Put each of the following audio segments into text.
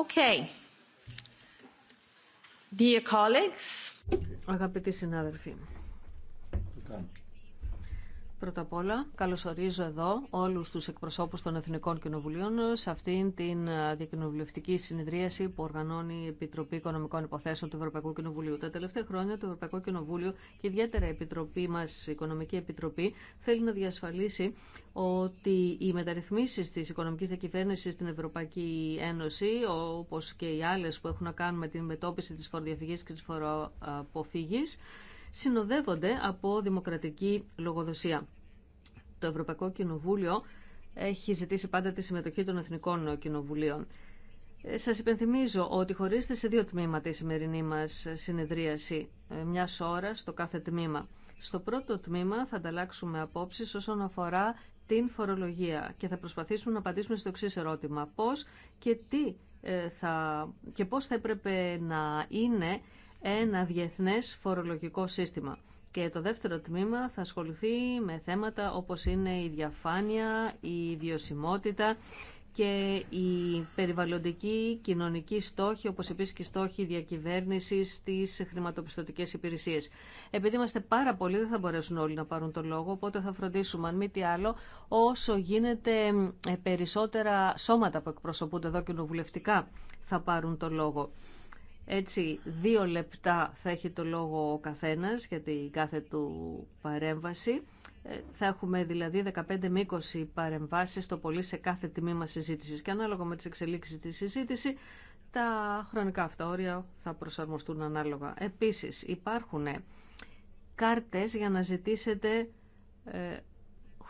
Okay. Αγαπητοί συνάδελφοι. Πρώτα απ' όλα, καλωσορίζω εδώ όλους τους εκπροσώπους των Εθνικών Κοινοβουλίων σε αυτήν την διακοινοβουλευτική συνεδρίαση που οργανώνει η Επιτροπή Οικονομικών Υποθέσεων του Ευρωπαϊκού Κοινοβουλίου. Τα τελευταία χρόνια το Ευρωπαϊκό Κοινοβούλιο και ιδιαίτερα η Επιτροπή μας, η Οικονομική Επιτροπή, θέλει να διασφαλίσει ότι οι μεταρρυθμίσεις της οικονομικής διακυβέρνησης στην Ευρωπαϊκή Ένωση, όπως και οι άλλες που έχουν να κάνουν με την μετώπιση της φοροδιαφυγής και της φοροαποφύγης, συνοδεύονται από δημοκρατική λογοδοσία. Το Ευρωπαϊκό Κοινοβούλιο έχει ζητήσει πάντα τη συμμετοχή των Εθνικών Κοινοβουλίων. Ε, σας υπενθυμίζω ότι χωρίστε σε δύο τμήματα η σημερινή μας συνεδρίαση, ε, μια ώρα στο κάθε τμήμα. Στο πρώτο τμήμα θα ανταλλάξουμε απόψει όσον αφορά την φορολογία και θα προσπαθήσουμε να απαντήσουμε στο εξή ερώτημα. Πώς και, τι ε, θα, και πώς θα έπρεπε να είναι ένα διεθνές φορολογικό σύστημα. Και το δεύτερο τμήμα θα ασχοληθεί με θέματα όπως είναι η διαφάνεια, η βιωσιμότητα και η περιβαλλοντική κοινωνική στόχη, όπως επίσης και η στόχοι διακυβέρνησης στις χρηματοπιστωτικές υπηρεσίες. Επειδή είμαστε πάρα πολλοί, δεν θα μπορέσουν όλοι να πάρουν το λόγο, οπότε θα φροντίσουμε, αν μη τι άλλο, όσο γίνεται ε, περισσότερα σώματα που εκπροσωπούνται εδώ κοινοβουλευτικά θα πάρουν το λόγο. Έτσι, δύο λεπτά θα έχει το λόγο ο καθένας για την κάθε του παρέμβαση. Ε, θα έχουμε δηλαδή 15 με 20 παρεμβάσεις το πολύ σε κάθε τιμή μας συζήτησης. Και ανάλογα με τις εξελίξεις της συζήτηση, τα χρονικά αυτά όρια θα προσαρμοστούν ανάλογα. Επίσης, υπάρχουν κάρτες για να ζητήσετε ε,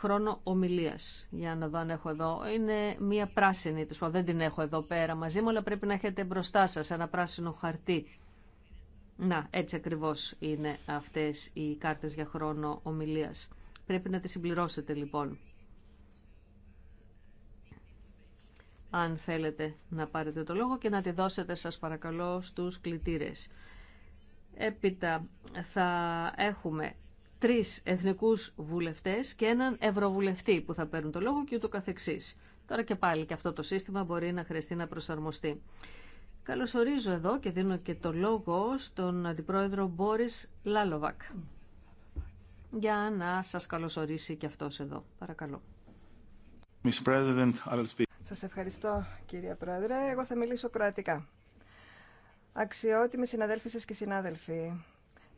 χρόνο ομιλίας. Για να δω αν έχω εδώ. Είναι μία πράσινη, δεν την έχω εδώ πέρα μαζί μου, αλλά πρέπει να έχετε μπροστά σας ένα πράσινο χαρτί. Να, έτσι ακριβώς είναι αυτές οι κάρτες για χρόνο ομιλίας. Πρέπει να τις συμπληρώσετε λοιπόν. Αν θέλετε να πάρετε το λόγο και να τη δώσετε σας παρακαλώ στους κλητήρες. Έπειτα θα έχουμε τρεις εθνικούς βουλευτές και έναν ευρωβουλευτή που θα παίρνουν το λόγο και ούτω καθεξής. Τώρα και πάλι και αυτό το σύστημα μπορεί να χρειαστεί να προσαρμοστεί. Καλωσορίζω εδώ και δίνω και το λόγο στον Αντιπρόεδρο Μπόρις Λάλοβακ για να σας καλωσορίσει και αυτός εδώ. Παρακαλώ. Σας ευχαριστώ κύριε Πρόεδρε. Εγώ θα μιλήσω κροατικά. Αξιότιμοι σας και συνάδελφοι,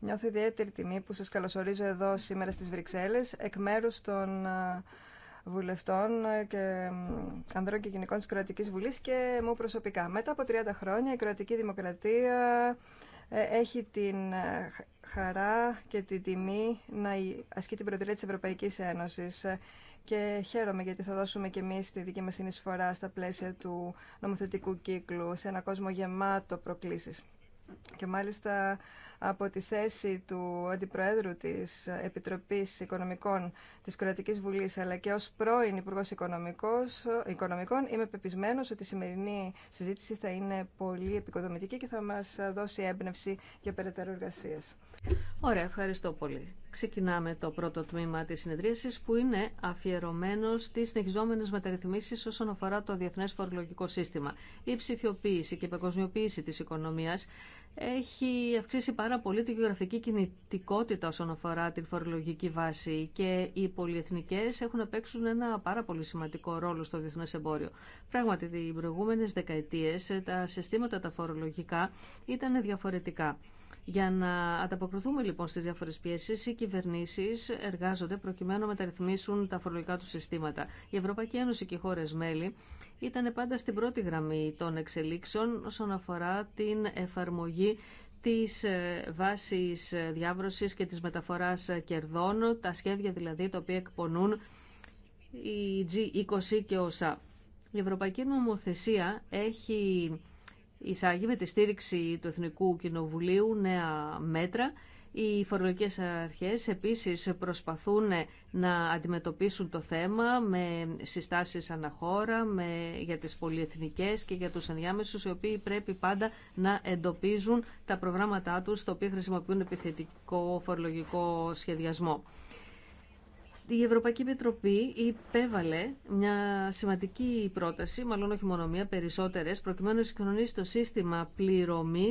Νιώθω ιδιαίτερη τιμή που σας καλωσορίζω εδώ σήμερα στις Βρυξέλλες εκ μέρους των ε, βουλευτών ε, και ανδρών και γυναικών της Κροατικής Βουλής και μου προσωπικά. Μετά από 30 χρόνια η Κροατική Δημοκρατία ε, έχει την χαρά και την τιμή να ασκεί την προτεραιότητα της Ευρωπαϊκής Ένωσης και χαίρομαι γιατί θα δώσουμε και εμείς τη δική μας συνεισφορά στα πλαίσια του νομοθετικού κύκλου σε ένα κόσμο γεμάτο προκλήσεις. Και μάλιστα από τη θέση του Αντιπροέδρου της Επιτροπής Οικονομικών της Κρατικής Βουλής αλλά και ως πρώην Υπουργό Οικονομικών είμαι πεπισμένος ότι η σημερινή συζήτηση θα είναι πολύ επικοδομητική και θα μας δώσει έμπνευση για περαιτέρω εργασίες. Ωραία, ευχαριστώ πολύ. Ξεκινάμε το πρώτο τμήμα της συνεδρίασης που είναι αφιερωμένο στις συνεχιζόμενες μεταρρυθμίσεις όσον αφορά το διεθνές φορολογικό σύστημα. Η ψηφιοποίηση και η παγκοσμιοποίηση της οικονομίας έχει αυξήσει πάρα πολύ τη γεωγραφική κινητικότητα όσον αφορά την φορολογική βάση και οι πολυεθνικές έχουν να παίξουν ένα πάρα πολύ σημαντικό ρόλο στο διεθνές εμπόριο. Πράγματι, οι προηγούμενες δεκαετίες τα συστήματα τα φορολογικά ήταν διαφορετικά. Για να ανταποκριθούμε λοιπόν στι διάφορε πιέσει, οι κυβερνήσει εργάζονται προκειμένου να μεταρρυθμίσουν τα φορολογικά του συστήματα. Η Ευρωπαϊκή Ένωση και οι χώρες μέλη ήταν πάντα στην πρώτη γραμμή των εξελίξεων όσον αφορά την εφαρμογή της ε, βάσης ε, διάβρωσης και της μεταφοράς ε, κερδών, τα σχέδια δηλαδή τα οποία εκπονούν η G20 και όσα. Η Ευρωπαϊκή Νομοθεσία έχει εισάγει με τη στήριξη του Εθνικού Κοινοβουλίου νέα μέτρα. Οι φορολογικές αρχές επίσης προσπαθούν να αντιμετωπίσουν το θέμα με συστάσεις αναχώρα με, για τις πολυεθνικές και για τους ενδιάμεσους οι οποίοι πρέπει πάντα να εντοπίζουν τα προγράμματά τους τα οποία χρησιμοποιούν επιθετικό φορολογικό σχεδιασμό. Η Ευρωπαϊκή Επιτροπή υπέβαλε μια σημαντική πρόταση, μάλλον όχι μόνο μία, περισσότερες, προκειμένου να συγχρονίσει το σύστημα πληρωμή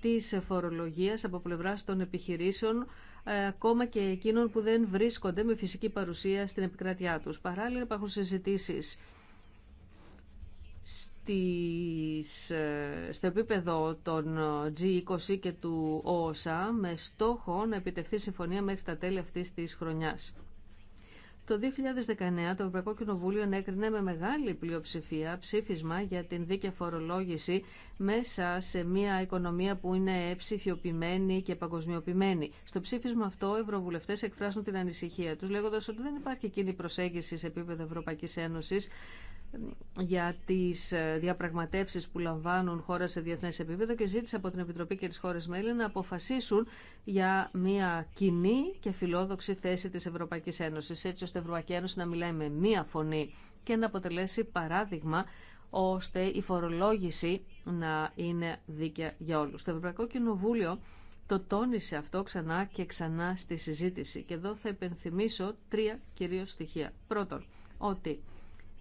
τη φορολογία από πλευρά των επιχειρήσεων ε, ακόμα και εκείνων που δεν βρίσκονται με φυσική παρουσία στην επικράτειά τους. Παράλληλα υπάρχουν συζητήσει ε, στο επίπεδο των G20 και του ΟΟΣΑ με στόχο να επιτευχθεί συμφωνία μέχρι τα τέλη αυτής της χρονιάς. Το 2019 το Ευρωπαϊκό Κοινοβούλιο ενέκρινε με μεγάλη πλειοψηφία ψήφισμα για την δίκαια φορολόγηση μέσα σε μια οικονομία που είναι ψηφιοποιημένη και παγκοσμιοποιημένη. Στο ψήφισμα αυτό, οι ευρωβουλευτέ εκφράζουν την ανησυχία του, λέγοντα ότι δεν υπάρχει κοινή προσέγγιση σε επίπεδο Ευρωπαϊκή Ένωση για τι ε, διαπραγματεύσει που λαμβάνουν χώρα σε διεθνέ επίπεδο και ζήτησε από την Επιτροπή και τι χώρε μέλη να αποφασίσουν για μια κοινή και φιλόδοξη θέση τη Ευρωπαϊκή Ένωση. έτσι ώστε η Ευρωπαϊκή Ένωση να μιλάει με μία φωνή και να αποτελέσει παράδειγμα ώστε η φορολόγηση να είναι δίκαια για όλους. Το Ευρωπαϊκό Κοινοβούλιο το τόνισε αυτό ξανά και ξανά στη συζήτηση και εδώ θα υπενθυμίσω τρία κυρίω στοιχεία. Πρώτον, ότι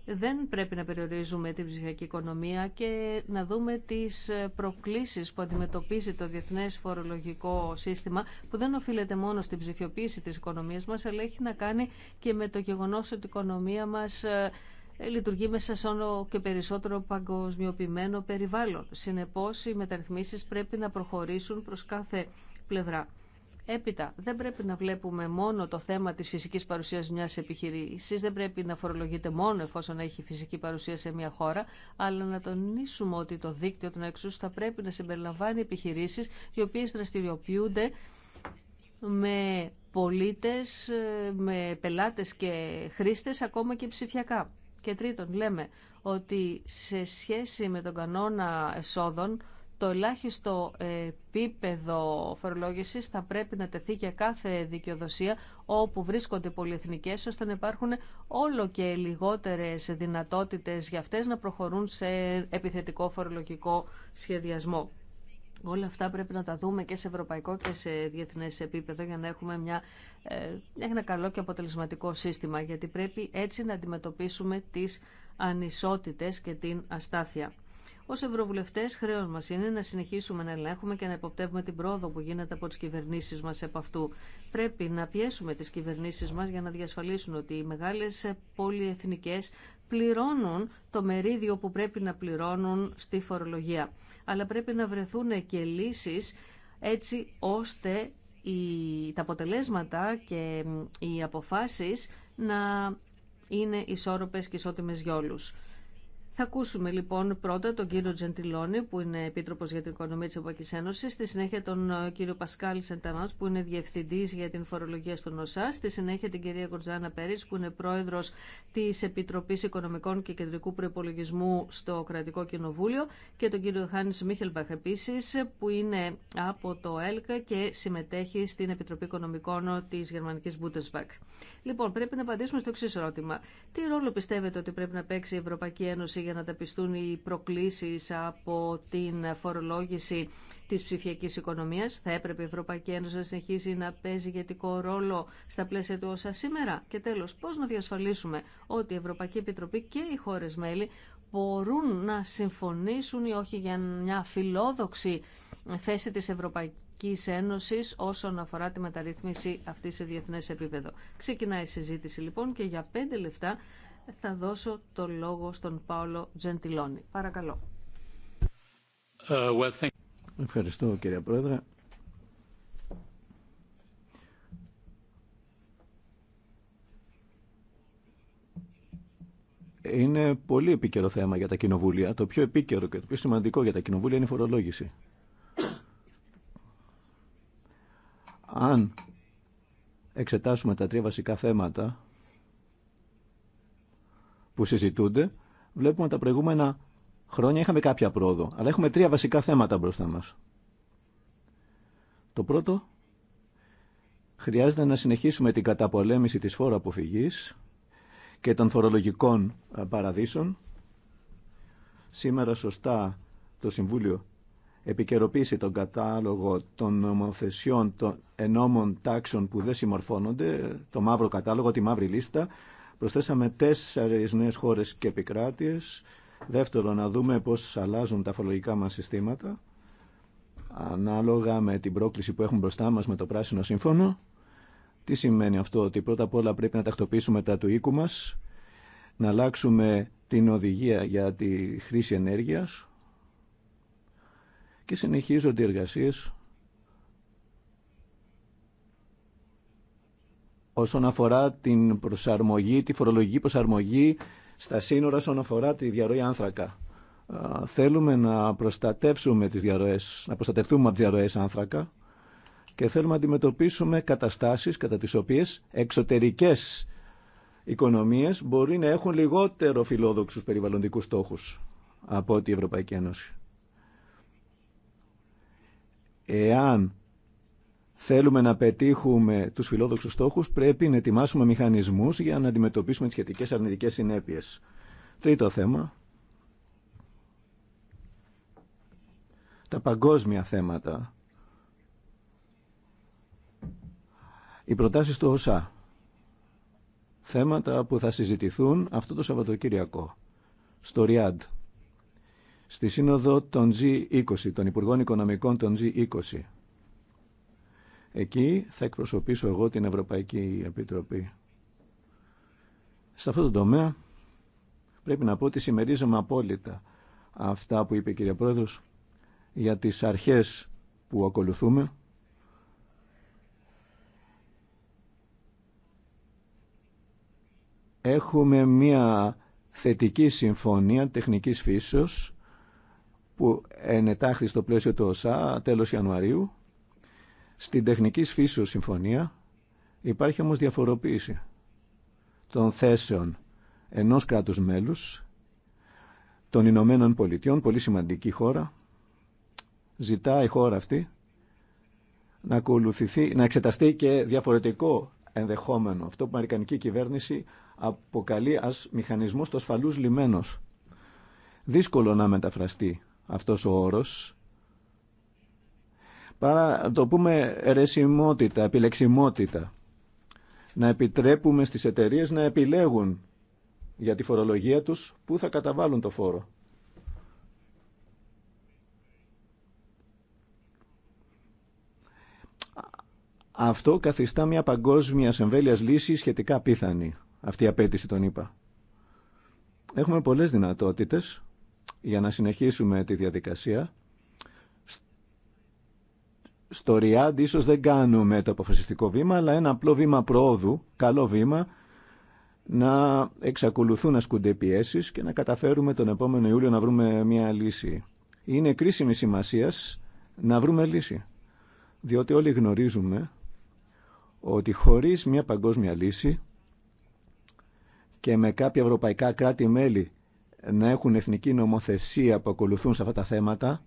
δεν πρέπει να περιορίζουμε την ψηφιακή οικονομία και να δούμε τις προκλήσεις που αντιμετωπίζει το διεθνές φορολογικό σύστημα που δεν οφείλεται μόνο στην ψηφιοποίηση της οικονομίας μας αλλά έχει να κάνει και με το γεγονός ότι η οικονομία μας ε, λειτουργεί μέσα σε όλο και περισσότερο παγκοσμιοποιημένο περιβάλλον. Συνεπώς, οι μεταρρυθμίσεις πρέπει να προχωρήσουν προς κάθε πλευρά. Έπειτα, δεν πρέπει να βλέπουμε μόνο το θέμα της φυσικής παρουσίας μιας επιχειρήσης, δεν πρέπει να φορολογείται μόνο εφόσον έχει φυσική παρουσία σε μια χώρα, αλλά να τονίσουμε ότι το δίκτυο των έξω θα πρέπει να συμπεριλαμβάνει επιχειρήσεις οι οποίες δραστηριοποιούνται με πολίτες, ε, με πελάτες και χρήστες, ακόμα και ψηφιακά. Και τρίτον, λέμε ότι σε σχέση με τον κανόνα εσόδων, το ελάχιστο επίπεδο φορολόγησης θα πρέπει να τεθεί για κάθε δικαιοδοσία όπου βρίσκονται πολυεθνικές, ώστε να υπάρχουν όλο και λιγότερες δυνατότητες για αυτές να προχωρούν σε επιθετικό φορολογικό σχεδιασμό. Όλα αυτά πρέπει να τα δούμε και σε ευρωπαϊκό και σε διεθνές επίπεδο για να έχουμε μια, ε, ένα καλό και αποτελεσματικό σύστημα, γιατί πρέπει έτσι να αντιμετωπίσουμε τις ανισότητες και την αστάθεια. Ω Ευρωβουλευτέ, χρέο μα είναι να συνεχίσουμε να ελέγχουμε και να υποπτεύουμε την πρόοδο που γίνεται από τι κυβερνήσει μα επ' αυτού. Πρέπει να πιέσουμε τι κυβερνήσει μα για να διασφαλίσουν ότι οι μεγάλε πολυεθνικέ πληρώνουν το μερίδιο που πρέπει να πληρώνουν στη φορολογία αλλά πρέπει να βρεθούν και λύσεις έτσι ώστε οι, τα αποτελέσματα και οι αποφάσεις να είναι ισόρροπες και ισότιμες για όλους. Θα ακούσουμε λοιπόν πρώτα τον κύριο Τζεντιλόνη που είναι Επίτροπος για την Οικονομία τη Ευρωπαϊκή Ένωση. στη συνέχεια τον ε, κύριο Πασκάλ Σενταμάς που είναι Διευθυντής για την Φορολογία στον ΟΣΑ, στη συνέχεια την κυρία Γκορτζάνα Πέρι, που είναι Πρόεδρος της Επιτροπής Οικονομικών και Κεντρικού Προπολογισμού στο Κρατικό Κοινοβούλιο και τον κύριο Χάνης Μίχελμπαχ επίση, που είναι από το ΕΛΚΑ και συμμετέχει στην Επιτροπή Οικονομικών της Γερμανικής Bundesbank. Λοιπόν, πρέπει να απαντήσουμε στο εξή ερώτημα. Τι ρόλο πιστεύετε ότι πρέπει να παίξει η Ευρωπαϊκή Ένωση για να ταπιστούν οι προκλήσεις από την φορολόγηση της ψηφιακής οικονομίας. Θα έπρεπε η Ευρωπαϊκή Ένωση να συνεχίσει να παίζει ηγετικό ρόλο στα πλαίσια του όσα σήμερα. Και τέλος, πώς να διασφαλίσουμε ότι η Ευρωπαϊκή Επιτροπή και οι χώρες μέλη μπορούν να συμφωνήσουν ή όχι για μια φιλόδοξη θέση της Ευρωπαϊκής Ένωσης όσον αφορά τη μεταρρύθμιση αυτή σε διεθνές επίπεδο. Ξεκινάει η συζήτηση λοιπόν και για πέντε λεπτά θα δώσω το λόγο στον Πάολο Τζεντιλόνι. Παρακαλώ. Uh, well, thank Ευχαριστώ κύριε Πρόεδρε. Είναι πολύ επίκαιρο θέμα για τα κοινοβούλια. Το πιο επίκαιρο και το πιο σημαντικό για τα κοινοβούλια είναι η φορολόγηση. Αν εξετάσουμε τα τρία βασικά θέματα που συζητούνται, βλέπουμε τα προηγούμενα χρόνια είχαμε κάποια πρόοδο. Αλλά έχουμε τρία βασικά θέματα μπροστά μας. Το πρώτο, χρειάζεται να συνεχίσουμε την καταπολέμηση της φόρα αποφυγής και των φορολογικών ε, παραδείσων. Σήμερα σωστά το Συμβούλιο επικαιροποίησε τον κατάλογο των νομοθεσιών των ενόμων τάξεων που δεν συμμορφώνονται, το μαύρο κατάλογο, τη μαύρη λίστα, Προσθέσαμε τέσσερις νέες χώρες και επικράτειες. δεύτερο να δούμε πώς αλλάζουν τα φορολογικά μας συστήματα ανάλογα με την πρόκληση που έχουμε μπροστά μας με το Πράσινο Σύμφωνο. Τι σημαίνει αυτό, ότι πρώτα απ' όλα πρέπει να τακτοποιήσουμε τα του οίκου μας, να αλλάξουμε την οδηγία για τη χρήση ενέργειας και συνεχίζονται οι εργασίες όσον αφορά την προσαρμογή, τη φορολογική προσαρμογή στα σύνορα όσον αφορά τη διαρροή άνθρακα. Θέλουμε να προστατεύσουμε τις διαρροές, να προστατευτούμε από τις διαρροές άνθρακα και θέλουμε να αντιμετωπίσουμε καταστάσεις κατά τις οποίες εξωτερικές οικονομίες μπορεί να έχουν λιγότερο φιλόδοξους περιβαλλοντικούς στόχους από ό,τι η Ευρωπαϊκή Ένωση. Εάν θέλουμε να πετύχουμε τους φιλόδοξους στόχους, πρέπει να ετοιμάσουμε μηχανισμούς για να αντιμετωπίσουμε τις σχετικέ αρνητικές συνέπειες. Τρίτο θέμα. Τα παγκόσμια θέματα. Οι προτάσει του ΩΣΑ. Θέματα που θα συζητηθούν αυτό το Σαββατοκυριακό. Στο ΡΙΑΝΤ. Στη σύνοδο των G20, των Υπουργών Οικονομικών των G20 Εκεί θα εκπροσωπήσω εγώ την Ευρωπαϊκή Επιτροπή. Σε αυτό το τομέα πρέπει να πω ότι συμμερίζομαι απόλυτα αυτά που είπε η κυρία Πρόεδρος για τις αρχές που ακολουθούμε. Έχουμε μία θετική συμφωνία τεχνικής φύσεως που ενετάχθη στο πλαίσιο του ΟΣΑ τέλος Ιανουαρίου στην τεχνική φύσεω συμφωνία υπάρχει όμως διαφοροποίηση των θέσεων ενός κράτους μέλους, των Ηνωμένων Πολιτειών, πολύ σημαντική χώρα, ζητά η χώρα αυτή να ακολουθηθεί, να εξεταστεί και διαφορετικό ενδεχόμενο. Αυτό που η Αμερικανική κυβέρνηση αποκαλεί ας μηχανισμός το ασφαλούς λιμένος. Δύσκολο να μεταφραστεί αυτός ο όρος παρά να το πούμε ερεσιμότητα, επιλεξιμότητα. Να επιτρέπουμε στις εταιρείε να επιλέγουν για τη φορολογία τους που θα καταβάλουν το φόρο. Αυτό καθιστά μια παγκόσμια εμβέλεια λύση σχετικά πίθανη, αυτή η απέτηση τον είπα. Έχουμε πολλές δυνατότητες για να συνεχίσουμε τη διαδικασία στο Ριάντ ίσως δεν κάνουμε το αποφασιστικό βήμα, αλλά ένα απλό βήμα προόδου, καλό βήμα, να εξακολουθούν να σκούνται πιέσει και να καταφέρουμε τον επόμενο Ιούλιο να βρούμε μια λύση. Είναι κρίσιμη σημασία να βρούμε λύση. Διότι όλοι γνωρίζουμε ότι χωρίς μια παγκόσμια λύση και με κάποια ευρωπαϊκά κράτη-μέλη να έχουν εθνική νομοθεσία που ακολουθούν σε αυτά τα θέματα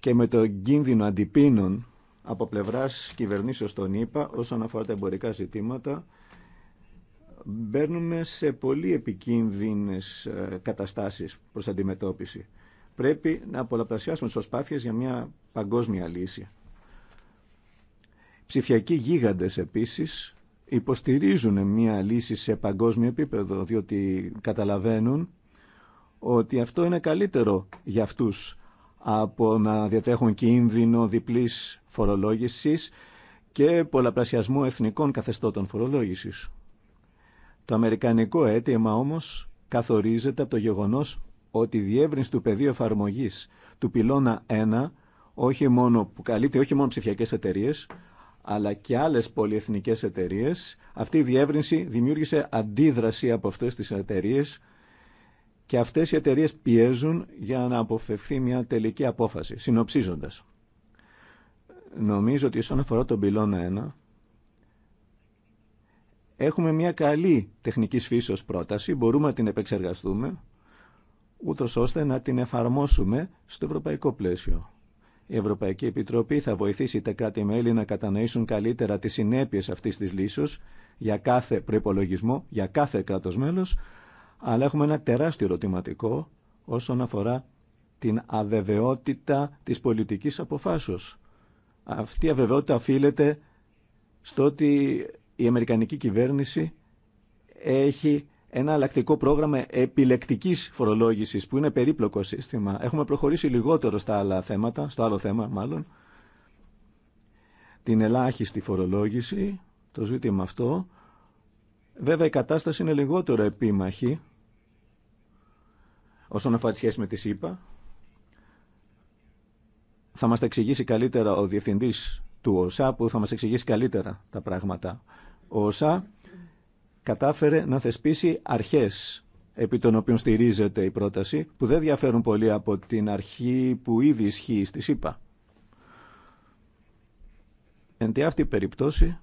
και με το κίνδυνο αντιπίνων από πλευράς κυβερνήσεως των ΗΠΑ όσον αφορά τα εμπορικά ζητήματα μπαίνουμε σε πολύ επικίνδυνες ε, καταστάσεις προς αντιμετώπιση. Πρέπει να πολλαπλασιάσουμε τις προσπάθειες για μια παγκόσμια λύση. Ψηφιακοί γίγαντες επίσης υποστηρίζουν μια λύση σε παγκόσμιο επίπεδο διότι καταλαβαίνουν ότι αυτό είναι καλύτερο για αυτούς από να διατέχουν κίνδυνο διπλής φορολόγησης και πολλαπλασιασμού εθνικών καθεστώτων φορολόγησης. Το αμερικανικό αίτημα όμως καθορίζεται από το γεγονός ότι η διεύρυνση του πεδίου εφαρμογή του πυλώνα 1 όχι μόνο, που καλείται όχι μόνο ψηφιακές εταιρείε, αλλά και άλλες πολυεθνικές εταιρείε, αυτή η διεύρυνση δημιούργησε αντίδραση από αυτές τις εταιρείε και αυτές οι εταιρείε πιέζουν για να αποφευθεί μια τελική απόφαση, συνοψίζοντας. Νομίζω ότι όσον αφορά τον πυλώνα 1, έχουμε μια καλή τεχνική φύσεως πρόταση, μπορούμε να την επεξεργαστούμε, ούτω ώστε να την εφαρμόσουμε στο ευρωπαϊκό πλαίσιο. Η Ευρωπαϊκή Επιτροπή θα βοηθήσει τα κράτη-μέλη να κατανοήσουν καλύτερα τις συνέπειες αυτής της λύσεως για κάθε προπολογισμό, για κάθε κράτος μέλος, αλλά έχουμε ένα τεράστιο ερωτηματικό όσον αφορά την αβεβαιότητα της πολιτικής αποφάσεως. Αυτή η αβεβαιότητα οφείλεται στο ότι η Αμερικανική κυβέρνηση έχει ένα αλλακτικό πρόγραμμα επιλεκτικής φορολόγησης που είναι περίπλοκο σύστημα. Έχουμε προχωρήσει λιγότερο στα άλλα θέματα, στο άλλο θέμα μάλλον, την ελάχιστη φορολόγηση, το ζήτημα αυτό. Βέβαια η κατάσταση είναι λιγότερο επίμαχη όσον αφορά τη σχέση με τη ΣΥΠΑ, θα μας τα εξηγήσει καλύτερα ο διευθυντής του ΟΣΑ που θα μας εξηγήσει καλύτερα τα πράγματα. Ο ΟΣΑ κατάφερε να θεσπίσει αρχές επί των οποίων στηρίζεται η πρόταση που δεν διαφέρουν πολύ από την αρχή που ήδη ισχύει στη ΣΥΠΑ. Εν τη αυτή περίπτωση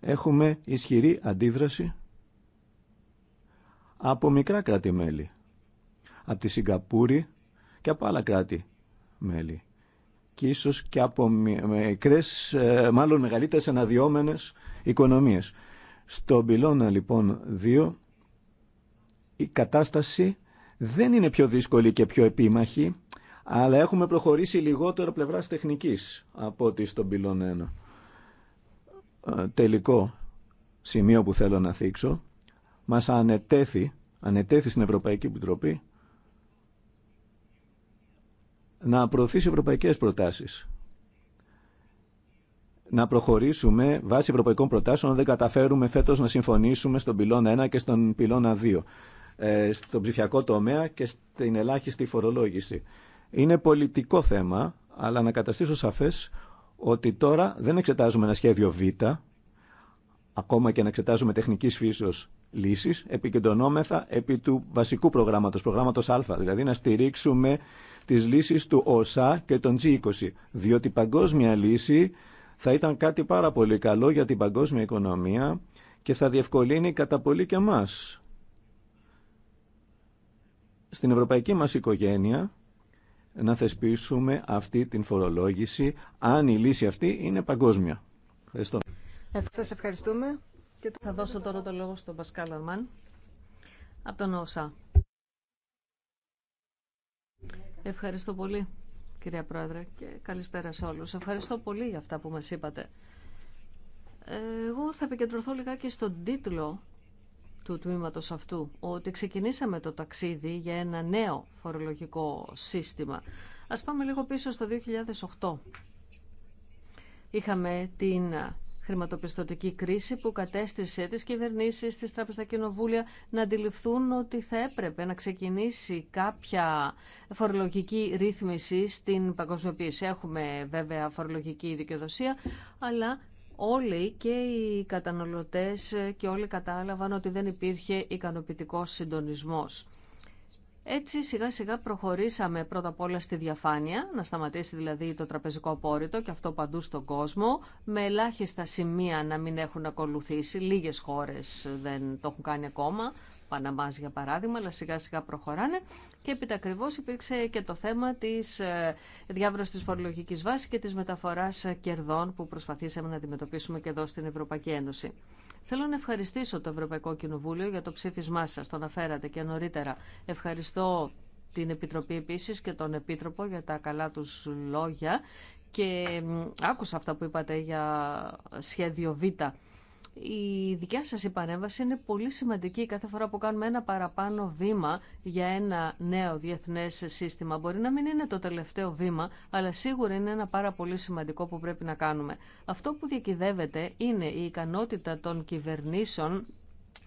έχουμε ισχυρή αντίδραση από μικρά κράτη-μέλη, από τη Σιγκαπούρη και από άλλα κράτη-μέλη και ίσως και από μικρές, ε, μάλλον μεγαλύτερες αναδυόμενες οικονομίες. Στον πυλώνα λοιπόν 2 η κατάσταση δεν είναι πιο δύσκολη και πιο επίμαχη, αλλά έχουμε προχωρήσει λιγότερο πλευράς τεχνικής από ότι στον πυλώνα 1. Ε, τελικό σημείο που θέλω να θίξω, μας ανετέθη, ανετέθη στην Ευρωπαϊκή Επιτροπή να προωθήσει ευρωπαϊκές προτάσεις. Να προχωρήσουμε βάσει ευρωπαϊκών προτάσεων αν δεν καταφέρουμε φέτος να συμφωνήσουμε στον πυλώνα 1 και στον πυλώνα 2 ε, στον ψηφιακό τομέα και στην ελάχιστη φορολόγηση. Είναι πολιτικό θέμα, αλλά να καταστήσω σαφές ότι τώρα δεν εξετάζουμε ένα σχέδιο Β, ακόμα και να εξετάζουμε τεχνικής φύσεως λύσεις επικεντρωνόμεθα επί του βασικού προγράμματος, προγράμματος Α, δηλαδή να στηρίξουμε τις λύσεις του ωσα και των G20, διότι η παγκόσμια λύση θα ήταν κάτι πάρα πολύ καλό για την παγκόσμια οικονομία και θα διευκολύνει κατά πολύ και μας. Στην ευρωπαϊκή μας οικογένεια να θεσπίσουμε αυτή την φορολόγηση αν η λύση αυτή είναι παγκόσμια. Ευχαριστώ. Σας ευχαριστούμε θα δώσω τώρα το λόγο στον Πασκάλ Αρμάν από τον ΩΣΑ. Ευχαριστώ πολύ, κυρία Πρόεδρε, και καλησπέρα σε όλους. Ευχαριστώ πολύ για αυτά που μας είπατε. Εγώ θα επικεντρωθώ λιγάκι στον τίτλο του τμήματος αυτού, ότι ξεκινήσαμε το ταξίδι για ένα νέο φορολογικό σύστημα. Ας πάμε λίγο πίσω στο 2008. Είχαμε την χρηματοπιστωτική κρίση που κατέστησε τις κυβερνήσεις, της τράπεζα κοινοβούλια να αντιληφθούν ότι θα έπρεπε να ξεκινήσει κάποια φορολογική ρύθμιση στην παγκοσμιοποίηση. Έχουμε βέβαια φορολογική δικαιοδοσία, αλλά όλοι και οι καταναλωτές και όλοι κατάλαβαν ότι δεν υπήρχε ικανοποιητικός συντονισμός. Έτσι σιγά σιγά προχωρήσαμε πρώτα απ' όλα στη διαφάνεια, να σταματήσει δηλαδή το τραπεζικό απόρριτο και αυτό παντού στον κόσμο, με ελάχιστα σημεία να μην έχουν ακολουθήσει, λίγες χώρες δεν το έχουν κάνει ακόμα, Παναμάς για παράδειγμα, αλλά σιγά σιγά προχωράνε και έπειτα ακριβώ υπήρξε και το θέμα της ε, διάβρωσης της φορολογικής βάσης και της μεταφοράς κερδών που προσπαθήσαμε να αντιμετωπίσουμε και εδώ στην Ευρωπαϊκή Ένωση. Θέλω να ευχαριστήσω το Ευρωπαϊκό Κοινοβούλιο για το ψήφισμά σα, το αναφέρατε και νωρίτερα. Ευχαριστώ την Επιτροπή επίση και τον Επίτροπο για τα καλά τους λόγια και άκουσα αυτά που είπατε για σχέδιο Β η δικιά σας η είναι πολύ σημαντική κάθε φορά που κάνουμε ένα παραπάνω βήμα για ένα νέο διεθνές σύστημα. Μπορεί να μην είναι το τελευταίο βήμα, αλλά σίγουρα είναι ένα πάρα πολύ σημαντικό που πρέπει να κάνουμε. Αυτό που διακυδεύεται είναι η ικανότητα των κυβερνήσεων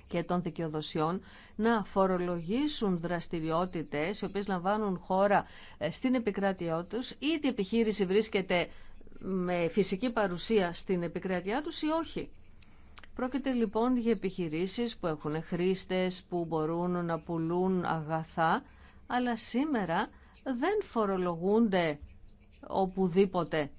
και των δικαιοδοσιών να φορολογήσουν δραστηριότητες οι οποίες λαμβάνουν χώρα ε, στην επικράτειά τους, η την επιχείρηση βρίσκεται με φυσική παρουσία στην επικράτειά τους ή όχι. Πρόκειται λοιπόν για επιχειρήσεις που έχουν χρήστες, που μπορούν να πουλούν αγαθά, αλλά σήμερα δεν φορολογούνται οπουδήποτε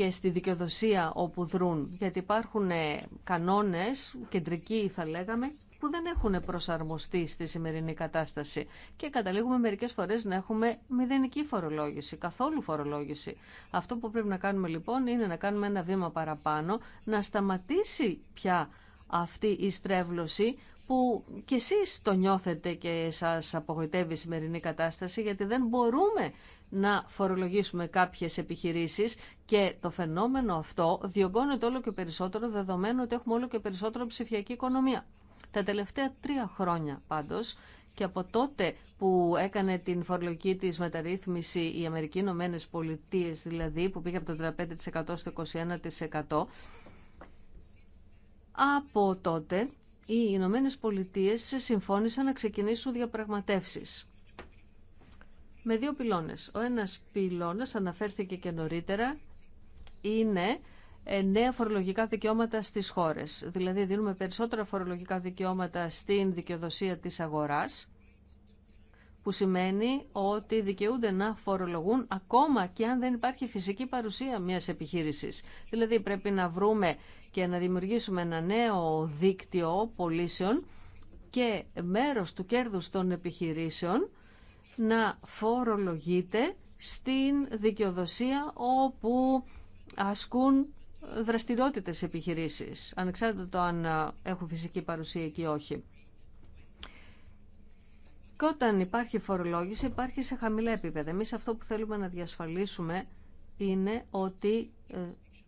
και στη δικαιοδοσία όπου δρούν. Γιατί υπάρχουν ε, κανόνες, κεντρικοί θα λέγαμε, που δεν έχουν προσαρμοστεί στη σημερινή κατάσταση. Και καταλήγουμε μερικές φορές να έχουμε μηδενική φορολόγηση, καθόλου φορολόγηση. Αυτό που πρέπει να κάνουμε λοιπόν είναι να κάνουμε ένα βήμα παραπάνω, να σταματήσει πια αυτή η στρέβλωση που κι εσείς το νιώθετε και σας απογοητεύει η σημερινή κατάσταση γιατί δεν μπορούμε να φορολογήσουμε κάποιες επιχειρήσεις και το φαινόμενο αυτό διωγγώνεται όλο και περισσότερο δεδομένου ότι έχουμε όλο και περισσότερο ψηφιακή οικονομία. Τα τελευταία τρία χρόνια πάντως και από τότε που έκανε την φορολογική της μεταρρύθμιση οι Αμερικοί Ηνωμένε Πολιτείε, δηλαδή που πήγε από το 35% στο 21%, από τότε οι Ηνωμένε Πολιτείε συμφώνησαν να ξεκινήσουν διαπραγματεύσεις με δύο πυλώνες. Ο ένας πυλώνας αναφέρθηκε και νωρίτερα είναι ε, νέα φορολογικά δικαιώματα στις χώρες. Δηλαδή δίνουμε περισσότερα φορολογικά δικαιώματα στην δικαιοδοσία της αγοράς που σημαίνει ότι δικαιούνται να φορολογούν ακόμα και αν δεν υπάρχει φυσική παρουσία μιας επιχείρησης. Δηλαδή πρέπει να βρούμε και να δημιουργήσουμε ένα νέο δίκτυο πωλήσεων και μέρος του κέρδους των επιχειρήσεων να φορολογείται στην δικαιοδοσία όπου ασκούν δραστηριότητες επιχειρήσεις, ανεξάρτητα το αν ε, έχουν φυσική παρουσία εκεί ή όχι. Και όταν υπάρχει φορολόγηση, υπάρχει σε χαμηλά επίπεδα. Εμείς αυτό που θέλουμε να διασφαλίσουμε είναι ότι ε,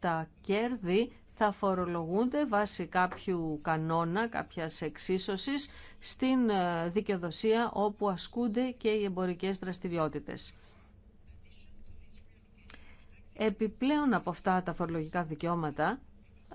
τα κέρδη θα φορολογούνται βάσει κάποιου κανόνα, κάποιας εξίσωσης στην ε, δικαιοδοσία όπου ασκούνται και οι εμπορικές δραστηριότητες. Επιπλέον από αυτά τα φορολογικά δικαιώματα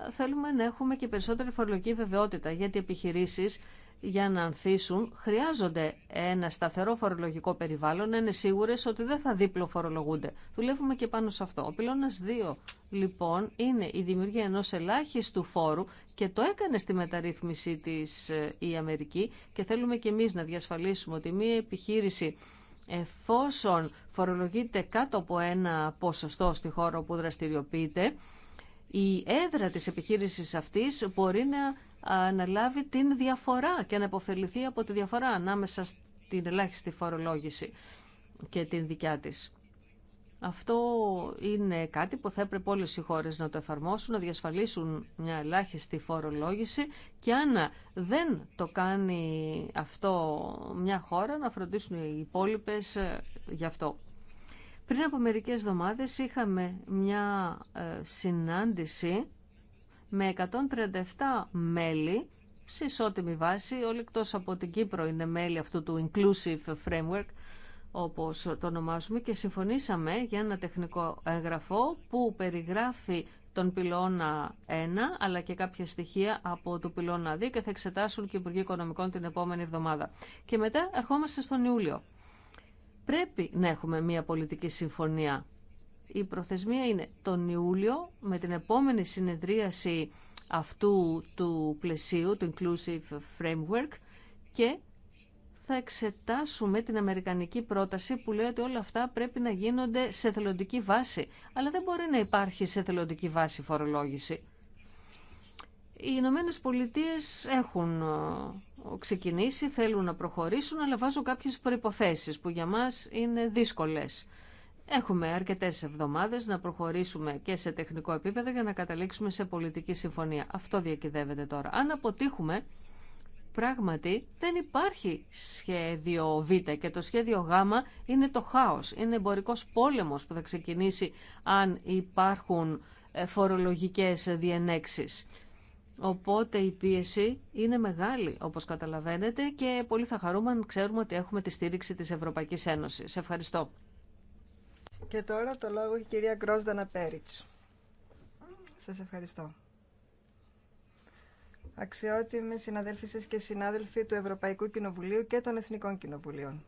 ε, θέλουμε να έχουμε και περισσότερη φορολογική βεβαιότητα γιατί οι επιχειρήσεις για να ανθίσουν χρειάζονται ένα σταθερό φορολογικό περιβάλλον, να είναι σίγουρε ότι δεν θα δίπλο φορολογούνται. Δουλεύουμε και πάνω σε αυτό. Ο πυλώνα 2 λοιπόν είναι η δημιουργία ενό ελάχιστου φόρου και το έκανε στη μεταρρύθμιση τη ε, η Αμερική και θέλουμε και εμεί να διασφαλίσουμε ότι μία επιχείρηση εφόσον φορολογείται κάτω από ένα ποσοστό στη χώρα που δραστηριοποιείται, η έδρα της επιχείρησης αυτής μπορεί να αναλάβει την διαφορά και να υποφεληθεί από τη διαφορά ανάμεσα στην ελάχιστη φορολόγηση και την δικιά της. Αυτό είναι κάτι που θα έπρεπε όλες οι χώρες να το εφαρμόσουν, να διασφαλίσουν μια ελάχιστη φορολόγηση και αν δεν το κάνει αυτό μια χώρα να φροντίσουν οι υπόλοιπε ε, γι' αυτό. Πριν από μερικές εβδομάδες είχαμε μια ε, συνάντηση με 137 μέλη σε ισότιμη βάση, όλοι εκτό από την Κύπρο είναι μέλη αυτού του Inclusive Framework, όπως το ονομάζουμε, και συμφωνήσαμε για ένα τεχνικό έγγραφο που περιγράφει τον πυλώνα 1, αλλά και κάποια στοιχεία από τον πυλώνα 2 και θα εξετάσουν και οι Υπουργοί Οικονομικών την επόμενη εβδομάδα. Και μετά ερχόμαστε στον Ιούλιο. Πρέπει να έχουμε μια πολιτική συμφωνία η προθεσμία είναι τον Ιούλιο με την επόμενη συνεδρίαση αυτού του πλαισίου, του Inclusive Framework και θα εξετάσουμε την αμερικανική πρόταση που λέει ότι όλα αυτά πρέπει να γίνονται σε θελοντική βάση. Αλλά δεν μπορεί να υπάρχει σε θελοντική βάση φορολόγηση. Οι Ηνωμένε Πολιτείε έχουν ε, ξεκινήσει, θέλουν να προχωρήσουν, αλλά βάζουν κάποιες προϋποθέσεις που για μας είναι δύσκολες. Έχουμε αρκετές εβδομάδες να προχωρήσουμε και σε τεχνικό επίπεδο για να καταλήξουμε σε πολιτική συμφωνία. Αυτό διακυδεύεται τώρα. Αν αποτύχουμε, πράγματι δεν υπάρχει σχέδιο Β και το σχέδιο Γ είναι το χάος. Είναι εμπορικό πόλεμος που θα ξεκινήσει αν υπάρχουν ε, φορολογικές διενέξει. Οπότε η πίεση είναι μεγάλη, όπως καταλαβαίνετε, και πολύ θα χαρούμε αν ξέρουμε ότι έχουμε τη στήριξη της Ευρωπαϊκής Ένωσης. Ευχαριστώ. Και τώρα το λόγο η κυρία Γκρόσδανα Πέριτς. Σας ευχαριστώ. Αξιότιμοι συναδέλφοι και συνάδελφοι του Ευρωπαϊκού Κοινοβουλίου και των Εθνικών Κοινοβουλίων.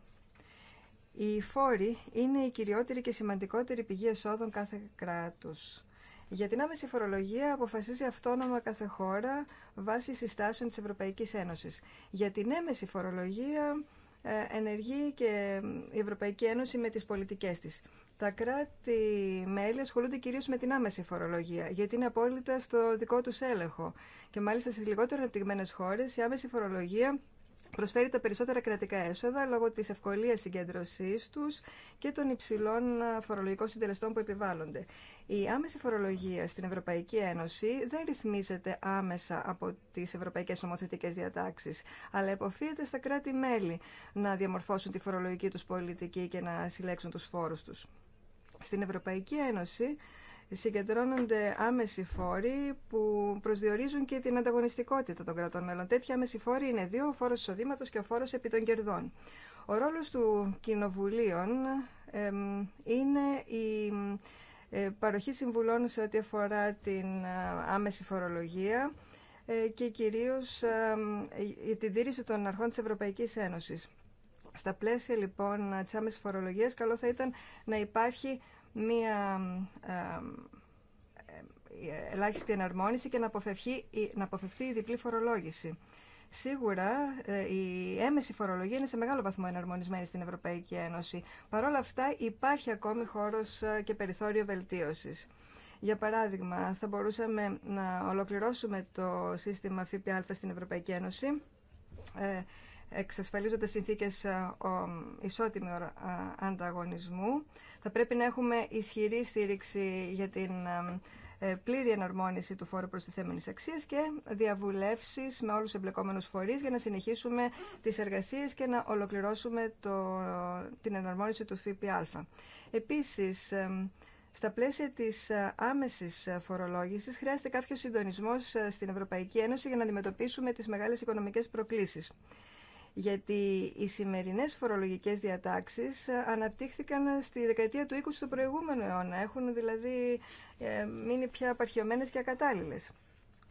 Οι φόροι είναι η κυριότερη και σημαντικότερη πηγή εσόδων κάθε κράτους. Για την άμεση φορολογία αποφασίζει αυτόνομα κάθε χώρα βάσει συστάσεων της Ευρωπαϊκής Ένωσης. Για την έμεση φορολογία ε, ενεργεί και η Ευρωπαϊκή Ένωση με τις πολιτικές της. Τα κράτη-μέλη ασχολούνται κυρίως με την άμεση φορολογία, γιατί είναι απόλυτα στο δικό τους έλεγχο. Και μάλιστα στις λιγότερο αναπτυγμένες χώρες η άμεση φορολογία προσφέρει τα περισσότερα κρατικά έσοδα λόγω της ευκολίας συγκέντρωσής τους και των υψηλών φορολογικών συντελεστών που επιβάλλονται. Η άμεση φορολογία στην Ευρωπαϊκή Ένωση δεν ρυθμίζεται άμεσα από τις ευρωπαϊκές νομοθετικές διατάξεις, αλλά υποφύεται στα κράτη-μέλη να διαμορφώσουν τη φορολογική τους πολιτική και να συλλέξουν του φόρους τους. Στην Ευρωπαϊκή Ένωση συγκεντρώνονται άμεση φόροι που προσδιορίζουν και την ανταγωνιστικότητα των κρατών μέλων. Τέτοια άμεση φόροι είναι δύο, ο φόρος εισοδήματο και ο φόρος επί των κερδών. Ο ρόλος του κοινοβουλίων είναι η ε, παροχή συμβουλών σε ό,τι αφορά την ε, άμεση φορολογία ε, και κυρίως η την τήρηση των αρχών της Ευρωπαϊκής Ένωσης. Στα πλαίσια λοιπόν της άμεσης φορολογίας καλό θα ήταν να υπάρχει μία ε, ε, ελάχιστη εναρμόνιση και να αποφευχθεί, να η διπλή φορολόγηση. Σίγουρα ε, η έμεση φορολογία είναι σε μεγάλο βαθμό εναρμονισμένη στην Ευρωπαϊκή Ένωση. Παρ' όλα αυτά υπάρχει ακόμη χώρος και περιθώριο βελτίωσης. Για παράδειγμα, θα μπορούσαμε να ολοκληρώσουμε το σύστημα ΦΠΑ στην Ευρωπαϊκή Ένωση εξασφαλίζονται συνθήκες ε, ισότιμου ε, ανταγωνισμού. Θα πρέπει να έχουμε ισχυρή στήριξη για την ε, πλήρη εναρμόνιση του φόρου προστιθέμενης αξίας και διαβουλεύσεις με όλους τους εμπλεκόμενους φορείς για να συνεχίσουμε τις εργασίες και να ολοκληρώσουμε το, την εναρμόνιση του ΦΠΑ. Επίσης, στα πλαίσια της άμεσης φορολόγησης χρειάζεται κάποιο συντονισμός στην Ευρωπαϊκή Ένωση για να αντιμετωπίσουμε τις μεγάλες οικονομικές προκλήσεις γιατί οι σημερινές φορολογικές διατάξεις ε, αναπτύχθηκαν στη δεκαετία του 20 του προηγούμενου αιώνα. Έχουν δηλαδή ε, μείνει πια απαρχαιωμένες και ακατάλληλες.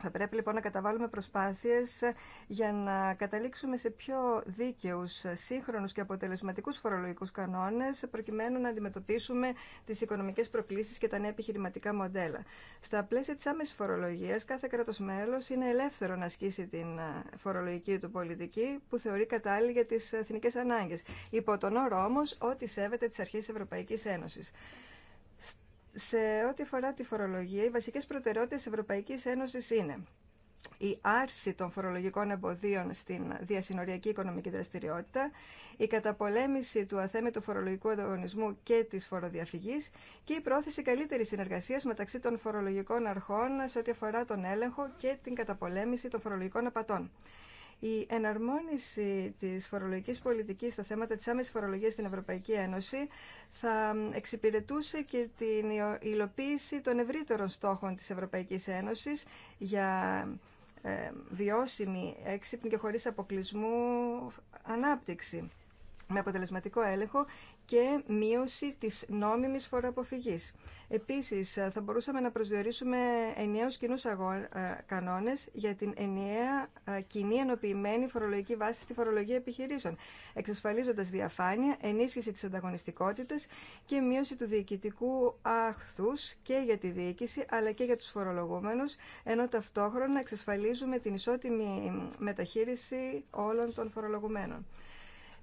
Θα πρέπει λοιπόν να καταβάλουμε προσπάθειες ε, για να καταλήξουμε σε πιο δίκαιους, ε, σύγχρονους και αποτελεσματικούς φορολογικούς κανόνες προκειμένου να αντιμετωπίσουμε τις οικονομικές προκλήσεις και τα νέα επιχειρηματικά μοντέλα. Στα πλαίσια της άμεσης φορολογίας, κάθε κράτος μέλος είναι ελεύθερο να ασκήσει την ε, φορολογική του πολιτική που θεωρεί κατάλληλη για τις εθνικές ανάγκες. Υπό τον όρο όμως ότι σέβεται τις αρχές της Ευρωπαϊκής Ένωσης. Σε ό,τι αφορά τη φορολογία, οι βασικές προτεραιότητες Ευρωπαϊκής Ένωσης είναι η άρση των φορολογικών εμποδίων στην διασυνοριακή οικονομική δραστηριότητα, η καταπολέμηση του αθέμετου φορολογικού ανταγωνισμού και της φοροδιαφυγής και η πρόθεση καλύτερης συνεργασίας μεταξύ των φορολογικών αρχών σε ό,τι αφορά τον έλεγχο και την καταπολέμηση των φορολογικών απατών. Η εναρμόνιση της φορολογικής πολιτικής στα θέματα της άμεσης φορολογίας στην Ευρωπαϊκή Ένωση θα εξυπηρετούσε και την υλοποίηση των ευρύτερων στόχων της Ευρωπαϊκής Ένωσης για ε, βιώσιμη, έξυπνη και χωρίς αποκλεισμού ανάπτυξη με αποτελεσματικό έλεγχο και μείωση της νόμιμης φοροαποφυγής. Επίσης, ε, θα μπορούσαμε να προσδιορίσουμε ενιαίους κοινούς ε, κανόνες για την ενιαία ε, κοινή ενοποιημένη φορολογική βάση στη φορολογία επιχειρήσεων, εξασφαλίζοντας διαφάνεια, ενίσχυση της ανταγωνιστικότητας και μείωση του διοικητικού άχθους και για τη διοίκηση αλλά και για τους φορολογούμενους, ενώ ταυτόχρονα εξασφαλίζουμε την ισότιμη μεταχείριση όλων των φορολογουμένων.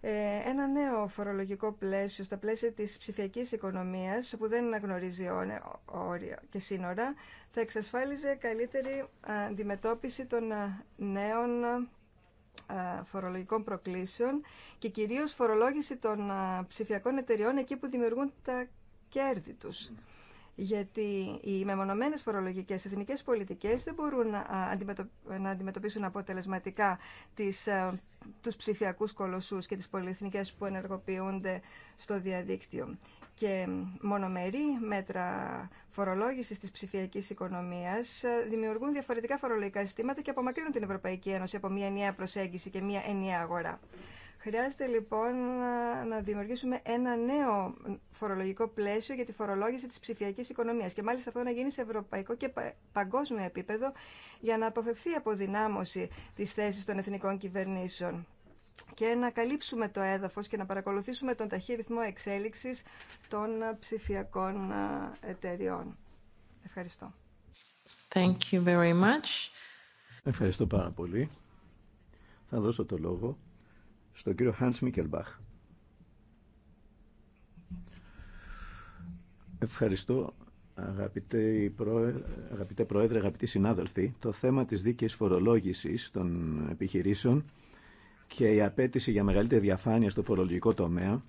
Ε, ένα νέο φορολογικό πλαίσιο στα πλαίσια της ψηφιακής οικονομίας που δεν αναγνωρίζει όρια και σύνορα θα εξασφάλιζε καλύτερη ε, αντιμετώπιση των ε, νέων φορολογικών προκλήσεων και κυρίως φορολόγηση των ψηφιακών εταιριών εκεί που δημιουργούν τα κέρδη τους γιατί οι μεμονωμένες φορολογικές εθνικές πολιτικές δεν μπορούν να αντιμετωπίσουν αποτελεσματικά τις, ε, τους ψηφιακούς κολοσσούς και τις πολυεθνικές που ενεργοποιούνται στο διαδίκτυο. Και μονομερή μέτρα φορολόγησης της ψηφιακής οικονομίας ε, δημιουργούν διαφορετικά φορολογικά συστήματα και απομακρύνουν την Ευρωπαϊκή Ένωση από μια ενιαία προσέγγιση και μια ενιαία αγορά. Χρειάζεται λοιπόν να δημιουργήσουμε ένα νέο φορολογικό πλαίσιο για τη φορολόγηση της ψηφιακής οικονομίας και μάλιστα αυτό να γίνει σε ευρωπαϊκό και παγκόσμιο επίπεδο για να αποφευθεί η αποδυνάμωση της θέσης των εθνικών κυβερνήσεων και να καλύψουμε το έδαφος και να παρακολουθήσουμε τον ταχύ ρυθμό εξέλιξης των ψηφιακών εταιριών. Ευχαριστώ. Thank you very much. Ευχαριστώ πάρα πολύ. Θα δώσω το λόγο στον κύριο Χάνς Μίκελμπαχ. Ευχαριστώ αγαπητέ, Πρόεδρε, αγαπητοί συνάδελφοι. Το θέμα της δίκαιης φορολόγησης των επιχειρήσεων και η απέτηση για μεγαλύτερη διαφάνεια στο φορολογικό τομέα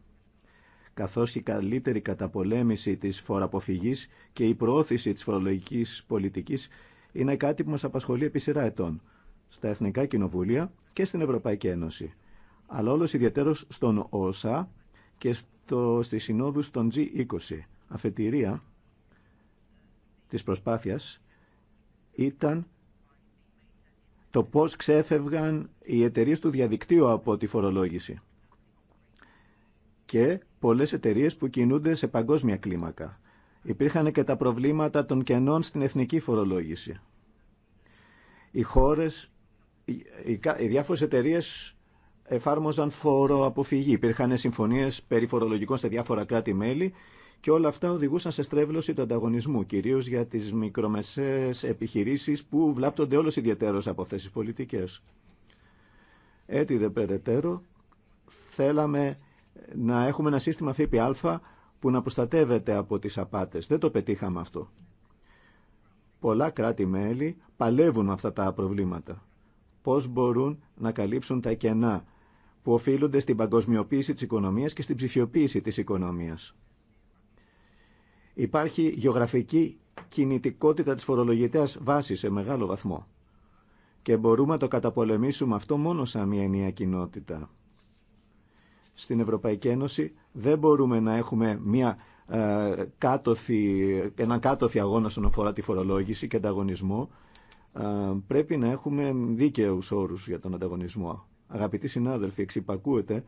καθώς η καλύτερη καταπολέμηση της φοροαποφυγής και η προώθηση της φορολογικής πολιτικής είναι κάτι που μας απασχολεί επί σειρά ετών στα Εθνικά Κοινοβούλια και στην Ευρωπαϊκή Ένωση αλλά όλος ιδιαίτερος στον ΟΣΑ και στο, στη συνόδους των G20. Αφετηρία της προσπάθειας ήταν το πώς ξέφευγαν οι εταιρείες του διαδικτύου από τη φορολόγηση και πολλές εταιρείες που κινούνται σε παγκόσμια κλίμακα. Υπήρχαν και τα προβλήματα των κενών στην εθνική φορολόγηση. Οι χώρες, οι, οι διάφορες εταιρείες εφάρμοζαν φοροαποφυγή. Υπήρχαν συμφωνίε περί φορολογικών σε διάφορα κράτη-μέλη και όλα αυτά οδηγούσαν σε στρέβλωση του ανταγωνισμού, κυρίω για τι μικρομεσαίε επιχειρήσει που βλάπτονται όλο ιδιαίτερω από αυτέ τι πολιτικέ. Έτσι δε περαιτέρω, θέλαμε να έχουμε ένα σύστημα ΦΠΑ που να προστατεύεται από τις απάτες. Δεν το πετύχαμε αυτό. Πολλά κράτη-μέλη παλεύουν με αυτά τα προβλήματα. Πώς μπορούν να καλύψουν τα κενά που οφείλονται στην παγκοσμιοποίηση της οικονομίας και στην ψηφιοποίηση της οικονομίας. Υπάρχει γεωγραφική κινητικότητα της φορολογητέας βάση σε μεγάλο βαθμό και μπορούμε να το καταπολεμήσουμε αυτό μόνο σαν μια ενιαία κοινότητα. Στην Ευρωπαϊκή Ένωση δεν μπορούμε να έχουμε μια, ε, έναν κάτωθι αγώνα στον αφορά τη φορολόγηση και ανταγωνισμό. Ε, πρέπει να έχουμε δίκαιους όρους για τον ανταγωνισμό. Αγαπητοί συνάδελφοι, εξυπακούεται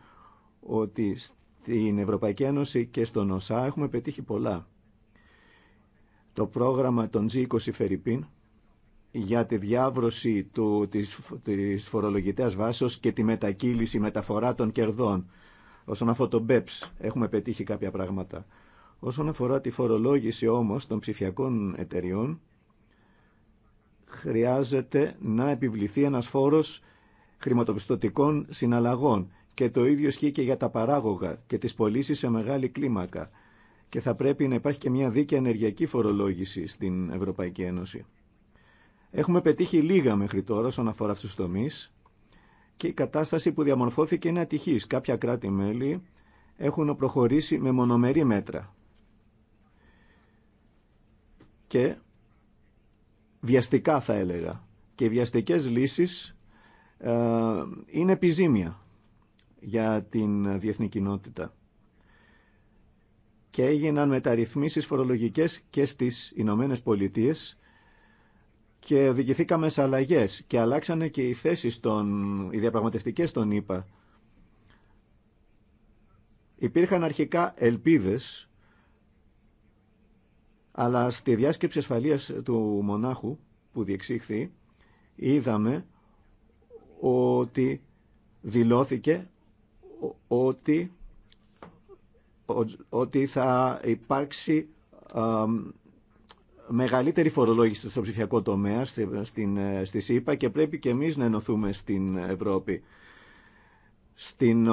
ότι στην Ευρωπαϊκή Ένωση και στον ΟΣΑ έχουμε πετύχει πολλά. Το πρόγραμμα των G20 Φερρυπίν για τη διάβρωση του, της, της φορολογητέας βάσεως και τη μετακύληση, μεταφορά των κερδών. Όσον αφορά το BEPS έχουμε πετύχει κάποια πράγματα. Όσον αφορά τη φορολόγηση όμως των ψηφιακών εταιριών, χρειάζεται να επιβληθεί ένας φόρος χρηματοπιστωτικών συναλλαγών και το ίδιο ισχύει και για τα παράγωγα και τις πωλήσει σε μεγάλη κλίμακα και θα πρέπει να υπάρχει και μια δίκαια ενεργειακή φορολόγηση στην Ευρωπαϊκή Ένωση. Έχουμε πετύχει λίγα μέχρι τώρα όσον αφορά αυτούς τους τομείς και η κατάσταση που διαμορφώθηκε είναι ατυχής. Κάποια κράτη-μέλη έχουν προχωρήσει με μονομερή μέτρα και βιαστικά θα έλεγα. Και οι βιαστικές λύσεις ε, είναι επιζήμια για την διεθνή κοινότητα και έγιναν μεταρρυθμίσεις φορολογικές και στις Ηνωμένε Πολιτείε και οδηγηθήκαμε σε αλλαγέ και αλλάξανε και οι θέσεις των, οι διαπραγματευτικές των ΗΠΑ. Υπήρχαν αρχικά ελπίδες, αλλά στη διάσκεψη ασφαλείας του μονάχου που διεξήχθη, είδαμε ότι δηλώθηκε ότι, ότι θα υπάρξει μεγαλύτερη φορολόγηση στο ψηφιακό τομέα ε, στη ΣΥΠΑ και πρέπει και εμείς να ενωθούμε στην Ευρώπη. Στην,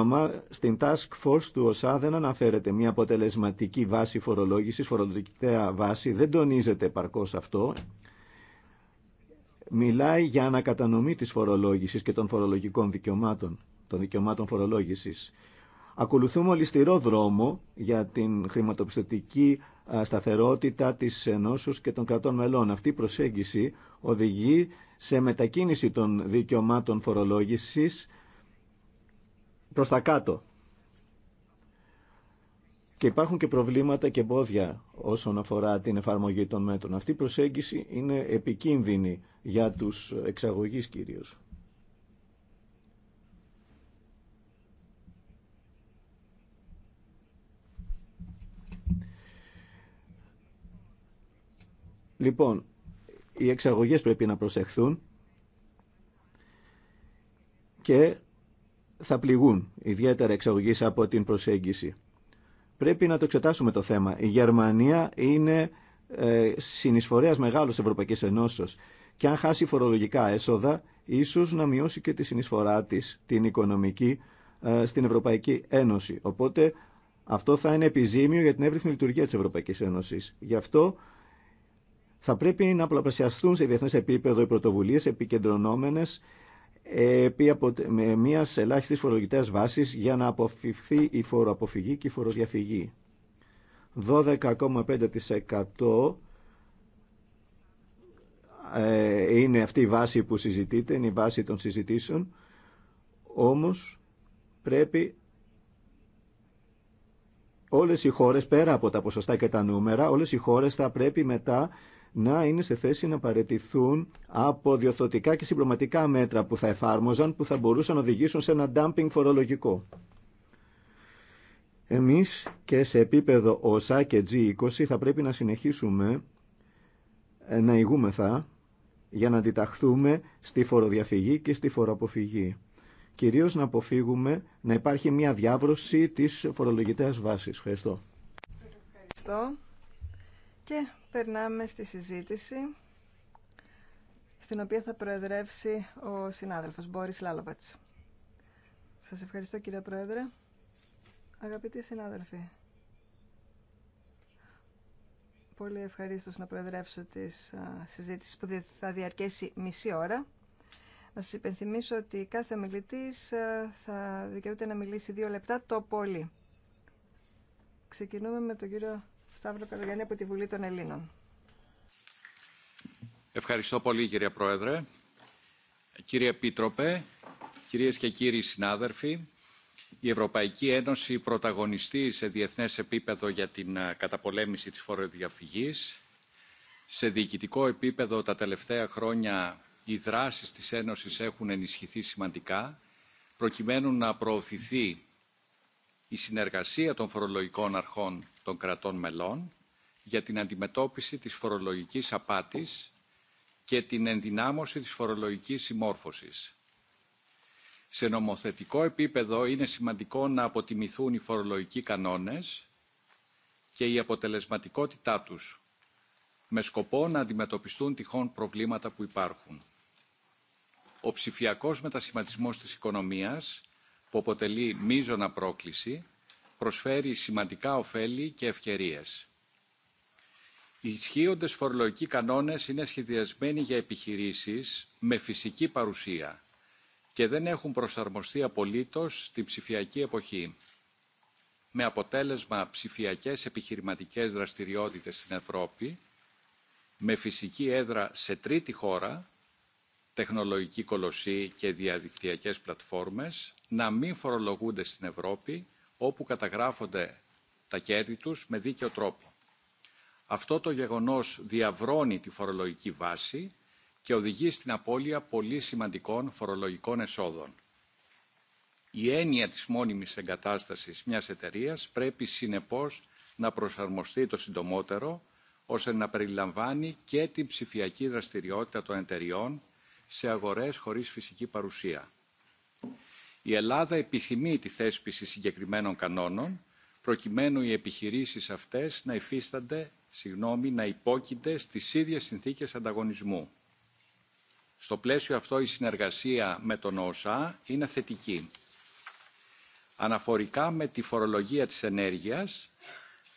στην Task Force του ΟΣΑ δεν αναφέρεται μια αποτελεσματική βάση φορολόγησης, φορολογική βάση, δεν τονίζεται παρκώς αυτό μιλάει για ανακατανομή της φορολόγησης και των φορολογικών δικαιωμάτων, των δικαιωμάτων φορολόγησης. Ακολουθούμε ολιστηρό δρόμο για την χρηματοπιστωτική σταθερότητα της ενώσεως και των κρατών μελών. Αυτή η προσέγγιση οδηγεί σε μετακίνηση των δικαιωμάτων φορολόγησης προς τα κάτω. Και υπάρχουν και προβλήματα και εμπόδια όσον αφορά την εφαρμογή των μέτρων. Αυτή η προσέγγιση είναι επικίνδυνη για τους εξαγωγείς κυρίως. Λοιπόν, οι εξαγωγές πρέπει να προσεχθούν και θα πληγούν ιδιαίτερα εξαγωγής από την προσέγγιση. Πρέπει να το εξετάσουμε το θέμα. Η Γερμανία είναι ε, συνεισφορέας μεγάλος Ευρωπαϊκής Ένωσης και αν χάσει φορολογικά έσοδα, ίσως να μειώσει και τη συνεισφορά τη την οικονομική, ε, στην Ευρωπαϊκή Ένωση. Οπότε αυτό θα είναι επιζήμιο για την εύρυθμη λειτουργία της Ευρωπαϊκής Ένωση. Γι' αυτό θα πρέπει να πολλαπλασιαστούν σε διεθνέ επίπεδο οι πρωτοβουλίε επικεντρωνόμενε με μια ελάχιστη φορολογητέ βάση για να αποφυφθεί η φοροαποφυγή και η φοροδιαφυγή. 12,5% ε, είναι αυτή η βάση που συζητείται, είναι η βάση των συζητήσεων, όμως πρέπει όλες οι χώρες, πέρα από τα ποσοστά και τα νούμερα, όλες οι χώρες θα πρέπει μετά να είναι σε θέση να παρετηθούν από διορθωτικά και συμπληρωματικά μέτρα που θα εφάρμοζαν, που θα μπορούσαν να οδηγήσουν σε ένα dumping φορολογικό. Εμείς και σε επίπεδο ΩΣΑ και G20 θα πρέπει να συνεχίσουμε ε, να ηγούμεθα για να αντιταχθούμε στη φοροδιαφυγή και στη φοροαποφυγή. Κυρίως να αποφύγουμε να υπάρχει μια διάβρωση της φορολογητέας βάσης. ευχαριστώ. Και περνάμε στη συζήτηση, στην οποία θα προεδρεύσει ο συνάδελφος Μπόρις Λάλοβατς. Σας ευχαριστώ κύριε Πρόεδρε. Αγαπητοί συνάδελφοι, πολύ ευχαρίστω να προεδρεύσω τη συζήτηση που θα διαρκέσει μισή ώρα. Να σας υπενθυμίσω ότι κάθε ομιλητής θα δικαιούται να μιλήσει δύο λεπτά το πολύ. Ξεκινούμε με τον κύριο Σταύρο Καλογιάννη από τη Βουλή των Ελλήνων. Ευχαριστώ πολύ κύριε Πρόεδρε. Κύριε Επίτροπε, κυρίες και κύριοι συνάδελφοι, η Ευρωπαϊκή Ένωση πρωταγωνιστεί σε διεθνές επίπεδο για την ε, καταπολέμηση της φοροδιαφυγής. Σε διοικητικό επίπεδο τα τελευταία χρόνια οι δράσεις της Ένωσης έχουν ενισχυθεί σημαντικά προκειμένου να προωθηθεί η συνεργασία των φορολογικών αρχών των κρατών μελών για την αντιμετώπιση της φορολογικής απάτης και την ενδυνάμωση της φορολογικής συμμόρφωσης. Σε νομοθετικό επίπεδο είναι σημαντικό να αποτιμηθούν οι φορολογικοί κανόνες και η αποτελεσματικότητά τους, με σκοπό να αντιμετωπιστούν τυχόν προβλήματα που υπάρχουν. Ο ψηφιακός μετασχηματισμός της οικονομίας που αποτελεί μείζωνα πρόκληση, προσφέρει σημαντικά ωφέλη και ευκαιρίες. Οι ισχύοντες φορολογικοί κανόνες είναι σχεδιασμένοι για επιχειρήσεις με φυσική παρουσία και δεν έχουν προσαρμοστεί απολύτως στην ψηφιακή εποχή, με αποτέλεσμα ψηφιακές επιχειρηματικές δραστηριότητες στην Ευρώπη, με φυσική έδρα σε τρίτη χώρα τεχνολογική κολοσσοί και διαδικτυακές πλατφόρμες να μην φορολογούνται στην Ευρώπη όπου καταγράφονται τα κέρδη τους με δίκαιο τρόπο. Αυτό το γεγονός διαβρώνει τη φορολογική βάση και οδηγεί στην απώλεια πολύ σημαντικών φορολογικών εσόδων. Η έννοια της μόνιμης εγκατάστασης μιας εταιρείας πρέπει συνεπώς να προσαρμοστεί το συντομότερο, ώστε να περιλαμβάνει και την ψηφιακή δραστηριότητα των εταιριών σε αγορές χωρίς φυσική παρουσία. Η Ελλάδα επιθυμεί τη θέσπιση συγκεκριμένων κανόνων, προκειμένου οι επιχειρήσεις αυτές να υφίστανται, συγγνώμη, να υπόκεινται στις ίδιες συνθήκες ανταγωνισμού. Στο πλαίσιο αυτό η συνεργασία με τον ΟΣΑ είναι θετική. Αναφορικά με τη φορολογία της ενέργειας,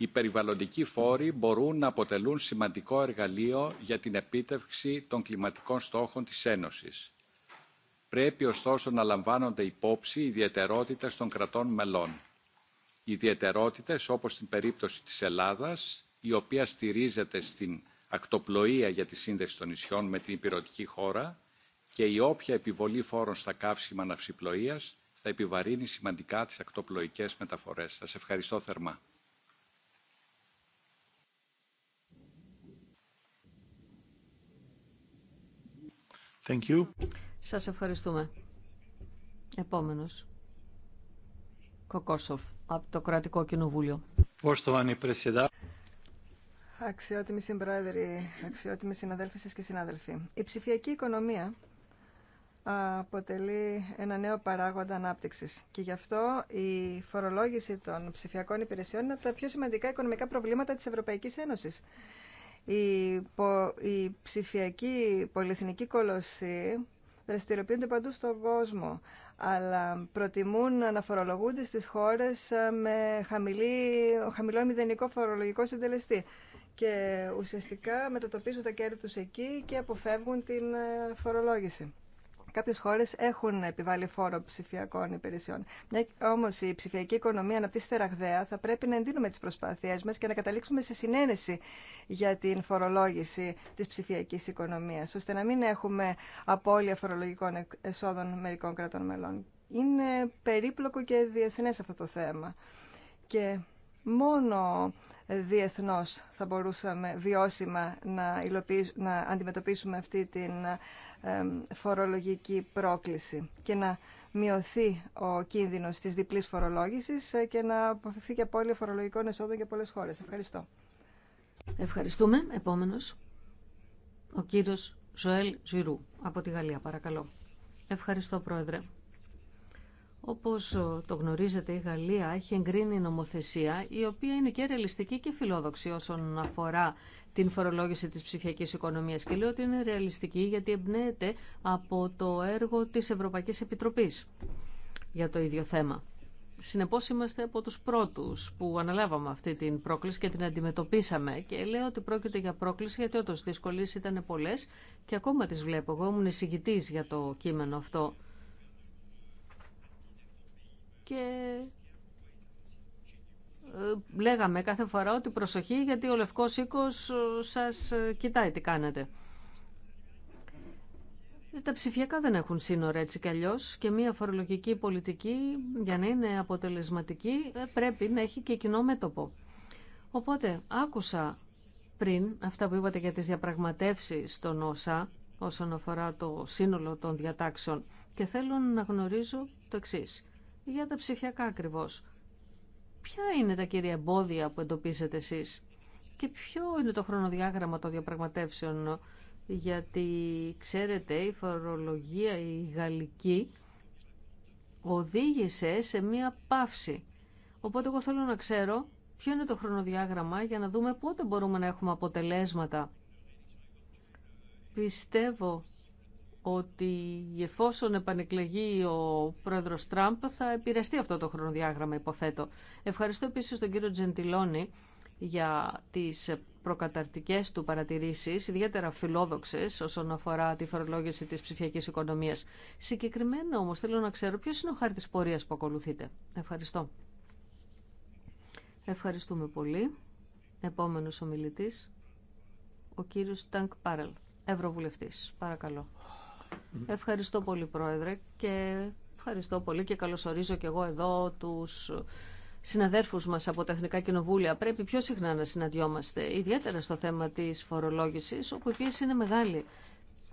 οι περιβαλλοντικοί φόροι μπορούν να αποτελούν σημαντικό εργαλείο για την επίτευξη των κλιματικών στόχων της Ένωσης. Πρέπει ωστόσο να λαμβάνονται υπόψη οι ιδιαιτερότητες των κρατών μελών. Οι ιδιαιτερότητες όπως στην περίπτωση της Ελλάδας, η οποία στηρίζεται στην ακτοπλοεία για τη σύνδεση των νησιών με την υπηρετική χώρα και η όποια επιβολή φόρων στα καύσιμα ναυσιπλοείας θα επιβαρύνει σημαντικά τις ακτοπλοϊκές μεταφορές. Σας ευχαριστώ θερμά. Thank you. Σας ευχαριστούμε. Επόμενος. Κοκόσοφ, από το Κρατικό Κοινοβούλιο. Αξιότιμοι συμπρόεδροι, αξιότιμοι συναδέλφοι σας και συνάδελφοι. Η ψηφιακή οικονομία αποτελεί ένα νέο παράγοντα ανάπτυξης και γι' αυτό η φορολόγηση των ψηφιακών υπηρεσιών είναι από τα πιο σημαντικά οικονομικά προβλήματα της Ευρωπαϊκής Ένωσης η ψηφιακή πολυεθνικοί κολοσσοί δραστηριοποιούνται παντού στον κόσμο, αλλά προτιμούν να φορολογούνται στις χώρες ε, με χαμηλή, χαμηλό μηδενικό φορολογικό συντελεστή και ουσιαστικά μετατοπίζουν τα κέρδη τους εκεί και αποφεύγουν την ε, φορολόγηση. Κάποιε χώρε έχουν επιβάλει φόρο ψηφιακών υπηρεσιών. όμω η ψηφιακή οικονομία αναπτύσσεται ραγδαία, θα πρέπει να εντείνουμε τι προσπάθειέ μα και να καταλήξουμε σε συνένεση για την φορολόγηση τη ψηφιακή οικονομία, ώστε να μην έχουμε απώλεια φορολογικών εσόδων μερικών κρατών μελών. Είναι περίπλοκο και διεθνέ αυτό το θέμα. Και μόνο διεθνώς θα μπορούσαμε βιώσιμα να, να αντιμετωπίσουμε αυτή την φορολογική πρόκληση και να μειωθεί ο κίνδυνος της διπλής φορολόγησης ε, και να αποφευθεί και απώλεια φορολογικών εσόδων για πολλές χώρες. Ευχαριστώ. Ευχαριστούμε. Επόμενος, ο κύριος Ζωέλ Ζηρού από τη Γαλλία, παρακαλώ. Ευχαριστώ, Πρόεδρε. Όπως ε, το γνωρίζετε, η Γαλλία έχει εγκρίνει νομοθεσία η οποία είναι και ρεαλιστική και φιλόδοξη όσον αφορά την φορολόγηση της ψηφιακής οικονομίας και λέω ότι είναι ρεαλιστική γιατί εμπνέεται από το έργο της Ευρωπαϊκής Επιτροπής για το ίδιο θέμα. Συνεπώς είμαστε από τους πρώτους που αναλάβαμε αυτή την πρόκληση και την αντιμετωπίσαμε και λέω ότι πρόκειται για πρόκληση γιατί όντως δύσκολες ήταν πολλές και ακόμα τις βλέπω. Εγώ ήμουν εισηγητής για το κείμενο αυτό και ε, λέγαμε κάθε φορά ότι προσοχή γιατί ο Λευκός Οίκος ε, σας ε, κοιτάει τι κάνετε. Τα ψηφιακά δεν έχουν σύνορα έτσι κι αλλιώς και μια φορολογική πολιτική για να είναι αποτελεσματική πρέπει να έχει και κοινό μέτωπο. Οπότε άκουσα πριν αυτά που είπατε για τις διαπραγματεύσεις στον ΩΣΑ όσον αφορά το σύνολο των διατάξεων και θέλω να γνωρίζω το εξής για τα ψηφιακά ακριβώ. Ποια είναι τα κύρια εμπόδια που εντοπίζετε εσείς και ποιο είναι το χρονοδιάγραμμα των διαπραγματεύσεων γιατί ξέρετε η φορολογία η γαλλική οδήγησε σε μία παύση. Οπότε εγώ θέλω να ξέρω ποιο είναι το χρονοδιάγραμμα για να δούμε πότε μπορούμε να έχουμε αποτελέσματα. Πιστεύω ότι εφόσον επανεκλεγεί ο πρόεδρος Τραμπ θα επηρεαστεί αυτό το χρονοδιάγραμμα υποθέτω. Ευχαριστώ επίσης τον κύριο Τζεντιλόνη για τις προκαταρτικές του παρατηρήσεις, ιδιαίτερα φιλόδοξες όσον αφορά τη φορολόγηση της ψηφιακής οικονομίας. Συγκεκριμένα όμως θέλω να ξέρω ποιος είναι ο χάρτης πορείας που ακολουθείτε. Ευχαριστώ. Ευχαριστούμε πολύ. Επόμενος ομιλητής, ο κύριος Τανκ Πάρελ, Ευρωβουλευτής. Παρακαλώ. Ευχαριστώ πολύ Πρόεδρε και ευχαριστώ πολύ και καλωσορίζω και εγώ εδώ τους συναδέρφους μας από τα Εθνικά Κοινοβούλια. Πρέπει πιο συχνά να συναντιόμαστε, ιδιαίτερα στο θέμα της φορολόγησης, όπου η πίεση είναι μεγάλη.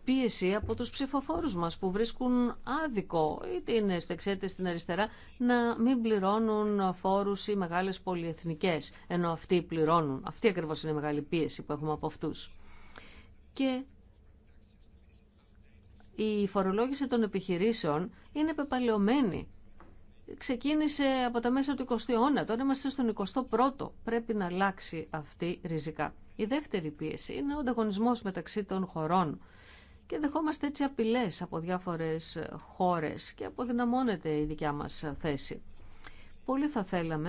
Πίεση από τους ψηφοφόρους μας που βρίσκουν άδικο, είτε είναι στο εξέτες στην αριστερά, να μην πληρώνουν φόρους οι μεγάλες πολυεθνικές, ενώ αυτοί πληρώνουν. Αυτή ακριβώς είναι η μεγάλη πίεση που έχουμε από αυτούς. Και η φορολόγηση των επιχειρήσεων είναι πεπαλαιωμένη. Ξεκίνησε από τα μέσα του 20ου αιώνα, τώρα είμαστε στον 21ο. Πρέπει να αλλάξει αυτή ριζικά. Η δεύτερη πίεση είναι ο ανταγωνισμός μεταξύ των χωρών και δεχόμαστε έτσι απειλές από διάφορες χώρες και αποδυναμώνεται η δικιά μας θέση. Πολύ θα θέλαμε,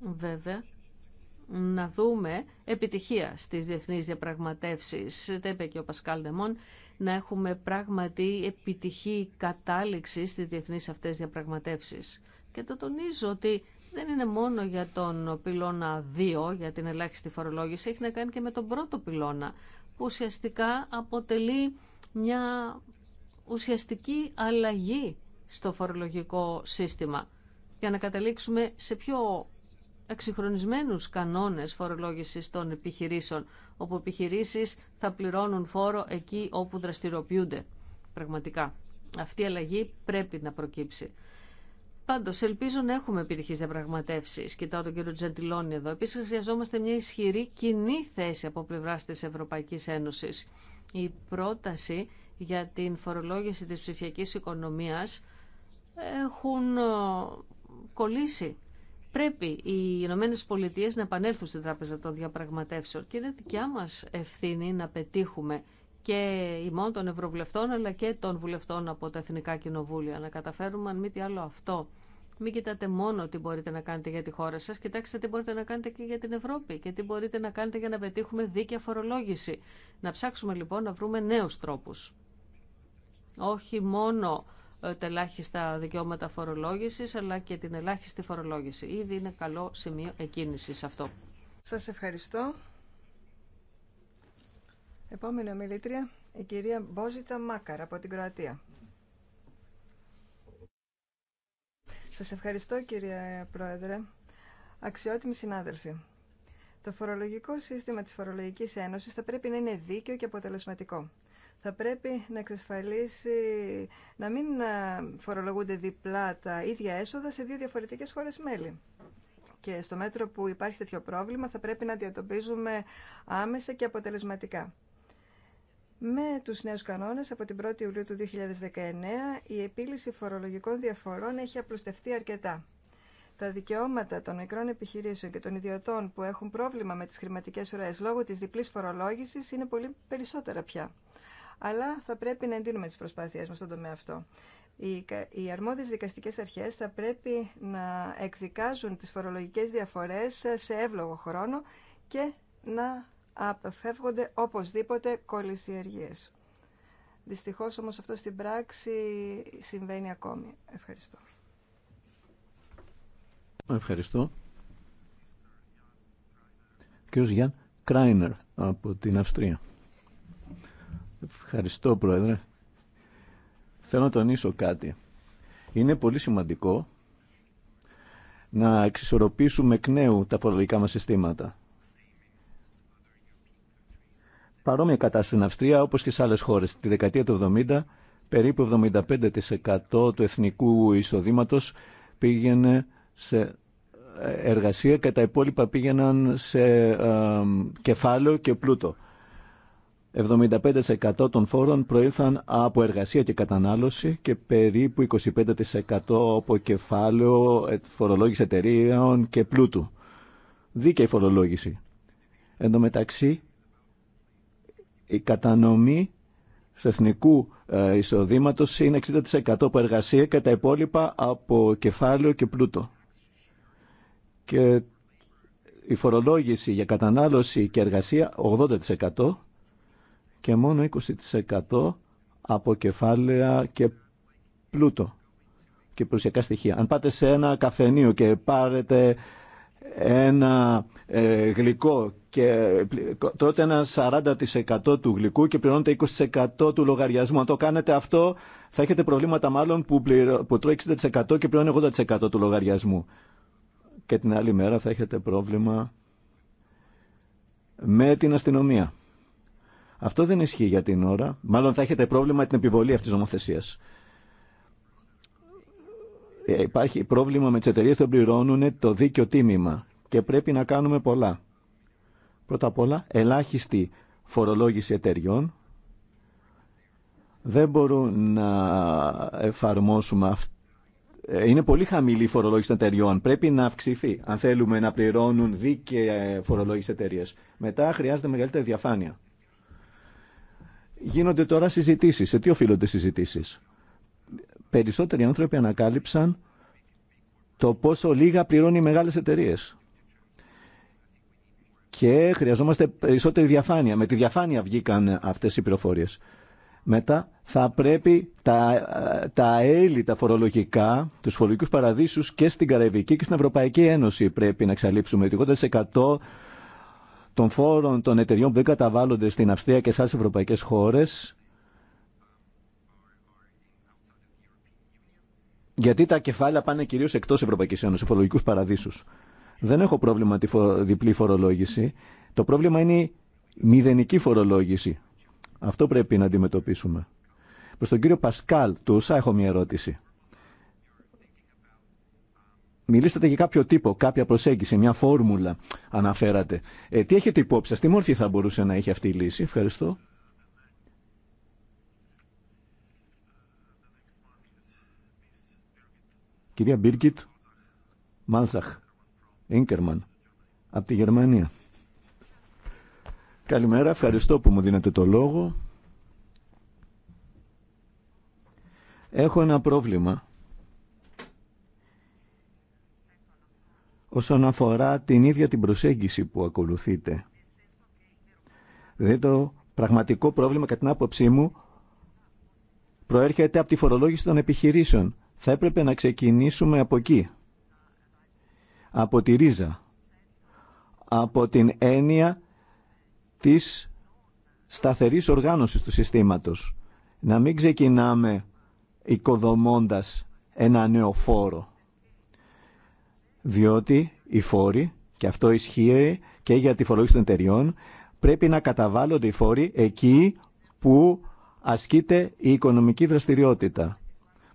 βέβαια, να αλλαξει αυτη ριζικα η δευτερη πιεση ειναι ο ανταγωνισμο μεταξυ των χωρων και δεχομαστε ετσι απειλε απο διαφορες χωρες και αποδυναμωνεται η δικια μα θεση πολυ θα θελαμε βεβαια να δουμε επιτυχια στις διεθνείς διαπραγματεύσεις, τα και ο Πασκάλ Ντεμόν, να έχουμε πράγματι επιτυχή κατάληξη στις διεθνείς αυτές διαπραγματεύσεις. Και το τονίζω ότι δεν είναι μόνο για τον πυλώνα 2, για την ελάχιστη φορολόγηση, έχει να κάνει και με τον πρώτο πυλώνα, που ουσιαστικά αποτελεί μια ουσιαστική αλλαγή στο φορολογικό σύστημα για να καταλήξουμε σε πιο εξυγχρονισμένους κανόνες φορολόγησης των επιχειρήσεων, όπου επιχειρήσεις θα πληρώνουν φόρο εκεί όπου δραστηριοποιούνται. Πραγματικά. Αυτή η αλλαγή πρέπει να προκύψει. Πάντω, ελπίζω να έχουμε επιτυχεί διαπραγματεύσει. Κοιτάω τον κύριο Τζεντιλόνι εδώ. Επίση, χρειαζόμαστε μια ισχυρή κοινή θέση από πλευρά τη Ευρωπαϊκή Ένωση. Η πρόταση για την φορολόγηση τη ψηφιακή οικονομία έχουν ε, κολλήσει Πρέπει οι Ηνωμένε Πολιτείε να επανέλθουν στην Τράπεζα των Διαπραγματεύσεων και είναι δικιά μα ευθύνη να πετύχουμε και ημών των Ευρωβουλευτών αλλά και των βουλευτών από τα Εθνικά Κοινοβούλια. Να καταφέρουμε αν μη τι άλλο αυτό. Μην κοιτάτε μόνο τι μπορείτε να κάνετε για τη χώρα σα. κοιτάξτε τι μπορείτε να κάνετε και για την Ευρώπη και τι μπορείτε να κάνετε για να πετύχουμε δίκαια φορολόγηση. Να ψάξουμε λοιπόν να βρούμε νέου τρόπου. Όχι μόνο τελάχιστα δικαιώματα φορολόγησης αλλά και την ελάχιστη φορολόγηση. Ήδη είναι καλό σημείο εκκίνησης αυτό. Σας ευχαριστώ. Επόμενη ομιλήτρια, η κυρία Μπόζιτσα Μάκαρα από την Κροατία. Σας ευχαριστώ κύριε Πρόεδρε. Αξιότιμοι συνάδελφοι, το φορολογικό σύστημα της Φορολογικής Ένωσης θα πρέπει να είναι δίκαιο και αποτελεσματικό θα πρέπει να εξασφαλίσει να μην ε, φορολογούνται διπλά τα ίδια έσοδα σε δύο διαφορετικές χώρες μέλη. Και στο μέτρο που υπάρχει τέτοιο πρόβλημα θα πρέπει να διατοπίζουμε άμεσα και αποτελεσματικά. Με τους νέους κανόνες από την 1η Ιουλίου του 2019 η επίλυση φορολογικών διαφορών έχει απλουστευτεί αρκετά. Τα δικαιώματα των μικρών επιχειρήσεων και των ιδιωτών που έχουν πρόβλημα με τις χρηματικές ουραίες λόγω της διπλής φορολόγησης είναι πολύ περισσότερα πια αλλά θα πρέπει να εντείνουμε τις προσπάθειές μας στον τομέα αυτό. Οι αρμόδιες δικαστικές αρχές θα πρέπει να εκδικάζουν τις φορολογικές διαφορές σε εύλογο χρόνο και να απεφεύγονται οπωσδήποτε κολλησιεργίες. Δυστυχώς όμως αυτό στην πράξη συμβαίνει ακόμη. Ευχαριστώ. Ευχαριστώ. Κύριος Γιάν Κράινερ από την Αυστρία. Ευχαριστώ, Πρόεδρε. Θέλω να τονίσω κάτι. Είναι πολύ σημαντικό να εξισορροπήσουμε εκ νέου τα φορολογικά μας συστήματα. Παρόμοια κατάσταση στην Αυστρία, όπως και σε άλλες χώρες. Τη δεκαετία του 70, περίπου 75% του εθνικού εισοδήματος πήγαινε σε εργασία και τα υπόλοιπα πήγαιναν σε ε, κεφάλαιο και πλούτο. 75% των φόρων προήλθαν από εργασία και κατανάλωση και περίπου 25% από κεφάλαιο ε, φορολόγηση εταιρείων και πλούτου. Δίκαιη φορολόγηση. Εν τω μεταξύ, η κατανομή του εθνικού ε, εισοδήματο είναι 60% από εργασία και τα υπόλοιπα από κεφάλαιο και πλούτο. Και η φορολόγηση για κατανάλωση και εργασία 80% και μόνο 20% από κεφάλαια και πλούτο και προσιακά στοιχεία. Αν πάτε σε ένα καφενείο και πάρετε ένα ε, γλυκό και τρώτε ένα 40% του γλυκού και πληρώνετε 20% του λογαριασμού. Αν το κάνετε αυτό θα έχετε προβλήματα μάλλον που, που τρώει 60% και πληρώνει 80% του λογαριασμού. Και την άλλη μέρα θα έχετε πρόβλημα με την αστυνομία. Αυτό δεν ισχύει για την ώρα. Μάλλον θα έχετε πρόβλημα την επιβολή αυτής της νομοθεσίας. Ε, υπάρχει πρόβλημα με τις εταιρείε που πληρώνουν το δίκαιο τίμημα και πρέπει να κάνουμε πολλά. Πρώτα απ' όλα, ελάχιστη φορολόγηση εταιριών. Δεν μπορούν να εφαρμόσουμε αυτό ε, είναι πολύ χαμηλή η φορολόγηση των εταιριών. Πρέπει να αυξηθεί αν θέλουμε να πληρώνουν δίκαιε φορολόγηση εταιρείε. Μετά χρειάζεται μεγαλύτερη διαφάνεια. Γίνονται τώρα συζητήσεις. Σε τι οφείλονται συζητήσεις. Περισσότεροι άνθρωποι ανακάλυψαν το πόσο λίγα πληρώνει οι μεγάλες εταιρείες. Και χρειαζόμαστε περισσότερη διαφάνεια. Με τη διαφάνεια βγήκαν αυτές οι πληροφορίες. Μετά θα πρέπει τα, τα τα φορολογικά, τους φορολογικούς παραδείσους και στην Καραϊβική και στην Ευρωπαϊκή Ένωση πρέπει να εξαλείψουμε. Το των φόρων των εταιριών που δεν καταβάλλονται στην Αυστρία και σε άλλες ευρωπαϊκές χώρες γιατί τα κεφάλαια πάνε κυρίως εκτός Ευρωπαϊκής Ένωσης, φορολογικούς παραδείσους. Δεν έχω πρόβλημα τη διπλή φορολόγηση. Το πρόβλημα είναι η μηδενική φορολόγηση. Αυτό πρέπει να αντιμετωπίσουμε. Προς τον κύριο Πασκάλ του ΩΣΑ έχω μια ερώτηση. Μιλήσατε για κάποιο τύπο, κάποια προσέγγιση, μια φόρμουλα αναφέρατε. Ε, τι έχετε υπόψη σας, τι μόρφη θα μπορούσε να έχει αυτή η λύση. Ευχαριστώ. Κυρία Μπίρκιτ Μάλσαχ, Ίνκερμαν, από τη Γερμανία. Καλημέρα, ευχαριστώ που μου δίνετε το λόγο. Έχω ένα πρόβλημα όσον αφορά την ίδια την προσέγγιση που ακολουθείτε. Δηλαδή το πραγματικό πρόβλημα κατά την άποψή μου προέρχεται από τη φορολόγηση των επιχειρήσεων. Θα έπρεπε να ξεκινήσουμε από εκεί, από τη ρίζα, από την έννοια της σταθερής οργάνωσης του συστήματος. Να μην ξεκινάμε οικοδομώντας ένα νέο φόρο διότι οι φόροι, και αυτό ισχύει και για τη φορολογία των εταιριών, πρέπει να καταβάλλονται οι φόροι εκεί που ασκείται η οικονομική δραστηριότητα.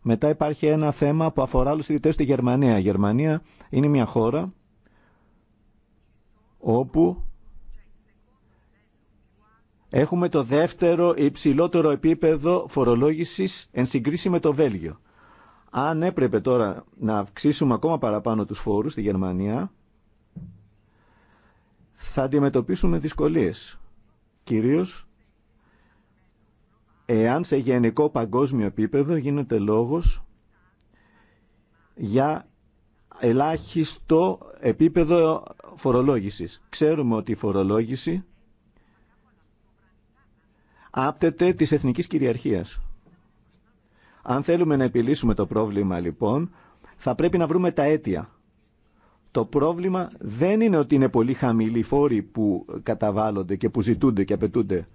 Μετά υπάρχει ένα θέμα που αφορά άλλους ιδιωτές στη Γερμανία. Η Γερμανία είναι μια χώρα όπου έχουμε το δεύτερο υψηλότερο επίπεδο φορολόγησης εν συγκρίση με το Βέλγιο. Αν έπρεπε τώρα να αυξήσουμε ακόμα παραπάνω τους φόρους στη Γερμανία, θα αντιμετωπίσουμε δυσκολίες. Κυρίως εάν σε γενικό παγκόσμιο επίπεδο γίνεται λόγος για ελάχιστο επίπεδο φορολόγησης. Ξέρουμε ότι η φορολόγηση άπτεται της εθνικής κυριαρχίας. Αν θέλουμε να επιλύσουμε το πρόβλημα λοιπόν, θα πρέπει να βρούμε τα αίτια. Το πρόβλημα δεν είναι ότι είναι πολύ χαμηλοί φόροι που καταβάλλονται και που ζητούνται και απαιτούνται,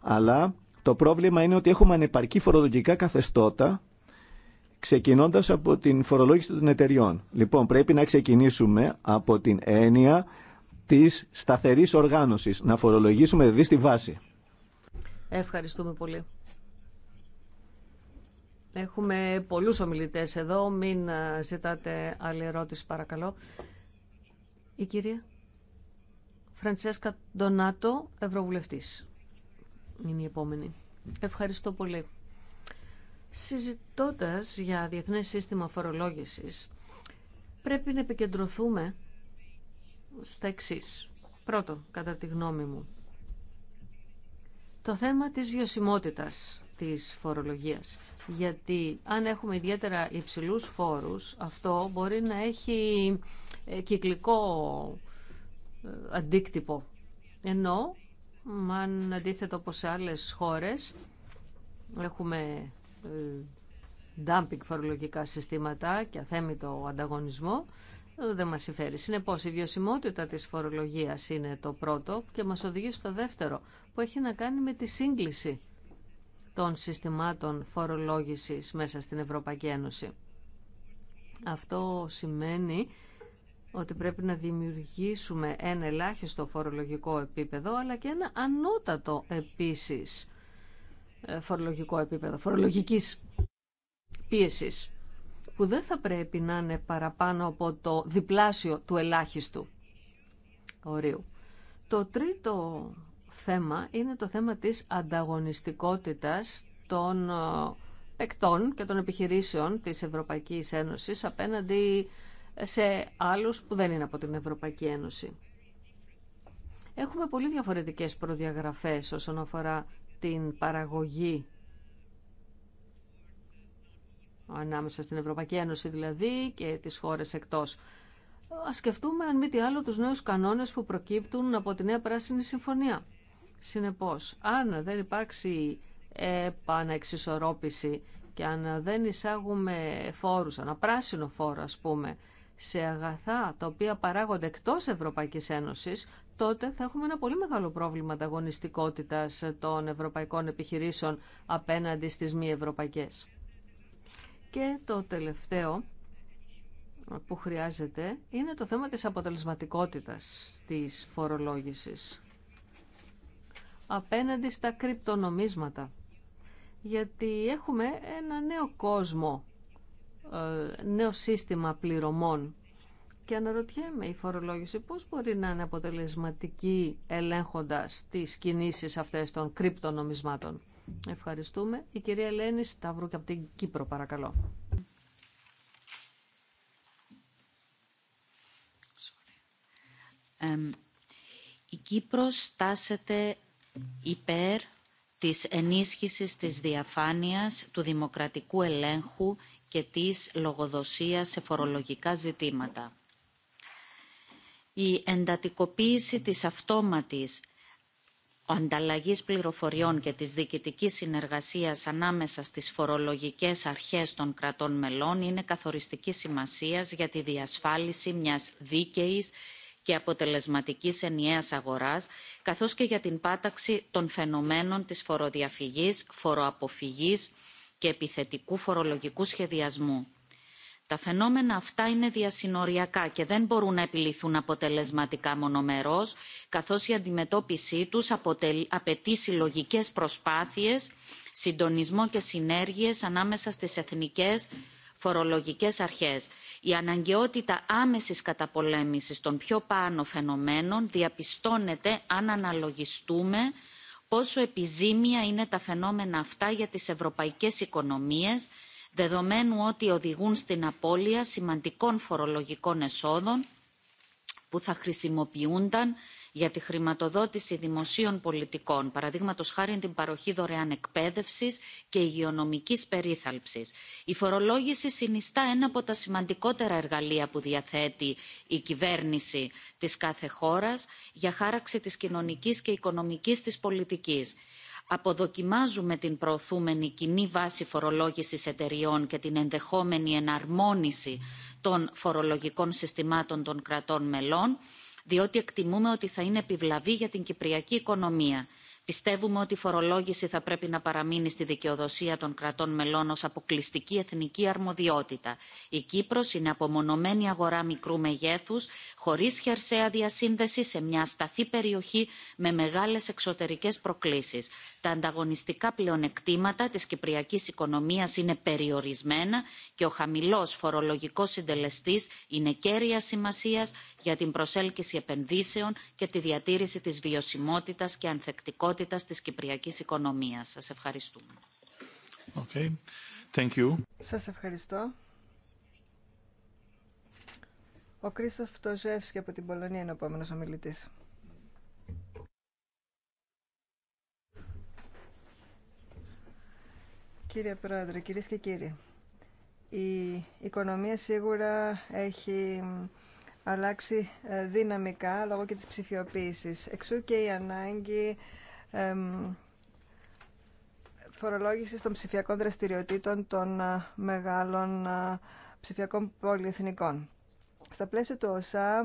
αλλά το πρόβλημα είναι ότι έχουμε ανεπαρκή φορολογικά καθεστώτα ξεκινώντας από την φορολόγηση των εταιριών. Λοιπόν, πρέπει να ξεκινήσουμε από την έννοια της σταθερής οργάνωσης, να φορολογήσουμε δηλαδή στη βάση. Ευχαριστούμε πολύ. Έχουμε πολλούς ομιλητές εδώ, μην ε, ζητάτε άλλη ερώτηση παρακαλώ. Η κυρία Φραντσέσκα Ντονάτο, Ευρωβουλευτής, είναι η επόμενη. Ευχαριστώ πολύ. Συζητώντας για Διεθνές Σύστημα Φορολόγησης, πρέπει να επικεντρωθούμε στα εξή. Πρώτον, κατά τη γνώμη μου, το θέμα της βιωσιμότητας της φορολογίας. Γιατί αν έχουμε ιδιαίτερα υψηλούς φόρους, αυτό μπορεί να έχει ε, κυκλικό ε, αντίκτυπο. Ενώ, αν αντίθετα όπως σε άλλες χώρες, έχουμε ε, dumping φορολογικά συστήματα και αθέμητο ανταγωνισμό, δεν μας συμφέρει. Συνεπώς, η βιωσιμότητα της φορολογίας είναι το πρώτο και μας οδηγεί στο δεύτερο, που έχει να κάνει με τη σύγκληση των συστημάτων φορολόγησης μέσα στην Ευρωπαϊκή Ένωση. Αυτό σημαίνει ότι πρέπει να δημιουργήσουμε ένα ελάχιστο φορολογικό επίπεδο, αλλά και ένα ανώτατο επίσης ε, φορολογικό επίπεδο, φορολογικής πίεσης, που δεν θα πρέπει να είναι παραπάνω από το διπλάσιο του ελάχιστου ορίου. Το τρίτο θέμα είναι το θέμα της ανταγωνιστικότητας των ε, παικτών και των επιχειρήσεων της Ευρωπαϊκής Ένωσης απέναντι σε άλλους που δεν είναι από την Ευρωπαϊκή Ένωση. Έχουμε πολύ διαφορετικές προδιαγραφές όσον αφορά την παραγωγή ανάμεσα στην Ευρωπαϊκή Ένωση δηλαδή και τις χώρες εκτός. Ας σκεφτούμε αν μη τι άλλο τους νέους κανόνες που προκύπτουν από τη Νέα Πράσινη Συμφωνία. Συνεπώς, αν δεν υπάρξει επαναεξισορρόπηση και αν δεν εισάγουμε φόρους, ένα πράσινο φόρο ας πούμε, σε αγαθά τα οποία παράγονται εκτός Ευρωπαϊκής Ένωσης, τότε θα έχουμε ένα πολύ μεγάλο πρόβλημα ανταγωνιστικότητας των ευρωπαϊκών επιχειρήσεων απέναντι στις μη ευρωπαϊκές. Και το τελευταίο που χρειάζεται είναι το θέμα της αποτελεσματικότητας της φορολόγησης απέναντι στα κρυπτονομίσματα. Γιατί έχουμε ένα νέο κόσμο, ε, νέο σύστημα πληρωμών. Και αναρωτιέμαι η φορολόγηση πώς μπορεί να είναι αποτελεσματική ελέγχοντας τις κινήσεις αυτές των κρυπτονομισμάτων. Ευχαριστούμε. Η κυρία Ελένη Σταύρου και από την Κύπρο παρακαλώ. η Κύπρος στάσεται υπέρ της ενίσχυσης της διαφάνειας, του δημοκρατικού ελέγχου και της λογοδοσίας σε φορολογικά ζητήματα. Η εντατικοποίηση της αυτόματης ανταλλαγής πληροφοριών και της διοικητικής συνεργασίας ανάμεσα στις φορολογικές αρχές των κρατών μελών είναι καθοριστική σημασίας για τη διασφάλιση μιας δίκαιης και αποτελεσματικής ενιαίας αγοράς, καθώς και για την πάταξη των φαινομένων της φοροδιαφυγής, φοροαποφυγής και επιθετικού φορολογικού σχεδιασμού. Τα φαινόμενα αυτά είναι διασυνοριακά και δεν μπορούν να επιληθούν αποτελεσματικά μονομερώς, καθώς η αντιμετώπιση τους απαιτεί συλλογικές προσπάθειες, συντονισμό και συνέργειες ανάμεσα στις εθνικές, φορολογικές αρχές. Η αναγκαιότητα άμεσης καταπολέμησης των πιο πάνω φαινομένων διαπιστώνεται αν αναλογιστούμε πόσο επιζήμια είναι τα φαινόμενα αυτά για τις ευρωπαϊκές οικονομίες, δεδομένου ότι οδηγούν στην απώλεια σημαντικών φορολογικών εσόδων που θα χρησιμοποιούνταν για τη χρηματοδότηση δημοσίων πολιτικών, παραδείγματο χάρη την παροχή δωρεάν εκπαίδευση και υγειονομική περίθαλψη. Η φορολόγηση συνιστά ένα από τα σημαντικότερα εργαλεία που διαθέτει η κυβέρνηση τη κάθε χώρα για χάραξη τη κοινωνική και οικονομική τη πολιτική αποδοκιμάζουμε την προωθούμενη κοινή βάση φορολόγησης εταιριών και την ενδεχόμενη εναρμόνιση των φορολογικών συστημάτων των κρατών μελών διότι εκτιμούμε ότι θα είναι επιβλαβή για την κυπριακή οικονομία πιστεύουμε ότι η φορολόγηση θα πρέπει να παραμείνει στη δικαιοδοσία των κρατών μελών ως αποκλειστική εθνική αρμοδιότητα. η κύπρος είναι απομονωμένη αγορά μικρού μεγέθους χωρίς χερσαία διασύνδεση σε μια σταθή περιοχή με μεγάλες εξωτερικές προκλήσεις. τα ανταγωνιστικά πλεονεκτήματα της κυπριακής οικονομίας είναι περιορισμένα και ο χαμηλός φορολογικός συντελεστής είναι κέρια σημασίας για την προσέλκυση επενδύσεων και τη διατήρηση της βιωσιμότητας και ανθεκτικότητας ποιότητας της κυπριακής οικονομίας. Σας ευχαριστούμε. Okay. Thank you. Σας ευχαριστώ. Ο Κρίστοφ Τοζεύσκη από την Πολωνία είναι ο επόμενος ομιλητής. Κύριε Πρόεδρε, κυρίες και κύριοι, η οικονομία σίγουρα έχει αλλάξει ε, δυναμικά λόγω και της ψηφιοποίησης. Εξού και η ανάγκη Φορολόγηση των ψηφιακών δραστηριοτήτων των μεγάλων ψηφιακών πολυεθνικών. Στα πλαίσια του ΩΣΑ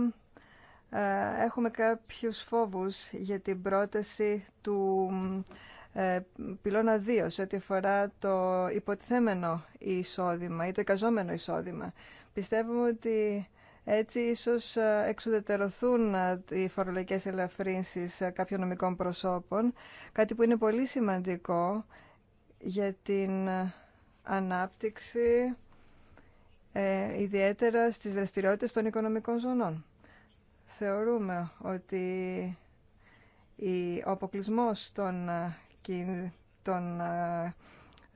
ε, έχουμε κάποιους φόβους για την πρόταση του ε, πυλώνα 2 σε ό,τι αφορά το υποτιθέμενο εισόδημα ή το εικαζόμενο εισόδημα. Πιστεύουμε ότι έτσι ίσως ε, εξουδετερωθούν ε, οι φορολογικές ελαφρύνσεις ε, κάποιων νομικών προσώπων, κάτι που είναι πολύ σημαντικό για την ανάπτυξη ε, ιδιαίτερα στις δραστηριότητες των οικονομικών ζωνών. Θεωρούμε ότι η, ο αποκλεισμό των, των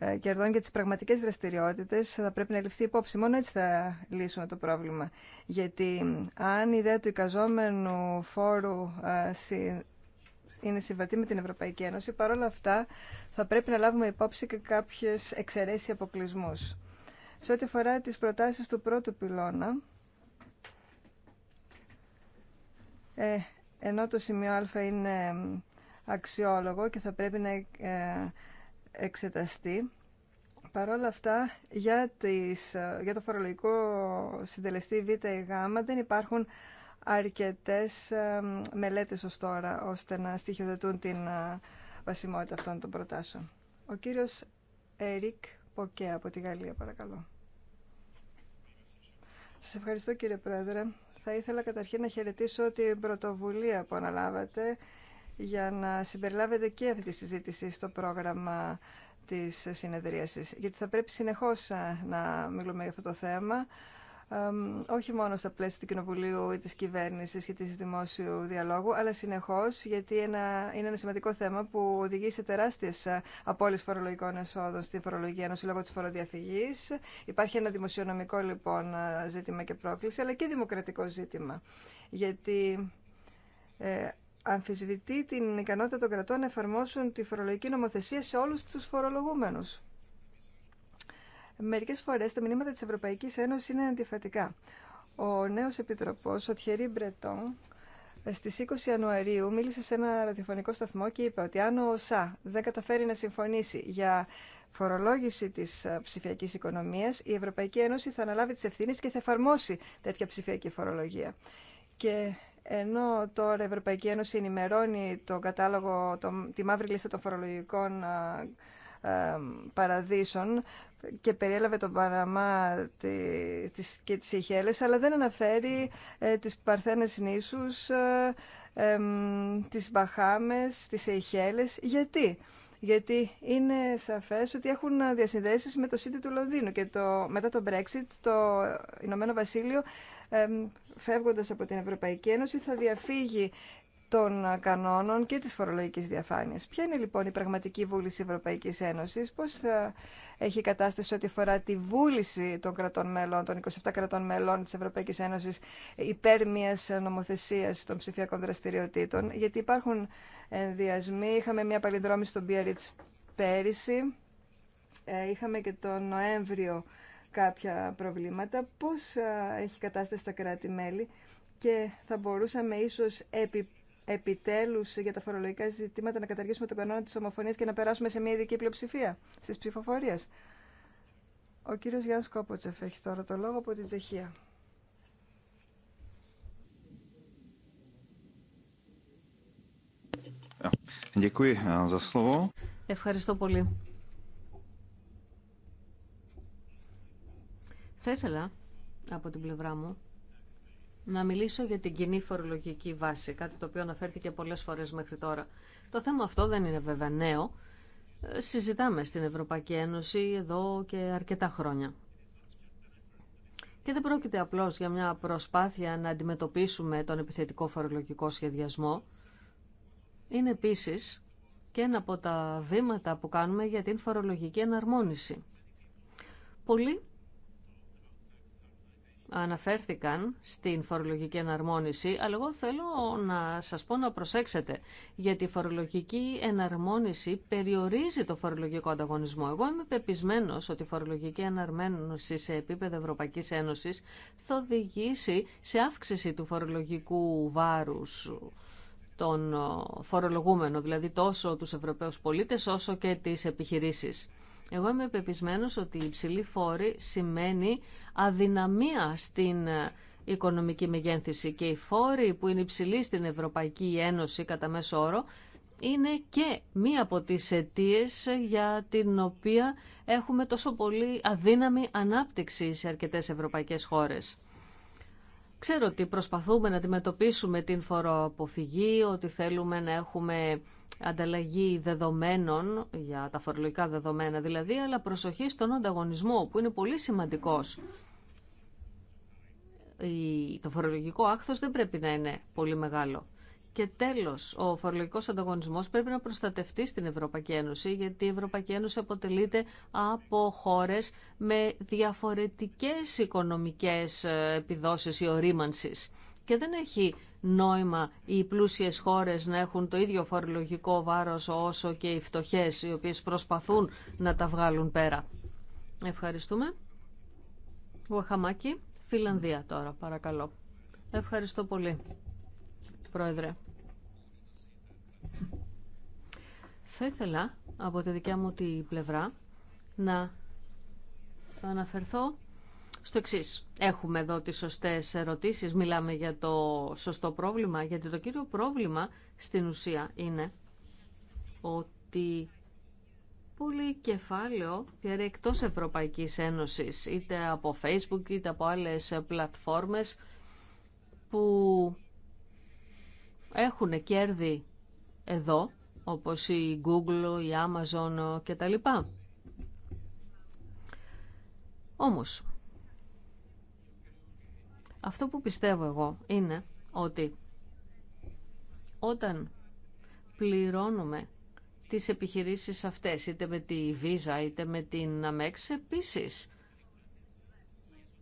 ε, κερδών και τις πραγματικές δραστηριότητες θα πρέπει να ληφθεί υπόψη. Μόνο έτσι θα λύσουμε το πρόβλημα. Γιατί αν η ιδέα του εικαζόμενου φόρου ε, είναι συμβατή με την Ευρωπαϊκή Ένωση, παρόλα αυτά θα πρέπει να λάβουμε υπόψη και κάποιες εξαιρέσεις αποκλεισμού. Σε ό,τι αφορά τις προτάσεις του πρώτου πυλώνα, ε, ενώ το σημείο α είναι αξιόλογο και θα πρέπει να εξεταστεί. Παρ' όλα αυτά, για, τις, για το φορολογικό συντελεστή Β ή Γ δεν υπάρχουν αρκετές μελέτες ως τώρα, ώστε να στοιχειοδετούν την ε, βασιμότητα αυτών των προτάσεων. Ο κύριος Ερικ Ποκέ από τη Γαλλία, παρακαλώ. Σας ευχαριστώ κύριε Πρόεδρε. Θα ήθελα καταρχήν να χαιρετήσω την πρωτοβουλία που αναλάβατε για να συμπεριλάβετε και αυτή τη συζήτηση στο πρόγραμμα της συνεδρίασης. Γιατί θα πρέπει συνεχώς ε, να μιλούμε για αυτό το θέμα, όχι μόνο στα πλαίσια του Κοινοβουλίου ή της κυβέρνησης και της δημόσιου διαλόγου, αλλά συνεχώς γιατί είναι ένα σημαντικό θέμα που οδηγεί σε τεράστιες ε, απώλειες φορολογικών εσόδων στην φορολογία ενός λόγω της φοροδιαφυγής. Υπάρχει ένα δημοσιονομικό λοιπόν ε, ζήτημα και πρόκληση, αλλά και δημοκρατικό ζήτημα. Γιατί αμφισβητεί την ικανότητα των κρατών να εφαρμόσουν τη φορολογική νομοθεσία σε όλους τους φορολογούμενους. Μερικές φορές τα μηνύματα της Ευρωπαϊκής Ένωσης είναι αντιφατικά. Ο νέος επιτροπός, ο Thierry Μπρετόν, στις 20 Ιανουαρίου μίλησε σε ένα ραδιοφωνικό σταθμό και είπε ότι αν ο ΩΣΑ δεν καταφέρει να συμφωνήσει για φορολόγηση της ε, ψηφιακής οικονομίας, η Ευρωπαϊκή Ένωση θα αναλάβει τις ευθύνε και θα εφαρμόσει τέτοια ψηφιακή φορολογία. Και ενώ τώρα η Ευρωπαϊκή Ένωση ενημερώνει κατάλογο, το, τη μαύρη λίστα των φορολογικών παραδείσων και περιέλαβε τον Παναμά και τις Ιχέλες, αλλά δεν αναφέρει ε, τις Παρθένες νήσους, ε, τις Μπαχάμες, τις Ιχέλες. Γιατί? Γιατί είναι σαφές ότι έχουν διασυνδέσεις με το σύντη του Λονδίνου και το, μετά το Brexit το Ηνωμένο Βασίλειο φεύγοντας από την Ευρωπαϊκή Ένωση θα διαφύγει των κανόνων και της φορολογικής διαφάνειας. Ποια είναι λοιπόν η πραγματική βούληση Ευρωπαϊκής Ένωσης, πώς ε, έχει κατάσταση ό,τι αφορά τη βούληση των κρατών μελών, των 27 κρατών μελών της Ευρωπαϊκής Ένωσης υπέρ μιας νομοθεσίας των ψηφιακών δραστηριοτήτων, γιατί υπάρχουν ενδιασμοί, είχαμε μια παλινδρόμηση στον πιεριτ πέρυσι, ε, είχαμε και τον Νοέμβριο κάποια προβλήματα, πώς έχει κατάσταση στα κράτη-μέλη και θα μπορούσαμε ίσως επι, επιτέλους για τα φορολογικά ζητήματα να καταργήσουμε τον κανόνα της ομοφωνίας και να περάσουμε σε μια ειδική πλειοψηφία στις ψηφοφορίες. Ο κύριος Γιάννης Κόποτσεφ έχει τώρα το λόγο από την Τσεχία. Ε, Ευχαριστώ πολύ. Θα ήθελα από την πλευρά μου να μιλήσω για την κοινή φορολογική βάση, κάτι το οποίο αναφέρθηκε πολλές φορές μέχρι τώρα. Το θέμα αυτό δεν είναι βέβαια νέο. Ε, συζητάμε στην Ευρωπαϊκή Ένωση εδώ και αρκετά χρόνια. Και δεν πρόκειται απλώς για μια προσπάθεια να αντιμετωπίσουμε τον επιθετικό φορολογικό σχεδιασμό. Είναι επίση και ένα από τα βήματα που κάνουμε για την φορολογική εναρμόνιση. Πολλοί αναφέρθηκαν στην φορολογική εναρμόνιση, αλλά εγώ θέλω να σας πω να προσέξετε, γιατί η φορολογική εναρμόνιση περιορίζει το φορολογικό ανταγωνισμό. Εγώ είμαι πεπισμένος ότι η φορολογική εναρμόνιση σε επίπεδο Ευρωπαϊκής Ένωσης θα οδηγήσει σε αύξηση του φορολογικού βάρους των ε, φορολογούμενων, δηλαδή τόσο τους Ευρωπαίους πολίτες όσο και τις επιχειρήσεις. Εγώ είμαι πεπισμένος ότι η υψηλή φόρη σημαίνει αδυναμία στην ε, οικονομική μεγένθηση και η φόρη που είναι υψηλή στην Ευρωπαϊκή Ένωση κατά μέσο όρο είναι και μία από τις αιτίε για την οποία έχουμε τόσο πολύ αδύναμη ανάπτυξη σε αρκετές ευρωπαϊκές χώρες. Ξέρω ότι προσπαθούμε να αντιμετωπίσουμε την φοροαποφυγή, ότι θέλουμε να έχουμε ανταλλαγή δεδομένων για τα φορολογικά δεδομένα δηλαδή, αλλά προσοχή στον ανταγωνισμό που είναι πολύ σημαντικός. Το φορολογικό άκθος δεν πρέπει να είναι πολύ μεγάλο. Και τέλος, ο φορολογικό ανταγωνισμός πρέπει να προστατευτεί στην Ευρωπαϊκή Ένωση, γιατί η Ευρωπαϊκή Ένωση αποτελείται από χώρες με διαφορετικές οικονομικές ε, επιδόσεις ή ορίμανσης. Και δεν έχει νόημα οι πλούσιες χώρες να έχουν το ίδιο φορολογικό βάρος όσο και οι φτωχές, οι οποίες προσπαθούν να τα βγάλουν πέρα. Ευχαριστούμε. χαμάκι Φιλανδία τώρα, παρακαλώ. Ευχαριστώ πολύ. Πρόεδρε. Θα ήθελα από τη δικιά μου τη πλευρά να αναφερθώ στο εξή. Έχουμε εδώ τις σωστές ερωτήσεις, μιλάμε για το σωστό πρόβλημα, γιατί το κύριο πρόβλημα στην ουσία είναι ότι πολύ κεφάλαιο διαρρέει εκτός Ευρωπαϊκής Ένωσης, είτε από Facebook είτε από άλλες πλατφόρμες που έχουν κέρδη εδώ, όπως η Google, η Amazon και τα λοιπά. Όμως, αυτό που πιστεύω εγώ είναι ότι όταν πληρώνουμε τις επιχειρήσεις αυτές, είτε με τη Visa είτε με την Amex, επίσης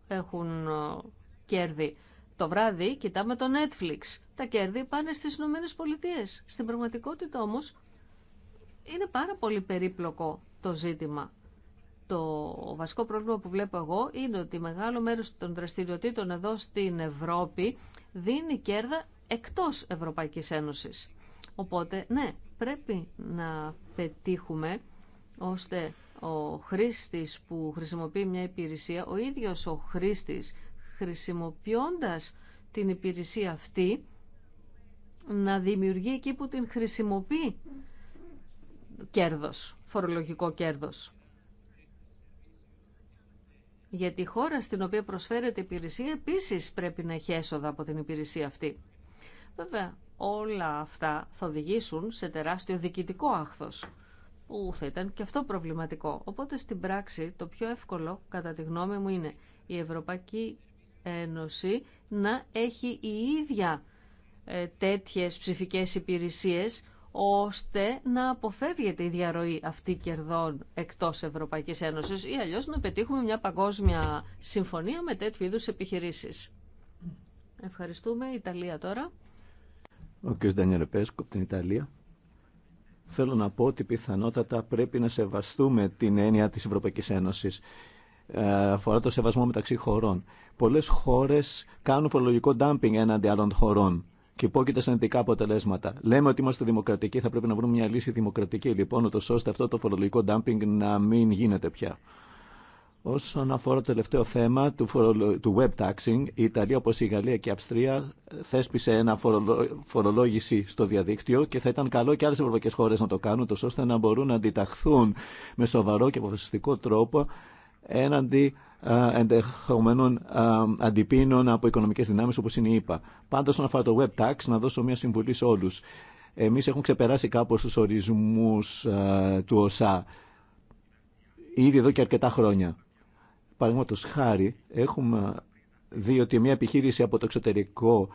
έχουν ε, κέρδη. Το βράδυ κοιτάμε το Netflix. Τα κέρδη πάνε στις Ηνωμένε Πολιτείε. Στην πραγματικότητα όμως είναι πάρα πολύ περίπλοκο το ζήτημα. Το βασικό πρόβλημα που βλέπω εγώ είναι ότι μεγάλο μέρος των δραστηριοτήτων εδώ στην Ευρώπη δίνει κέρδα εκτός Ευρωπαϊκής Ένωσης. Οπότε, ναι, πρέπει να πετύχουμε ώστε ο χρήστης που χρησιμοποιεί μια υπηρεσία, ο ίδιος ο χρήστης χρησιμοποιώντας την υπηρεσία αυτή να δημιουργεί εκεί που την χρησιμοποιεί κέρδος, φορολογικό κέρδος. Γιατί η χώρα στην οποία προσφέρεται υπηρεσία επίσης πρέπει να έχει έσοδα από την υπηρεσία αυτή. Βέβαια, όλα αυτά θα οδηγήσουν σε τεράστιο διοικητικό άχθος, που θα ήταν και αυτό προβληματικό. Οπότε στην πράξη το πιο εύκολο, κατά τη γνώμη μου, είναι η Ευρωπαϊκή Ένωση να έχει η ίδια ε, τέτοιες ψηφικές υπηρεσίες ώστε να αποφεύγεται η διαρροή αυτή κερδών εκτός Ευρωπαϊκής Ένωσης ή αλλιώς να πετύχουμε μια παγκόσμια συμφωνία με τέτοιου είδους επιχειρήσεις. Ευχαριστούμε. Ιταλία τώρα. Ο κ. Ντανιέρε Πέσκο από την Ιταλία. Θέλω να πω ότι πιθανότατα πρέπει να σεβαστούμε την έννοια της Ευρωπαϊκής Ένωσης ε, αφορά το σεβασμό μεταξύ χωρών. Πολλές χώρες κάνουν φορολογικό ντάμπινγκ έναντι άλλων χωρών και υπόκειται σαν ειδικά αποτελέσματα. Λέμε ότι είμαστε δημοκρατικοί, θα πρέπει να βρούμε μια λύση δημοκρατική λοιπόν, ούτως ώστε αυτό το φορολογικό ντάμπινγκ να μην γίνεται πια. Όσον αφορά το τελευταίο θέμα του, φορολο... του web taxing, η Ιταλία όπως η Γαλλία και η Αυστρία θέσπισε ένα φορολο... φορολόγηση στο διαδίκτυο και θα ήταν καλό και άλλες ευρωπαϊκές χώρες να το κάνουν, ώστε να μπορούν να αντιταχθούν με σοβαρό και αποφασιστικό τρόπο έναντι ενδεχομένων αντιπίνων από οικονομικές δυνάμεις όπως είναι η ΕΠΑ. Πάντως, όσον αφορά το web tax, να δώσω μια συμβουλή σε όλους. Εμείς έχουμε ξεπεράσει κάπως τους ορισμούς του ΩΣΑ ήδη εδώ και αρκετά χρόνια. Παραδείγματο χάρη, έχουμε δει ότι μια επιχείρηση από το εξωτερικό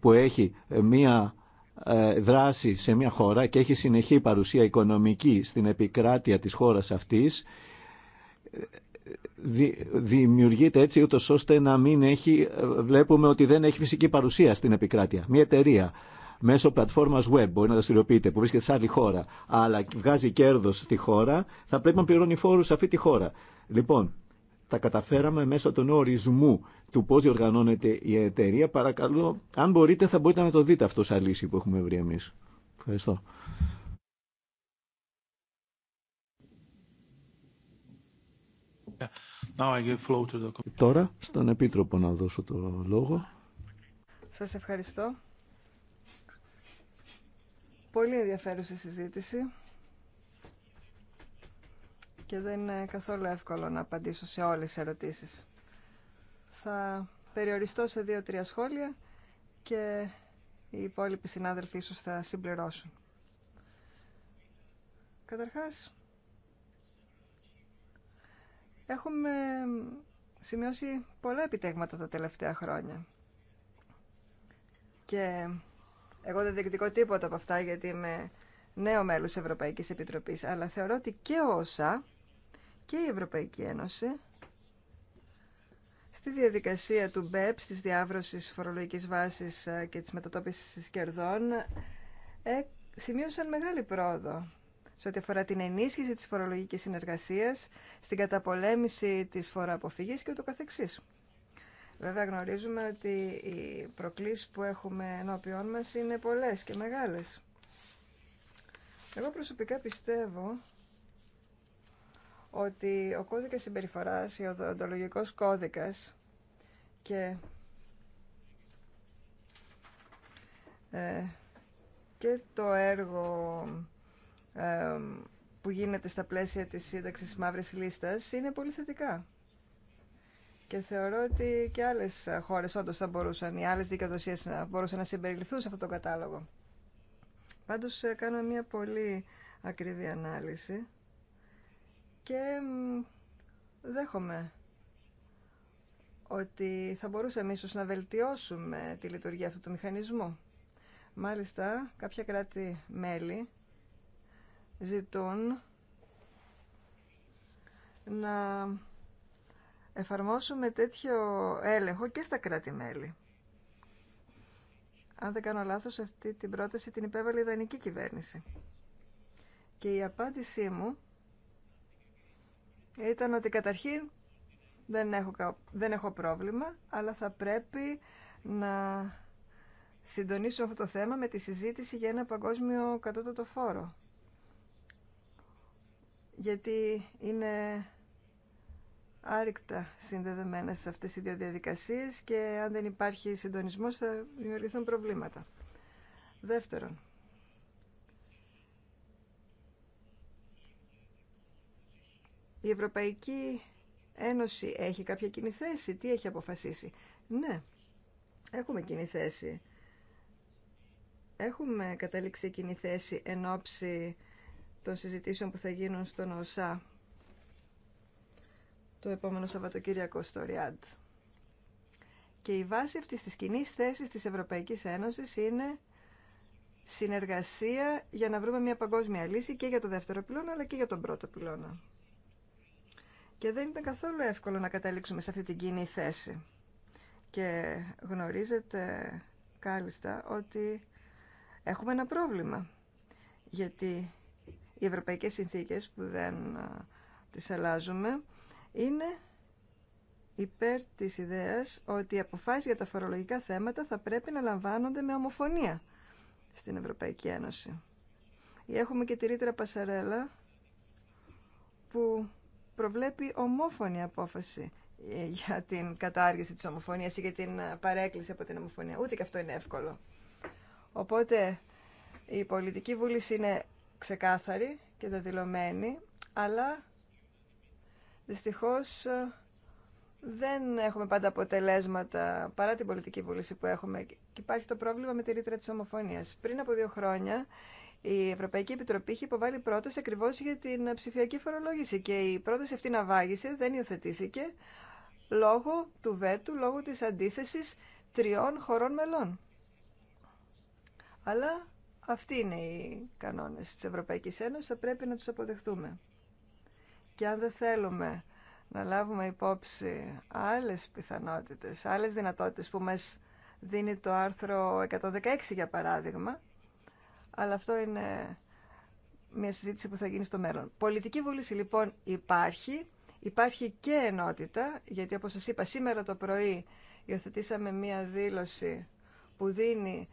που έχει μια ε, δράση σε μια χώρα και έχει συνεχή παρουσία οικονομική στην επικράτεια της χώρας αυτής δημιουργείται έτσι ούτως ώστε να μην έχει, βλέπουμε ότι δεν έχει φυσική παρουσία στην επικράτεια. Μια εταιρεία μέσω πλατφόρμα web μπορεί να δραστηριοποιείται, που βρίσκεται σε άλλη χώρα, αλλά βγάζει κέρδο στη χώρα, θα πρέπει να πληρώνει φόρου σε αυτή τη χώρα. Λοιπόν, τα καταφέραμε μέσω των ορισμού του πώ διοργανώνεται η εταιρεία. Παρακαλώ, αν μπορείτε, θα μπορείτε να το δείτε αυτό σαν λύση που έχουμε βρει εμεί. Ευχαριστώ. Τώρα στον Επίτροπο να δώσω το λόγο. Σας ευχαριστώ. Πολύ ενδιαφέρουσα συζήτηση και δεν είναι καθόλου εύκολο να απαντήσω σε όλες τις ερωτήσεις. Θα περιοριστώ σε δύο-τρία σχόλια και οι υπόλοιποι συνάδελφοι ίσως θα συμπληρώσουν. Καταρχάς, Έχουμε σημειώσει πολλά επιτέγματα τα τελευταία χρόνια. Και εγώ δεν διεκδικώ τίποτα από αυτά γιατί είμαι νέο μέλος Ευρωπαϊκής Επιτροπής, αλλά θεωρώ ότι και όσα και η Ευρωπαϊκή Ένωση στη διαδικασία του ΜΠΕΠ, της διάβρωσης φορολογικής βάσης ε, και της μετατόπισης κερδών, ε, σημείωσαν μεγάλη πρόοδο σε ό,τι αφορά την ενίσχυση της φορολογικής συνεργασίας, στην καταπολέμηση της φοροαποφυγής και ούτω καθεξής. Βέβαια γνωρίζουμε ότι οι προκλήσεις που έχουμε ενώπιόν μας είναι πολλές και μεγάλες. Εγώ προσωπικά πιστεύω ότι ο κώδικας συμπεριφοράς, ο οδοντολογικός κώδικας και, ε, και το έργο που γίνεται στα πλαίσια της σύνταξης μαύρης λίστας είναι πολύ θετικά. Και θεωρώ ότι και άλλες χώρες όντως θα μπορούσαν, οι άλλες δικαιοδοσίες θα μπορούσαν να συμπεριληφθούν σε αυτό το κατάλογο. Πάντως ε, κάνω μια πολύ ακριβή ανάλυση και δέχομαι ότι θα μπορούσαμε ίσως να βελτιώσουμε τη λειτουργία αυτού του μηχανισμού. Μάλιστα, κάποια κράτη-μέλη ζητούν να εφαρμόσουμε τέτοιο έλεγχο και στα κράτη-μέλη. Αν δεν κάνω λάθος, αυτή την πρόταση την υπέβαλε η δανεική κυβέρνηση. Και η απάντησή μου ήταν ότι καταρχήν δεν έχω, πρόβλημα, αλλά θα πρέπει να συντονίσω αυτό το θέμα με τη συζήτηση για ένα παγκόσμιο κατώτατο φόρο γιατί είναι άρρηκτα συνδεδεμένα σε αυτές οι δύο διαδικασίες και αν δεν υπάρχει συντονισμός θα δημιουργηθούν προβλήματα. Δεύτερον, η Ευρωπαϊκή Ένωση έχει κάποια κοινή θέση, τι έχει αποφασίσει. Ναι, έχουμε κοινή θέση. Έχουμε καταλήξει κοινή θέση εν ώψη των συζητήσεων που θα γίνουν στον ΟΣΑ το επόμενο Σαββατοκύριακο στο Ριάντ. Και η βάση αυτής της κοινή θέσης της Ευρωπαϊκής Ένωσης είναι συνεργασία για να βρούμε μια παγκόσμια λύση και για το δεύτερο πυλώνα αλλά και για τον πρώτο πυλώνα. Και δεν ήταν καθόλου εύκολο να καταλήξουμε σε αυτή την κοινή θέση. Και γνωρίζετε κάλλιστα ότι έχουμε ένα πρόβλημα. Γιατί οι ευρωπαϊκές συνθήκες που δεν τις αλλάζουμε είναι υπέρ της ιδέας ότι οι αποφάσεις για τα φορολογικά θέματα θα πρέπει να λαμβάνονται με ομοφωνία στην Ευρωπαϊκή Ένωση. Έχουμε και τη ρήτρα Πασαρέλα που προβλέπει ομόφωνη απόφαση ε, για την κατάργηση της ομοφωνίας ή για την ε, παρέκκληση από την ομοφωνία. Ούτε και αυτό είναι εύκολο. Οπότε η πολιτική βούληση είναι ξεκάθαρη και δεδηλωμένη, αλλά δυστυχώς ε, δεν έχουμε πάντα αποτελέσματα παρά την πολιτική βούληση που έχουμε. Και υπάρχει το πρόβλημα με τη ρήτρα της ομοφωνίας. Πριν από δύο χρόνια η Ευρωπαϊκή Επιτροπή είχε υποβάλει πρόταση ακριβώς για την ψηφιακή φορολόγηση και η πρόταση αυτή να βάγισε, δεν υιοθετήθηκε λόγω του βέτου, λόγω της αντίθεσης τριών χωρών μελών. Αλλά αυτοί είναι οι κανόνες της Ευρωπαϊκής Ένωσης, θα πρέπει να τους αποδεχτούμε. Και αν δεν θέλουμε να λάβουμε υπόψη άλλες πιθανότητες, άλλες δυνατότητες που μας δίνει το άρθρο 116 για παράδειγμα, αλλά αυτό είναι μια συζήτηση που θα γίνει στο μέλλον. Πολιτική βούληση λοιπόν υπάρχει, υπάρχει και ενότητα, γιατί όπως σας είπα σήμερα το πρωί υιοθετήσαμε μια δήλωση που δίνει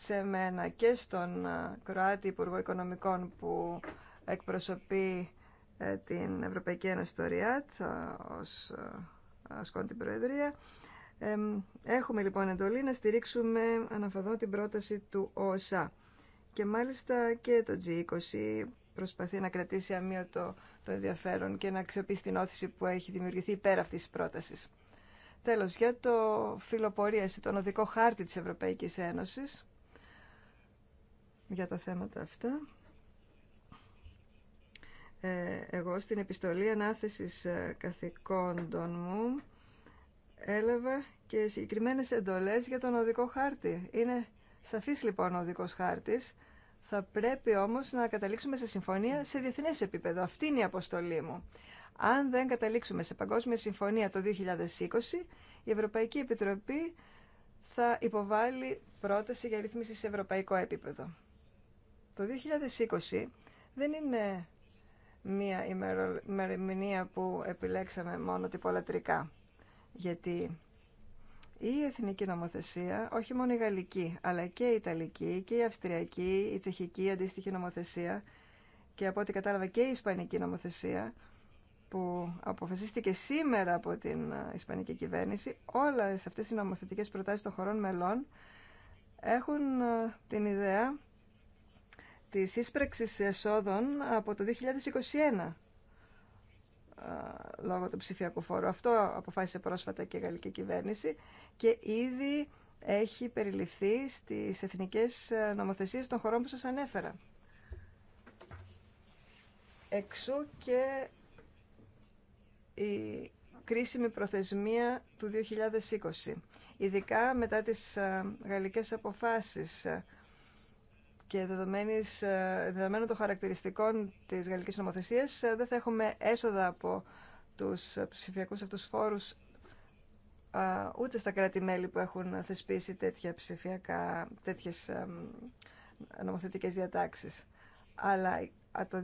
σε μένα και στον ε, Κροάτη Υπουργό Οικονομικών που εκπροσωπεί ε, την Ευρωπαϊκή Ένωση στο ΡΙΑΤ ε, ως ασκών την Προεδρία. Έχουμε λοιπόν εντολή να στηρίξουμε αναφαδό την πρόταση του ΟΣΑ. Και μάλιστα και το G20 προσπαθεί να κρατήσει αμύωτο το ενδιαφέρον και να αξιοποιήσει την όθηση που έχει δημιουργηθεί πέρα αυτής της πρότασης. Τέλος, για το φιλοπορίαση τον οδικό χάρτη της Ευρωπαϊκής Ένωσης, για τα θέματα αυτά. Ε, εγώ στην επιστολή ανάθεσης ε, καθηκόντων μου έλαβα και συγκεκριμένες εντολές για τον οδικό χάρτη. Είναι σαφής λοιπόν ο οδικός χάρτης. Θα πρέπει όμως να καταλήξουμε σε συμφωνία σε διεθνές επίπεδο. Αυτή είναι η αποστολή μου. Αν δεν καταλήξουμε σε παγκόσμια συμφωνία το 2020, η Ευρωπαϊκή Επιτροπή θα υποβάλει πρόταση για ρυθμίση σε ευρωπαϊκό επίπεδο. Το 2020 δεν είναι μία ημερομηνία που επιλέξαμε μόνο τυπολατρικά. Γιατί η εθνική νομοθεσία, όχι μόνο η γαλλική, αλλά και η ιταλική και η αυστριακή, η τσεχική αντίστοιχη νομοθεσία και από ό,τι κατάλαβα και η ισπανική νομοθεσία που αποφασίστηκε σήμερα από την ισπανική κυβέρνηση, όλες αυτές οι νομοθετικές προτάσεις των χωρών μελών έχουν την ιδέα Τη ίσπραξη εσόδων από το 2021 λόγω του ψηφιακού φόρου. Αυτό αποφάσισε πρόσφατα και η γαλλική κυβέρνηση και ήδη έχει περιληφθεί στις εθνικές ε, νομοθεσίες των χωρών που σας ανέφερα. Εξού και η κρίσιμη προθεσμία του 2020, ειδικά μετά τις ε, γαλλικές αποφάσεις ε, και ε, δεδομένων των χαρακτηριστικών της γαλλικής νομοθεσίας ε, δεν θα έχουμε έσοδα από τους ψηφιακούς αυτούς φόρους ε, ούτε στα κράτη-μέλη που έχουν θεσπίσει τέτοια ψηφιακά, τέτοιες νομοθετικές διατάξεις. Αλλά το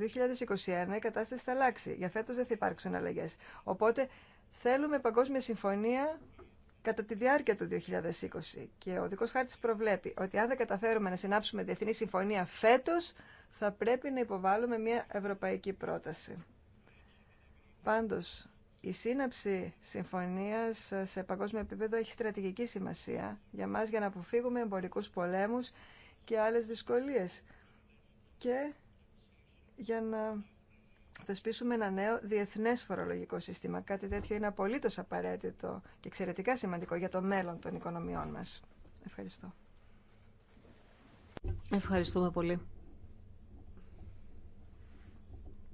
2021 η κατάσταση θα αλλάξει. Για φέτος δεν θα υπάρξουν αλλαγές. Οπότε θέλουμε παγκόσμια συμφωνία κατά τη διάρκεια του 2020. Και ο δικός χάρτης προβλέπει ότι αν δεν καταφέρουμε να συνάψουμε διεθνή συμφωνία φέτος, θα πρέπει να υποβάλουμε μια ευρωπαϊκή πρόταση. Πάντως, η σύναψη συμφωνίας σε παγκόσμιο επίπεδο έχει στρατηγική σημασία για μας για να αποφύγουμε εμπορικούς πολέμους και άλλες δυσκολίες και για να θα σπίσουμε ένα νέο διεθνές φορολογικό σύστημα. Κάτι τέτοιο είναι απολύτως απαραίτητο και εξαιρετικά σημαντικό για το μέλλον των οικονομιών μας. Ευχαριστώ. Ευχαριστούμε πολύ.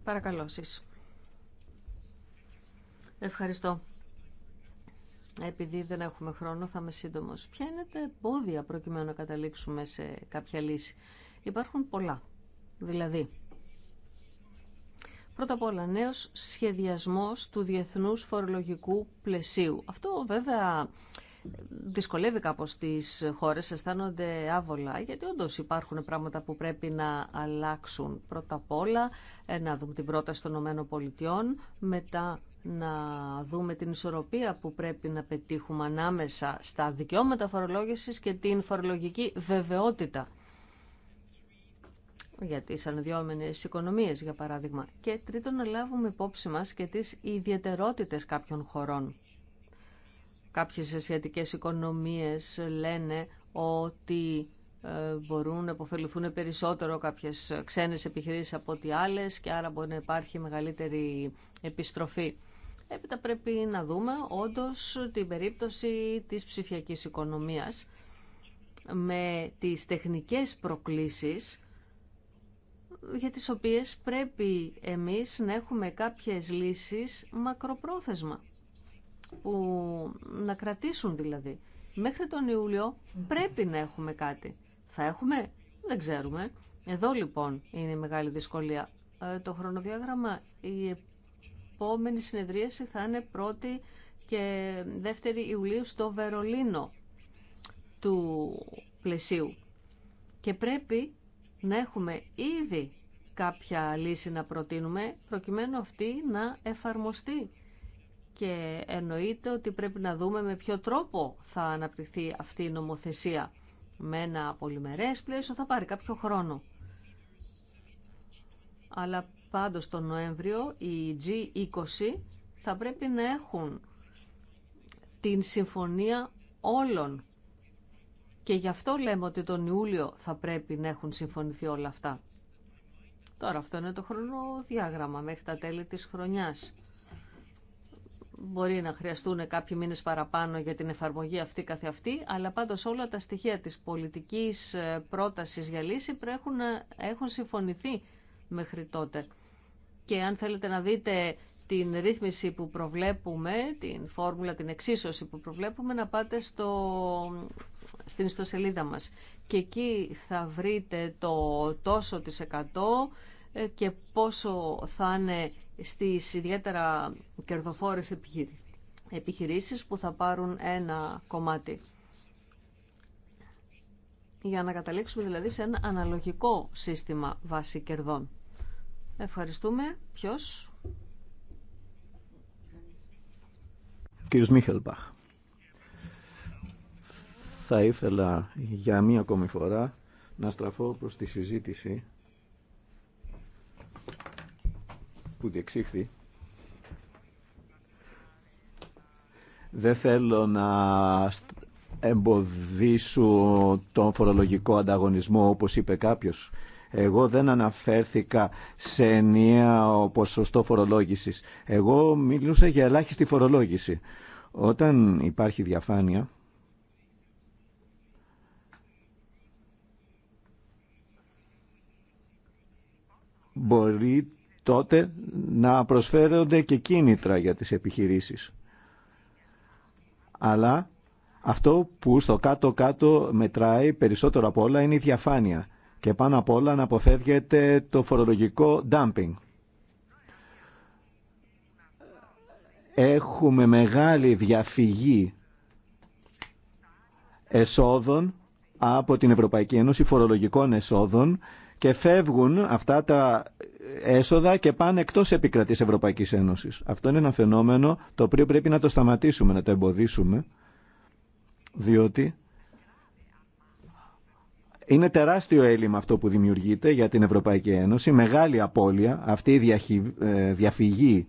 Παρακαλώ εσείς. Ευχαριστώ. Επειδή δεν έχουμε χρόνο θα είμαι σύντομο. Ποια είναι τα εμπόδια προκειμένου να καταλήξουμε σε κάποια λύση. Υπάρχουν πολλά. Δηλαδή, Πρώτα απ' όλα, νέο σχεδιασμός του διεθνούς φορολογικού πλαισίου. Αυτό βέβαια δυσκολεύει κάπως τις χώρες, αισθάνονται άβολα, γιατί όντω υπάρχουν πράγματα που πρέπει να αλλάξουν. Πρώτα απ' όλα, ε, να δούμε την πρόταση των ΗΠΑ, μετά να δούμε την ισορροπία που πρέπει να πετύχουμε ανάμεσα στα δικαιώματα φορολόγησης και την φορολογική βεβαιότητα για τι αναδυόμενες οικονομίες, για παράδειγμα. Και τρίτον, να λάβουμε υπόψη μα και τι ιδιαίτερότητε κάποιων χωρών. Κάποιες ασιατικέ οικονομίες λένε ότι ε, μπορούν να υποφεληθούν περισσότερο κάποιε ξένες επιχειρήσει από ό,τι άλλες και άρα μπορεί να υπάρχει μεγαλύτερη επιστροφή. Έπειτα πρέπει να δούμε όντως την περίπτωση της ψηφιακής οικονομίας με τις τεχνικές προκλήσεις για τις οποίες πρέπει εμείς να έχουμε κάποιες λύσεις μακροπρόθεσμα, που να κρατήσουν δηλαδή. Μέχρι τον Ιούλιο πρέπει να έχουμε κάτι. Θα έχουμε, δεν ξέρουμε. Εδώ λοιπόν είναι η μεγάλη δυσκολία. Ε, το χρονοδιάγραμμα, η επόμενη συνεδρίαση θα είναι πρώτη και δεύτερη Ιουλίου στο Βερολίνο του πλαισίου. Και πρέπει να έχουμε ήδη κάποια λύση να προτείνουμε προκειμένου αυτή να εφαρμοστεί. Και εννοείται ότι πρέπει να δούμε με ποιο τρόπο θα αναπτυχθεί αυτή η νομοθεσία. Με ένα πολυμερές πλαίσιο θα πάρει κάποιο χρόνο. Αλλά πάντως τον Νοέμβριο οι G20 θα πρέπει να έχουν την συμφωνία όλων και γι' αυτό λέμε ότι τον Ιούλιο θα πρέπει να έχουν συμφωνηθεί όλα αυτά. Τώρα αυτό είναι το χρονοδιάγραμμα μέχρι τα τέλη της χρονιάς. Μπορεί να χρειαστούν κάποιοι μήνες παραπάνω για την εφαρμογή αυτή καθεαυτή, αλλά πάντως όλα τα στοιχεία της πολιτικής ε, πρότασης για λύση πρέπει να έχουν συμφωνηθεί μέχρι τότε. Και αν θέλετε να δείτε την ρύθμιση που προβλέπουμε, την φόρμουλα, την εξίσωση που προβλέπουμε, να πάτε στο στην ιστοσελίδα μας. Και εκεί θα βρείτε το τόσο της εκατό ε, και πόσο θα είναι στις ιδιαίτερα κερδοφόρες επιχειρήσεις που θα πάρουν ένα κομμάτι. Για να καταλήξουμε δηλαδή σε ένα αναλογικό σύστημα βάση κερδών. Ευχαριστούμε. Ποιος? Κύριος κύριος Μίχελμπαχ θα ήθελα για μία ακόμη φορά να στραφώ προς τη συζήτηση που διεξήχθη. Δεν θέλω να εμποδίσω τον φορολογικό ανταγωνισμό όπως είπε κάποιος. Εγώ δεν αναφέρθηκα σε ο ποσοστό φορολόγησης. Εγώ μιλούσα για ελάχιστη φορολόγηση. Όταν υπάρχει διαφάνεια, μπορεί τότε να προσφέρονται και κίνητρα για τις επιχειρήσεις. Αλλά αυτό που στο κάτω-κάτω μετράει περισσότερο από όλα είναι η διαφάνεια και πάνω απ' όλα να αποφεύγεται το φορολογικό dumping. Έχουμε μεγάλη διαφυγή εσόδων από την Ευρωπαϊκή Ένωση, φορολογικών εσόδων και φεύγουν αυτά τα έσοδα και πάνε εκτός επικρατής Ευρωπαϊκής Ένωσης. Αυτό είναι ένα φαινόμενο το οποίο πρέπει να το σταματήσουμε, να το εμποδίσουμε, διότι είναι τεράστιο έλλειμμα αυτό που δημιουργείται για την Ευρωπαϊκή Ένωση, μεγάλη απώλεια, αυτή η ε, διαφυγή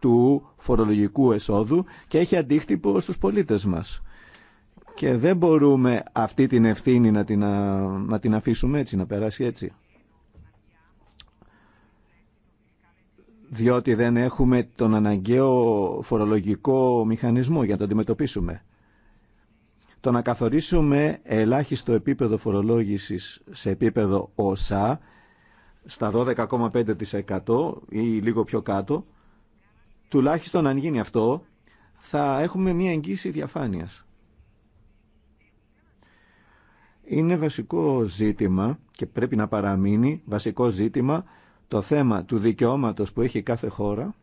του φορολογικού εσόδου και έχει αντίκτυπο στους πολίτες μας. Και δεν μπορούμε αυτή την ευθύνη να την, να αφήσουμε έτσι, να περάσει έτσι. Διότι δεν έχουμε τον αναγκαίο φορολογικό μηχανισμό για να το αντιμετωπίσουμε. Το να καθορίσουμε ελάχιστο επίπεδο φορολόγησης σε επίπεδο ΩΣΑ στα 12,5% ή λίγο πιο κάτω, τουλάχιστον αν γίνει αυτό, θα έχουμε μια εγγύηση διαφάνειας. Είναι βασικό ζήτημα και πρέπει να παραμείνει βασικό ζήτημα το θέμα του δικαιώματος που έχει κάθε χώρα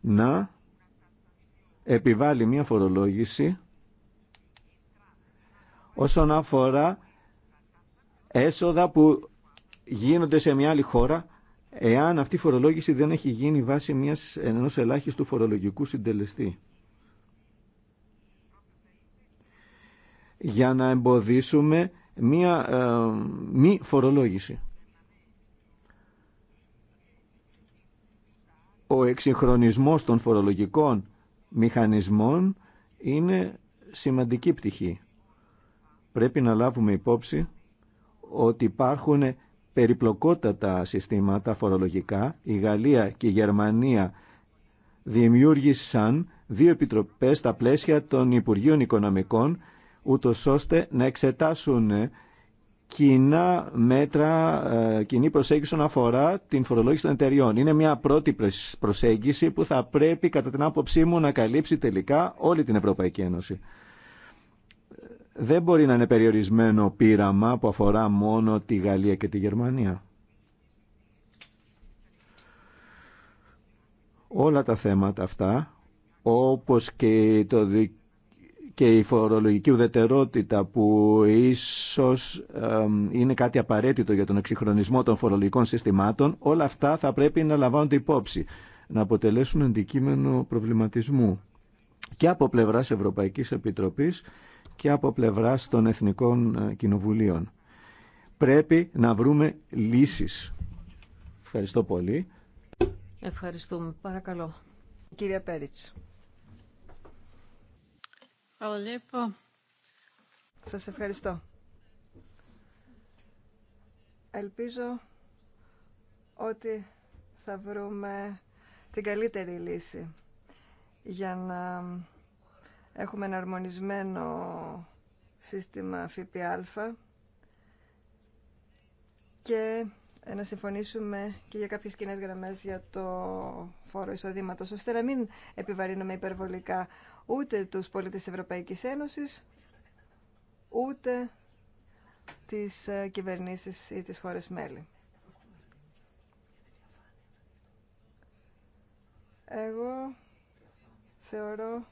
να επιβάλλει μια φορολόγηση όσον αφορά έσοδα που γίνονται σε μια άλλη χώρα εάν αυτή η φορολόγηση δεν έχει γίνει βάσει μιας ενός ελάχιστου φορολογικού συντελεστή. για να εμποδίσουμε μία ε, μη φορολόγηση. Ο εξυγχρονισμός των φορολογικών μηχανισμών είναι σημαντική πτυχή. Πρέπει να λάβουμε υπόψη ότι υπάρχουν περιπλοκότατα συστήματα φορολογικά. Η Γαλλία και η Γερμανία δημιούργησαν δύο επιτροπές στα πλαίσια των Υπουργείων Οικονομικών ούτω ώστε να εξετάσουν κοινά μέτρα, ε, κοινή προσέγγιση όσον αφορά την φορολόγηση των εταιριών. Είναι μια πρώτη προσέγγιση που θα πρέπει κατά την άποψή μου να καλύψει τελικά όλη την Ευρωπαϊκή Ένωση. Δεν μπορεί να είναι περιορισμένο πείραμα που αφορά μόνο τη Γαλλία και τη Γερμανία. Όλα τα θέματα αυτά, όπως και το δικαίωμα και η φορολογική ουδετερότητα που ίσως είναι κάτι απαραίτητο για τον εξυγχρονισμό των φορολογικών συστημάτων, όλα αυτά θα πρέπει να λαμβάνονται υπόψη, να αποτελέσουν αντικείμενο προβληματισμού και από πλευράς Ευρωπαϊκής Επιτροπής και από πλευράς των Εθνικών ε, Κοινοβουλίων. Πρέπει να βρούμε λύσεις. Ευχαριστώ πολύ. Ευχαριστούμε. Παρακαλώ. Κυρία Πέριτς. Σας ευχαριστώ. Ελπίζω ότι θα βρούμε την καλύτερη λύση για να έχουμε ένα αρμονισμένο σύστημα ΦΠΑ και να συμφωνήσουμε και για κάποιες κοινέ γραμμές για το φόρο εισοδήματος, ώστε να μην επιβαρύνουμε υπερβολικά ούτε τους πολίτες Ευρωπαϊκής Ένωσης, ούτε τις ε, κυβερνήσεις ή τις χώρες μέλη. Εγώ θεωρώ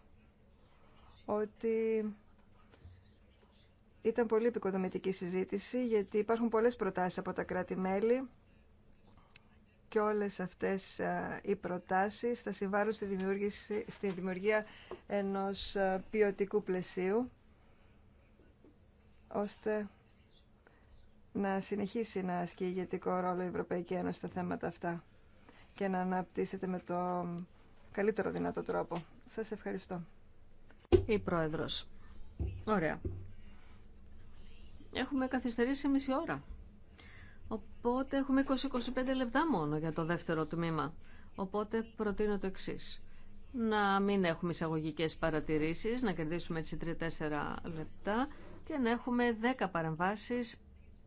ότι ήταν πολύ επικοδομητική συζήτηση γιατί υπάρχουν πολλές προτάσεις από τα κράτη-μέλη και όλες αυτές οι προτάσεις θα συμβάλλουν στη, στη δημιουργία ενός ποιοτικού πλαισίου ώστε να συνεχίσει να ασκεί ηγετικό ρόλο η Ευρωπαϊκή Ένωση στα θέματα αυτά και να αναπτύσσεται με το καλύτερο δυνατό τρόπο. Σας ευχαριστώ. Η Πρόεδρος. Ωραία. Έχουμε καθυστερήσει μισή ώρα. Οπότε έχουμε 20-25 λεπτά μόνο για το δεύτερο τμήμα. Οπότε προτείνω το εξή. Να μην έχουμε εισαγωγικέ παρατηρήσει, να κερδίσουμε έτσι 3-4 λεπτά και να έχουμε 10 παρεμβάσει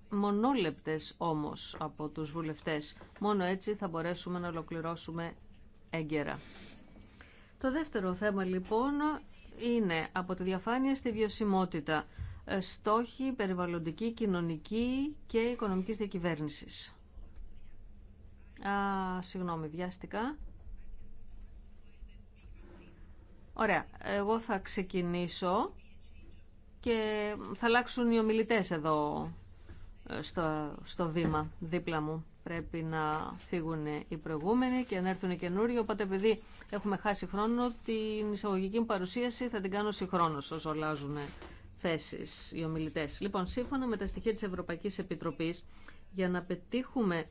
μονόλεπτε όμως από τους βουλευτέ. Μόνο έτσι θα μπορέσουμε να ολοκληρώσουμε έγκαιρα. Το δεύτερο θέμα λοιπόν είναι από τη διαφάνεια στη βιωσιμότητα. Ε, στόχοι περιβαλλοντική, κοινωνική και οικονομικής διακυβέρνησης. Α, συγγνώμη, βιάστηκα. Ωραία, εγώ θα ξεκινήσω και θα αλλάξουν οι ομιλητές εδώ ε, στο, στο βήμα δίπλα μου. Πρέπει να φύγουν οι προηγούμενοι και να έρθουν οι καινούριοι. Οπότε, επειδή έχουμε χάσει χρόνο, την εισαγωγική μου παρουσίαση θα την κάνω συγχρόνω όσο αλλάζουν θέσεις οι ομιλητές. Λοιπόν, σύμφωνα με τα στοιχεία της Ευρωπαϊκής Επιτροπής, για να πετύχουμε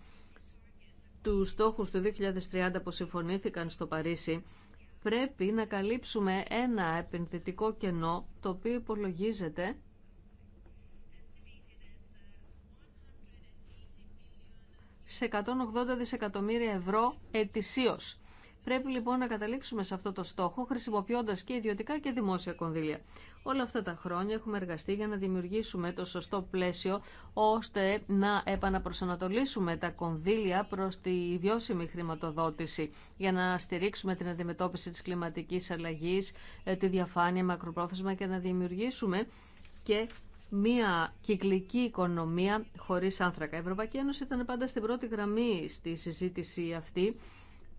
τους στόχους του 2030 που συμφωνήθηκαν στο Παρίσι, πρέπει να καλύψουμε ένα επενδυτικό κενό το οποίο υπολογίζεται σε 180 δισεκατομμύρια ευρώ ετησίως. Πρέπει λοιπόν να καταλήξουμε σε αυτό το στόχο χρησιμοποιώντας και ιδιωτικά και δημόσια κονδύλια. Όλα αυτά τα χρόνια έχουμε εργαστεί για να δημιουργήσουμε το σωστό πλαίσιο ώστε να επαναπροσανατολίσουμε τα κονδύλια προς τη βιώσιμη χρηματοδότηση για να στηρίξουμε την αντιμετώπιση της κλιματικής αλλαγής, ε, τη διαφάνεια μακροπρόθεσμα και να δημιουργήσουμε και μια κυκλική οικονομία χωρίς άνθρακα. Η Ευρωπαϊκή Ένωση ήταν πάντα στην πρώτη γραμμή στη συζήτηση αυτή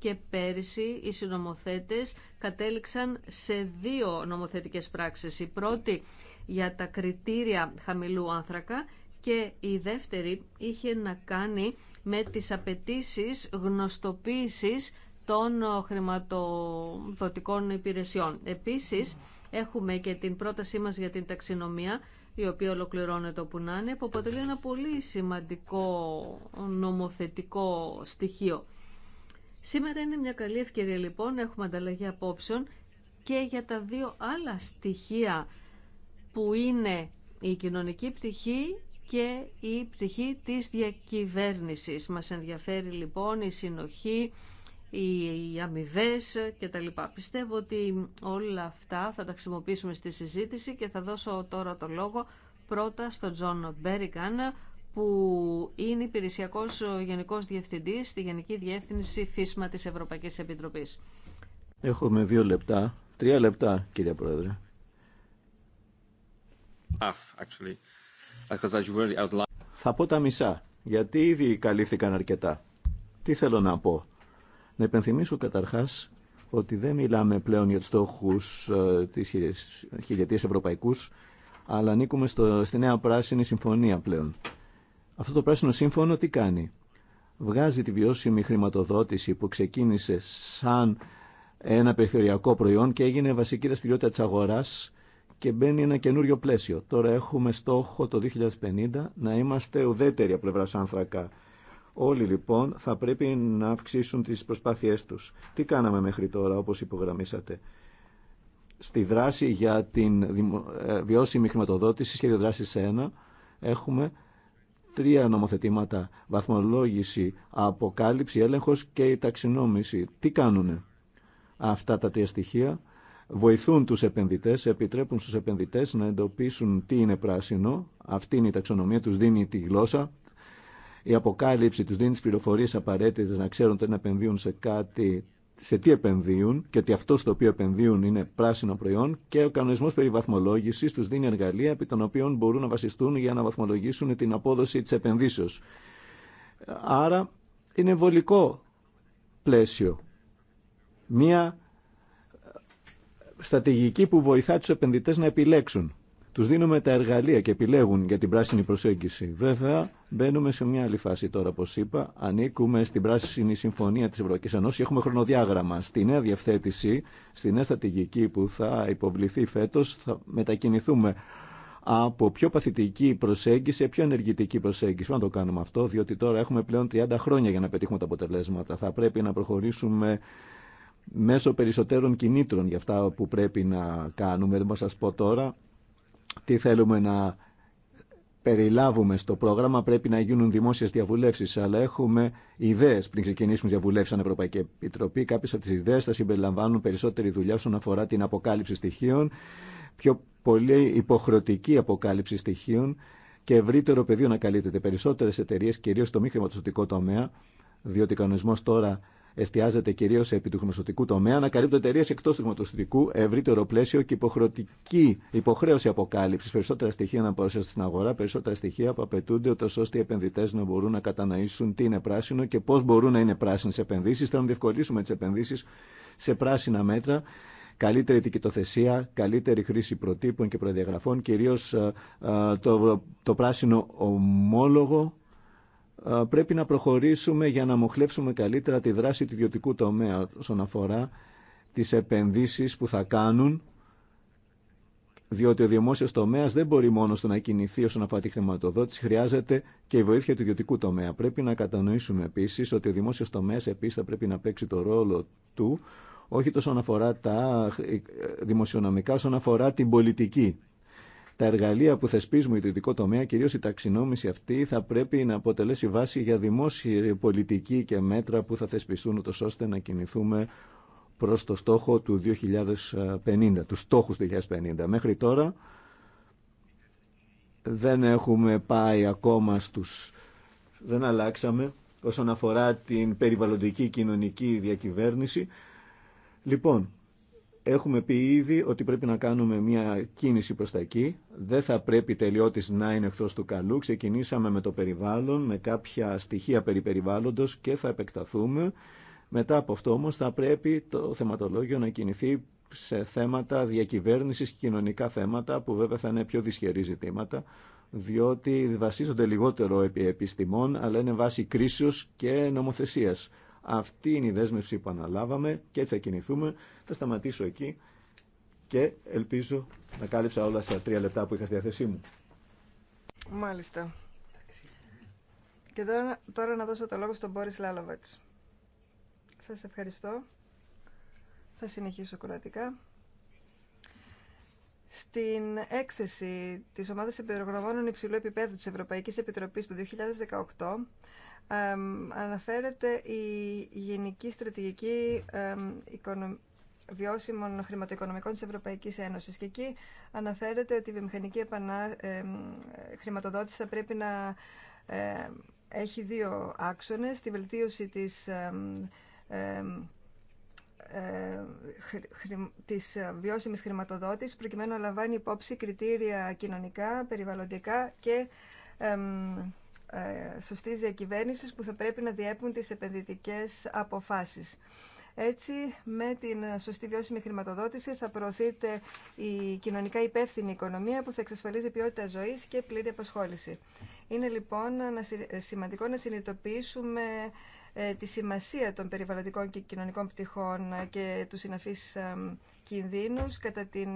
και πέρυσι οι συνομοθέτες κατέληξαν σε δύο νομοθετικές πράξεις. Η πρώτη για τα κριτήρια χαμηλού άνθρακα και η δεύτερη είχε να κάνει με τις απαιτήσει γνωστοποίησης των χρηματοδοτικών υπηρεσιών. Επίσης, έχουμε και την πρότασή μας για την ταξινομία, η οποία ολοκληρώνεται όπου να είναι, που αποτελεί ένα πολύ σημαντικό νομοθετικό στοιχείο. Σήμερα είναι μια καλή ευκαιρία λοιπόν να έχουμε ανταλλαγή απόψεων και για τα δύο άλλα στοιχεία που είναι η κοινωνική πτυχή και η πτυχή της διακυβέρνησης. Μας ενδιαφέρει λοιπόν η συνοχή, οι αμοιβέ κτλ. Πιστεύω ότι όλα αυτά θα τα χρησιμοποιήσουμε στη συζήτηση και θα δώσω τώρα το λόγο πρώτα στον Τζον Μπέρικαν που είναι υπηρεσιακός γενικός διευθυντής στη Γενική Διεύθυνση Φύσμα της Ευρωπαϊκής Επιτροπής. Έχουμε δύο λεπτά, τρία λεπτά κύριε Πρόεδρε. Ah, Θα πω τα μισά, γιατί ήδη καλύφθηκαν αρκετά. Τι θέλω να πω. Να υπενθυμίσω καταρχάς ότι δεν μιλάμε πλέον για τους στόχους ε, της χιλιετίας ευρωπαϊκούς, αλλά ανήκουμε στη Νέα Πράσινη Συμφωνία πλέον. Αυτό το πράσινο σύμφωνο τι κάνει. Βγάζει τη βιώσιμη χρηματοδότηση που ξεκίνησε σαν ένα περιθωριακό προϊόν και έγινε βασική δραστηριότητα της αγοράς και μπαίνει ένα καινούριο πλαίσιο. Τώρα έχουμε στόχο το 2050 να είμαστε ουδέτεροι από πλευρά άνθρακα. Όλοι λοιπόν θα πρέπει να αυξήσουν τις προσπάθειές τους. Τι κάναμε μέχρι τώρα όπως υπογραμμίσατε. Στη δράση για την ε, βιώσιμη χρηματοδότηση, σχέδιο δράση 1, έχουμε τρία νομοθετήματα. Βαθμολόγηση, αποκάλυψη, έλεγχος και η ταξινόμηση. Τι κάνουνε αυτά τα τρία στοιχεία. Βοηθούν τους επενδυτές, επιτρέπουν στους επενδυτές να εντοπίσουν τι είναι πράσινο. Αυτή είναι η ταξινομία, τους δίνει τη γλώσσα. Η αποκάλυψη τους δίνει τις πληροφορίες απαραίτητες να ξέρουν ότι να επενδύουν σε κάτι σε τι επενδύουν και ότι αυτό στο οποίο επενδύουν είναι πράσινο προϊόν και ο κανονισμό περί βαθμολόγηση του δίνει εργαλεία επί των οποίων μπορούν να βασιστούν για να βαθμολογήσουν την απόδοση τη επενδύσεω. Άρα είναι βολικό πλαίσιο. Μία στρατηγική που βοηθά τους επενδυτές να επιλέξουν. Του δίνουμε τα εργαλεία και επιλέγουν για την πράσινη προσέγγιση. Βέβαια, μπαίνουμε σε μια άλλη φάση τώρα, όπω είπα. Ανήκουμε στην πράσινη συμφωνία της Ευρωπαϊκή και Έχουμε χρονοδιάγραμμα. Στη νέα διευθέτηση, στη νέα στρατηγική που θα υποβληθεί φέτο. θα μετακινηθούμε από πιο παθητική προσέγγιση σε πιο ενεργητική προσέγγιση. Πρέπει να το κάνουμε αυτό, διότι τώρα έχουμε πλέον 30 χρόνια για να πετύχουμε τα αποτελέσματα. Θα πρέπει να προχωρήσουμε μέσω περισσότερων κινήτρων για αυτά που πρέπει να κάνουμε. Δεν μπορώ πω τώρα τι θέλουμε να περιλάβουμε στο πρόγραμμα. Πρέπει να γίνουν δημόσιες διαβουλεύσεις, αλλά έχουμε ιδέες πριν ξεκινήσουμε διαβουλεύσεις σαν Ευρωπαϊκή Επιτροπή. Κάποιες από τις ιδέες θα συμπεριλαμβάνουν περισσότερη δουλειά όσον αφορά την αποκάλυψη στοιχείων, πιο πολύ υποχρεωτική αποκάλυψη στοιχείων και ευρύτερο πεδίο να καλύπτεται. Περισσότερες εταιρείες, κυρίως στο μη χρηματοδοτικό τομέα, διότι ο κανονισμός τώρα εστιάζεται κυρίω επί του χρηματοδοτικού τομέα, ανακαλύπτουν εταιρείε εκτό του χρηματοδοτικού, ευρύτερο πλαίσιο και υποχρεωτική υποχρέωση αποκάλυψη. Περισσότερα στοιχεία να παρουσιάσουν στην αγορά, περισσότερα στοιχεία που απαιτούνται, ώστε οι επενδυτέ να μπορούν να κατανοήσουν τι είναι πράσινο και πώ μπορούν να είναι πράσινε επενδύσει. Θέλουμε να διευκολύσουμε τι επενδύσει σε πράσινα μέτρα καλύτερη τικητοθεσία, καλύτερη χρήση προτύπων και προδιαγραφών, κυρίω ε, ε, το, το πράσινο ομόλογο πρέπει να προχωρήσουμε για να μοχλέψουμε καλύτερα τη δράση του ιδιωτικού τομέα όσον αφορά τις επενδύσεις που θα κάνουν διότι ο δημόσιο τομέα δεν μπορεί μόνο στο να κινηθεί όσον αφορά τη χρηματοδότηση, χρειάζεται και η βοήθεια του ιδιωτικού τομέα. Πρέπει να κατανοήσουμε επίση ότι ο δημόσιο τομέα επίση θα πρέπει να παίξει το ρόλο του, όχι τόσο αφορά τα ε, δημοσιονομικά, όσον αφορά την πολιτική. Τα εργαλεία που θεσπίζουμε για το ειδικό τομέα, κυρίω η ταξινόμηση αυτή, θα πρέπει να αποτελέσει βάση για δημόσια πολιτική και μέτρα που θα θεσπιστούν, ούτως ώστε να κινηθούμε προς το στόχο του 2050, του στόχους του 2050. Μέχρι τώρα δεν έχουμε πάει ακόμα στους... δεν αλλάξαμε όσον αφορά την περιβαλλοντική κοινωνική διακυβέρνηση. Λοιπόν, Έχουμε πει ήδη ότι πρέπει να κάνουμε μια κίνηση προς τα εκεί. Δεν θα πρέπει τελειώτης να είναι εχθρό του καλού. Ξεκινήσαμε με το περιβάλλον, με κάποια στοιχεία περί περιβάλλοντος και θα επεκταθούμε. Μετά από αυτό όμως θα πρέπει το θεματολόγιο να κινηθεί σε θέματα διακυβέρνησης και κοινωνικά θέματα που βέβαια θα είναι πιο δυσχερή ζητήματα διότι βασίζονται λιγότερο επί επιστημών αλλά είναι βάση κρίσεως και νομοθεσίας. Αυτή είναι η δέσμευση που αναλάβαμε και έτσι θα κινηθούμε. Θα σταματήσω εκεί και ελπίζω να κάλυψα όλα στα τρία λεπτά που είχα στη διάθεσή μου. Μάλιστα. Και τώρα, τώρα να δώσω το λόγο στον Μπόρις Λάλοβατς. Σας ευχαριστώ. Θα συνεχίσω κουρατικά. Στην έκθεση της Ομάδας Εμπειρογνωμόνων Υψηλού Επιπέδου της Ευρωπαϊκής Επιτροπής του 2018 αναφέρεται η Γενική Στρατηγική Βιώσιμων Χρηματοοικονομικών της Ευρωπαϊκής Ένωσης και εκεί αναφέρεται ότι η βιομηχανική επανά... χρηματοδότηση θα πρέπει να έχει δύο άξονες, τη βελτίωση της της βιώσιμης χρηματοδότησης προκειμένου να λαμβάνει υπόψη κριτήρια κοινωνικά, περιβαλλοντικά και ε, σωστής διακυβέρνησης που θα πρέπει να διέπουν τις επενδυτικές αποφάσεις. Έτσι, με την σωστή βιώσιμη χρηματοδότηση θα προωθείται η κοινωνικά υπεύθυνη οικονομία που θα εξασφαλίζει ποιότητα ζωής και πλήρη απασχόληση. Είναι λοιπόν ε, σημαντικό να συνειδητοποιήσουμε ε, τη σημασία των περιβαλλοντικών και κοινωνικών πτυχών και τους συναφείς κινδύνους κατά την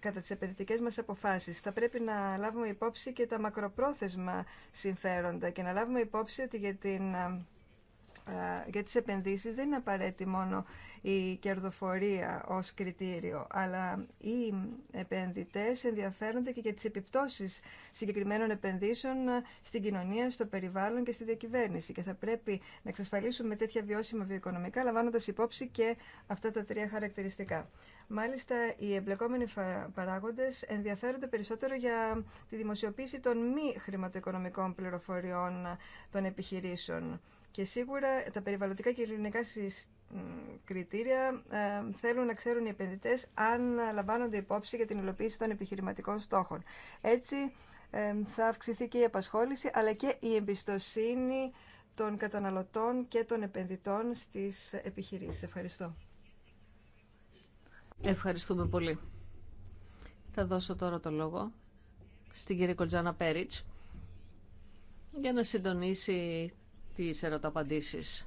κατά τις επενδυτικές μας αποφάσεις. Θα πρέπει να λάβουμε υπόψη και τα μακροπρόθεσμα συμφέροντα και να λάβουμε υπόψη ότι για, την, για τις επενδύσεις δεν είναι απαραίτητη μόνο η κερδοφορία ως κριτήριο, αλλά οι επενδυτές ενδιαφέρονται και για τις επιπτώσεις συγκεκριμένων επενδύσεων στην κοινωνία, στο περιβάλλον και στη διακυβέρνηση. Και θα πρέπει να εξασφαλίσουμε τέτοια βιώσιμα βιοοικονομικά, λαμβάνοντας υπόψη και αυτά τα τρία χαρακτηριστικά. Μάλιστα, οι εμπλεκόμενοι παράγοντε ενδιαφέρονται περισσότερο για τη δημοσιοποίηση των μη χρηματοοικονομικών πληροφοριών των επιχειρήσεων. Και σίγουρα τα περιβαλλοντικά και ελληνικά κριτήρια ε, θέλουν να ξέρουν οι επενδυτέ αν λαμβάνονται υπόψη για την υλοποίηση των επιχειρηματικών στόχων. Έτσι ε, θα αυξηθεί και η απασχόληση αλλά και η εμπιστοσύνη των καταναλωτών και των επενδυτών στις επιχειρήσεις. Ευχαριστώ. Ευχαριστούμε πολύ. Θα δώσω τώρα το λόγο στην κυρία Κολτζάνα Πέριτς για να συντονίσει τις ερωταπαντήσεις.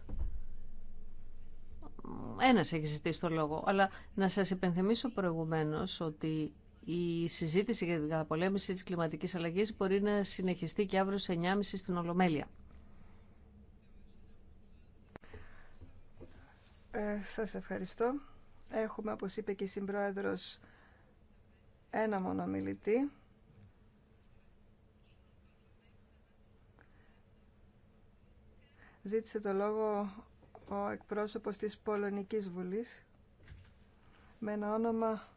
Ένας έχει ζητήσει το λόγο, αλλά να σας υπενθυμίσω προηγουμένως ότι η συζήτηση για την καταπολέμηση της κλιματικής αλλαγής μπορεί να συνεχιστεί και αύριο σε 9.30 στην Ολομέλεια. Ε, σας ευχαριστώ. Έχουμε, όπως είπε και η Συμπρόεδρος, ένα μονομιλητή. Ζήτησε το λόγο ο εκπρόσωπος της Πολωνικής Βουλής με ένα όνομα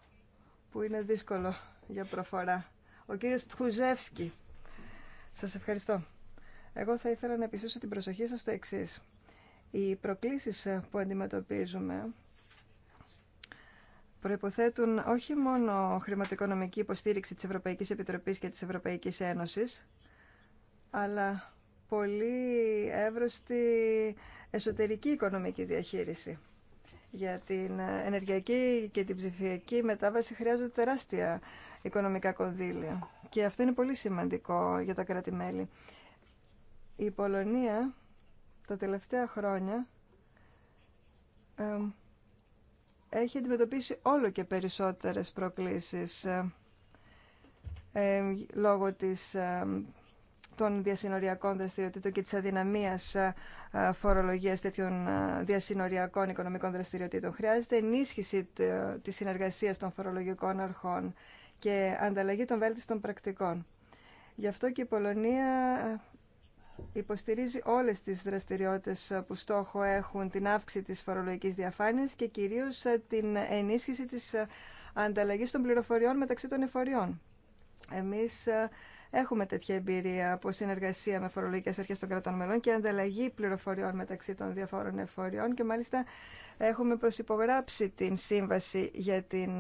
που είναι δύσκολο για προφορά. Ο κύριος Τχουζεύσκι. Σας ευχαριστώ. Εγώ θα ήθελα να επιστήσω την προσοχή σας στο εξής. Οι προκλήσεις που αντιμετωπίζουμε προϋποθέτουν όχι μόνο χρηματοοικονομική υποστήριξη της Ευρωπαϊκής Επιτροπής και της Ευρωπαϊκής Ένωσης, αλλά πολύ εύρωστη εσωτερική οικονομική διαχείριση. Για την ενεργειακή και την ψηφιακή μετάβαση χρειάζονται τεράστια οικονομικά κονδύλια. Και αυτό είναι πολύ σημαντικό για τα κράτη-μέλη. Η Πολωνία τα τελευταία χρόνια έχει αντιμετωπίσει όλο και περισσότερες προκλήσεις ε, ε, λόγω της, ε, των διασυνοριακών δραστηριοτήτων και της αδυναμίας φορολογίας τέτοιων διασυνοριακών οικονομικών δραστηριοτήτων. Χρειάζεται ενίσχυση της συνεργασίας των φορολογικών αρχών και ανταλλαγή των βέλτιστων πρακτικών. Γι' αυτό και η Πολωνία υποστηρίζει όλες τις δραστηριότητες που στόχο έχουν την αύξηση της φορολογικής διαφάνειας και κυρίως ε, την ενίσχυση της ε, ανταλλαγής των πληροφοριών μεταξύ των εφοριών. Εμείς ε, έχουμε τέτοια εμπειρία από συνεργασία με φορολογικές αρχές των κρατών μελών και ανταλλαγή πληροφοριών μεταξύ των διαφόρων εφοριών και μάλιστα έχουμε προσυπογράψει την σύμβαση για την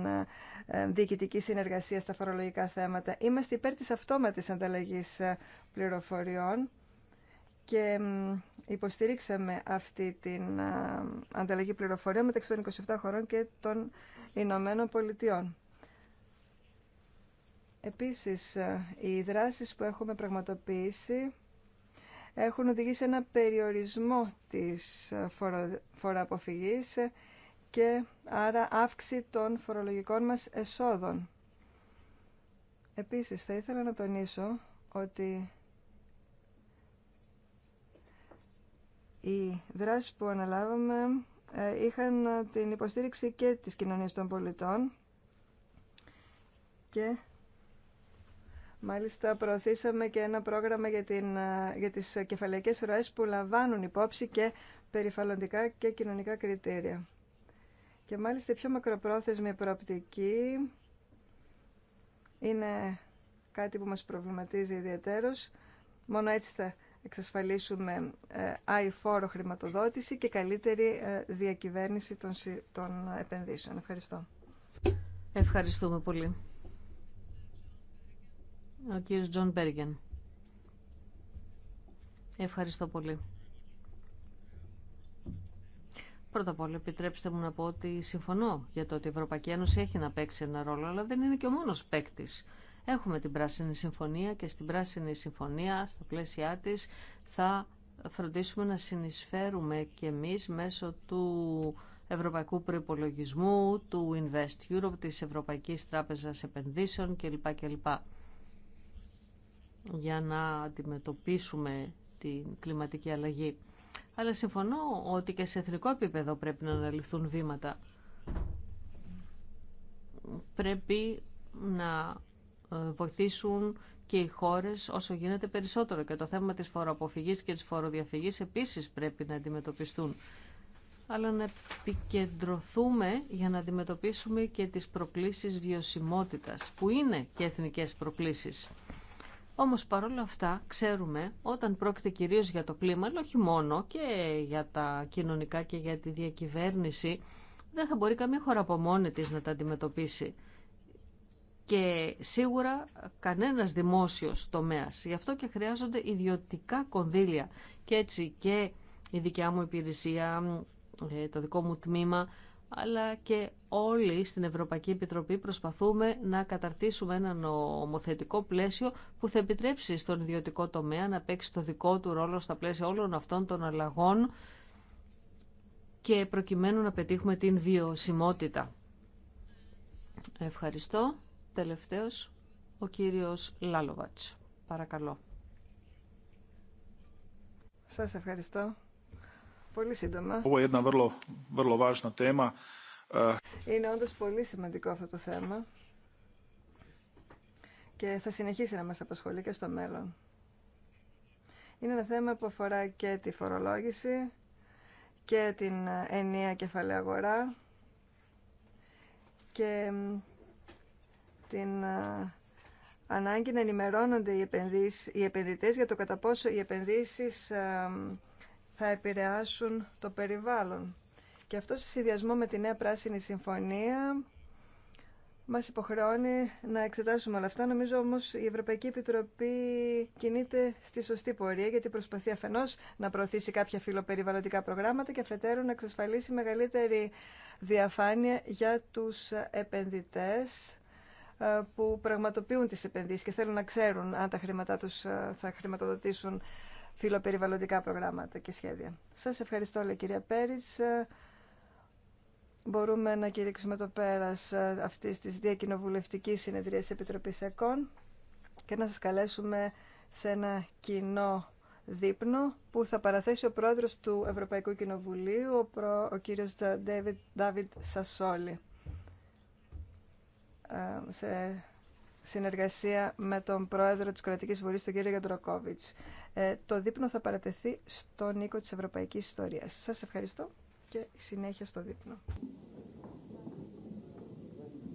διοικητική συνεργασία στα φορολογικά θέματα. Είμαστε υπέρ της αυτόματης ανταλλαγής πληροφοριών και υποστηρίξαμε αυτή την ανταλλαγή πληροφοριών μεταξύ των 27 χωρών και των Ηνωμένων Πολιτειών. Επίσης, οι δράσεις που έχουμε πραγματοποιήσει έχουν οδηγήσει ένα περιορισμό της φοροαποφυγής και άρα αύξη των φορολογικών μας εσόδων. Επίσης, θα ήθελα να τονίσω ότι Οι δράσει που αναλάβαμε ε, είχαν ε, την υποστήριξη και της κοινωνίας των πολιτών και μάλιστα προωθήσαμε και ένα πρόγραμμα για, την, ε, για τις κεφαλαϊκές ροές που λαμβάνουν υπόψη και περιφαλοντικά και κοινωνικά κριτήρια. Και μάλιστα η πιο μακροπρόθεσμη προοπτική είναι κάτι που μας προβληματίζει ιδιαίτερος. Μόνο έτσι θα εξασφαλίσουμε ε, αηφόρο χρηματοδότηση και καλύτερη ε, διακυβέρνηση των επενδύσεων. Ευχαριστώ. Ευχαριστούμε πολύ. Ο κύριος Τζον Μπέργεν. Ευχαριστώ πολύ. Πρώτα απ' όλα, επιτρέψτε μου να πω ότι συμφωνώ για το ότι η Ευρωπαϊκή Ένωση έχει να παίξει ένα ρόλο, αλλά δεν είναι και ο μόνος παίκτη. Έχουμε την Πράσινη Συμφωνία και στην Πράσινη Συμφωνία, στα πλαίσια της, θα φροντίσουμε να συνεισφέρουμε και εμείς μέσω του Ευρωπαϊκού Προϋπολογισμού, του Invest Europe, της Ευρωπαϊκής Τράπεζας Επενδύσεων κλπ. κλπ. για να αντιμετωπίσουμε την κλιματική αλλαγή. Αλλά συμφωνώ ότι και σε εθνικό επίπεδο πρέπει να αναλυθούν βήματα. Πρέπει να ε, βοηθήσουν και οι χώρες όσο γίνεται περισσότερο. Και το θέμα της φοροαποφυγής και της φοροδιαφυγής επίσης πρέπει να αντιμετωπιστούν. Αλλά να επικεντρωθούμε για να αντιμετωπίσουμε και τις προκλήσεις βιωσιμότητας, που είναι και εθνικές προκλήσεις. Όμως παρόλα αυτά ξέρουμε όταν πρόκειται κυρίως για το κλίμα, αλλά όχι μόνο και για τα κοινωνικά και για τη διακυβέρνηση, δεν θα μπορεί καμία χώρα από μόνη της να τα αντιμετωπίσει και σίγουρα κανένας δημόσιος τομέας. Γι' αυτό και χρειάζονται ιδιωτικά κονδύλια. Και έτσι και η δικιά μου υπηρεσία, ε, το δικό μου τμήμα, αλλά και όλοι στην Ευρωπαϊκή Επιτροπή προσπαθούμε να καταρτήσουμε ένα νομοθετικό πλαίσιο που θα επιτρέψει στον ιδιωτικό τομέα να παίξει το δικό του ρόλο στα πλαίσια όλων αυτών των αλλαγών και προκειμένου να πετύχουμε την βιωσιμότητα. Ευχαριστώ τελευταίος ο κύριος Λάλοβατς. Παρακαλώ. Σας ευχαριστώ. Πολύ σύντομα. Είναι όντως πολύ σημαντικό αυτό το θέμα και θα συνεχίσει να μας απασχολεί και στο μέλλον. Είναι ένα θέμα που αφορά και τη φορολόγηση και την ενία κεφαλαία αγορά και την ε, ανάγκη να ενημερώνονται οι, οι επενδυτές για το κατά πόσο οι επενδύσεις ε, θα επηρεάσουν το περιβάλλον. Και αυτό σε συνδυασμό με τη Νέα Πράσινη Συμφωνία μας υποχρεώνει να εξετάσουμε όλα αυτά. Νομίζω όμως η Ευρωπαϊκή Επιτροπή κινείται στη σωστή πορεία γιατί προσπαθεί αφενός να προωθήσει κάποια φιλοπεριβαλλοντικά προγράμματα και αφετέρου να εξασφαλίσει μεγαλύτερη διαφάνεια για τους επενδυτές ε, που πραγματοποιούν τις επενδύσεις και θέλουν να ξέρουν αν τα χρήματά τους ε, θα χρηματοδοτήσουν φιλοπεριβαλλοντικά προγράμματα και σχέδια. Σας ευχαριστώ, λέει κυρία Πέρις. Ε, μπορούμε να κηρύξουμε το πέρας αυτής της διακοινοβουλευτικής συνεδρίας Επιτροπής ΕΚΟΝ και να σας καλέσουμε σε ένα κοινό δείπνο που θα παραθέσει ο πρόεδρος του Ευρωπαϊκού Κοινοβουλίου, ο, προ, ο κύριος David, David ε, σε συνεργασία με τον πρόεδρο της Κρατικής Βουλής, τον κύριο Γιαντροκόβιτς. Ε, το δείπνο θα παρατεθεί στον οίκο της Ευρωπαϊκής Ιστορίας. Σας ευχαριστώ και συνέχεια στο δείπνο.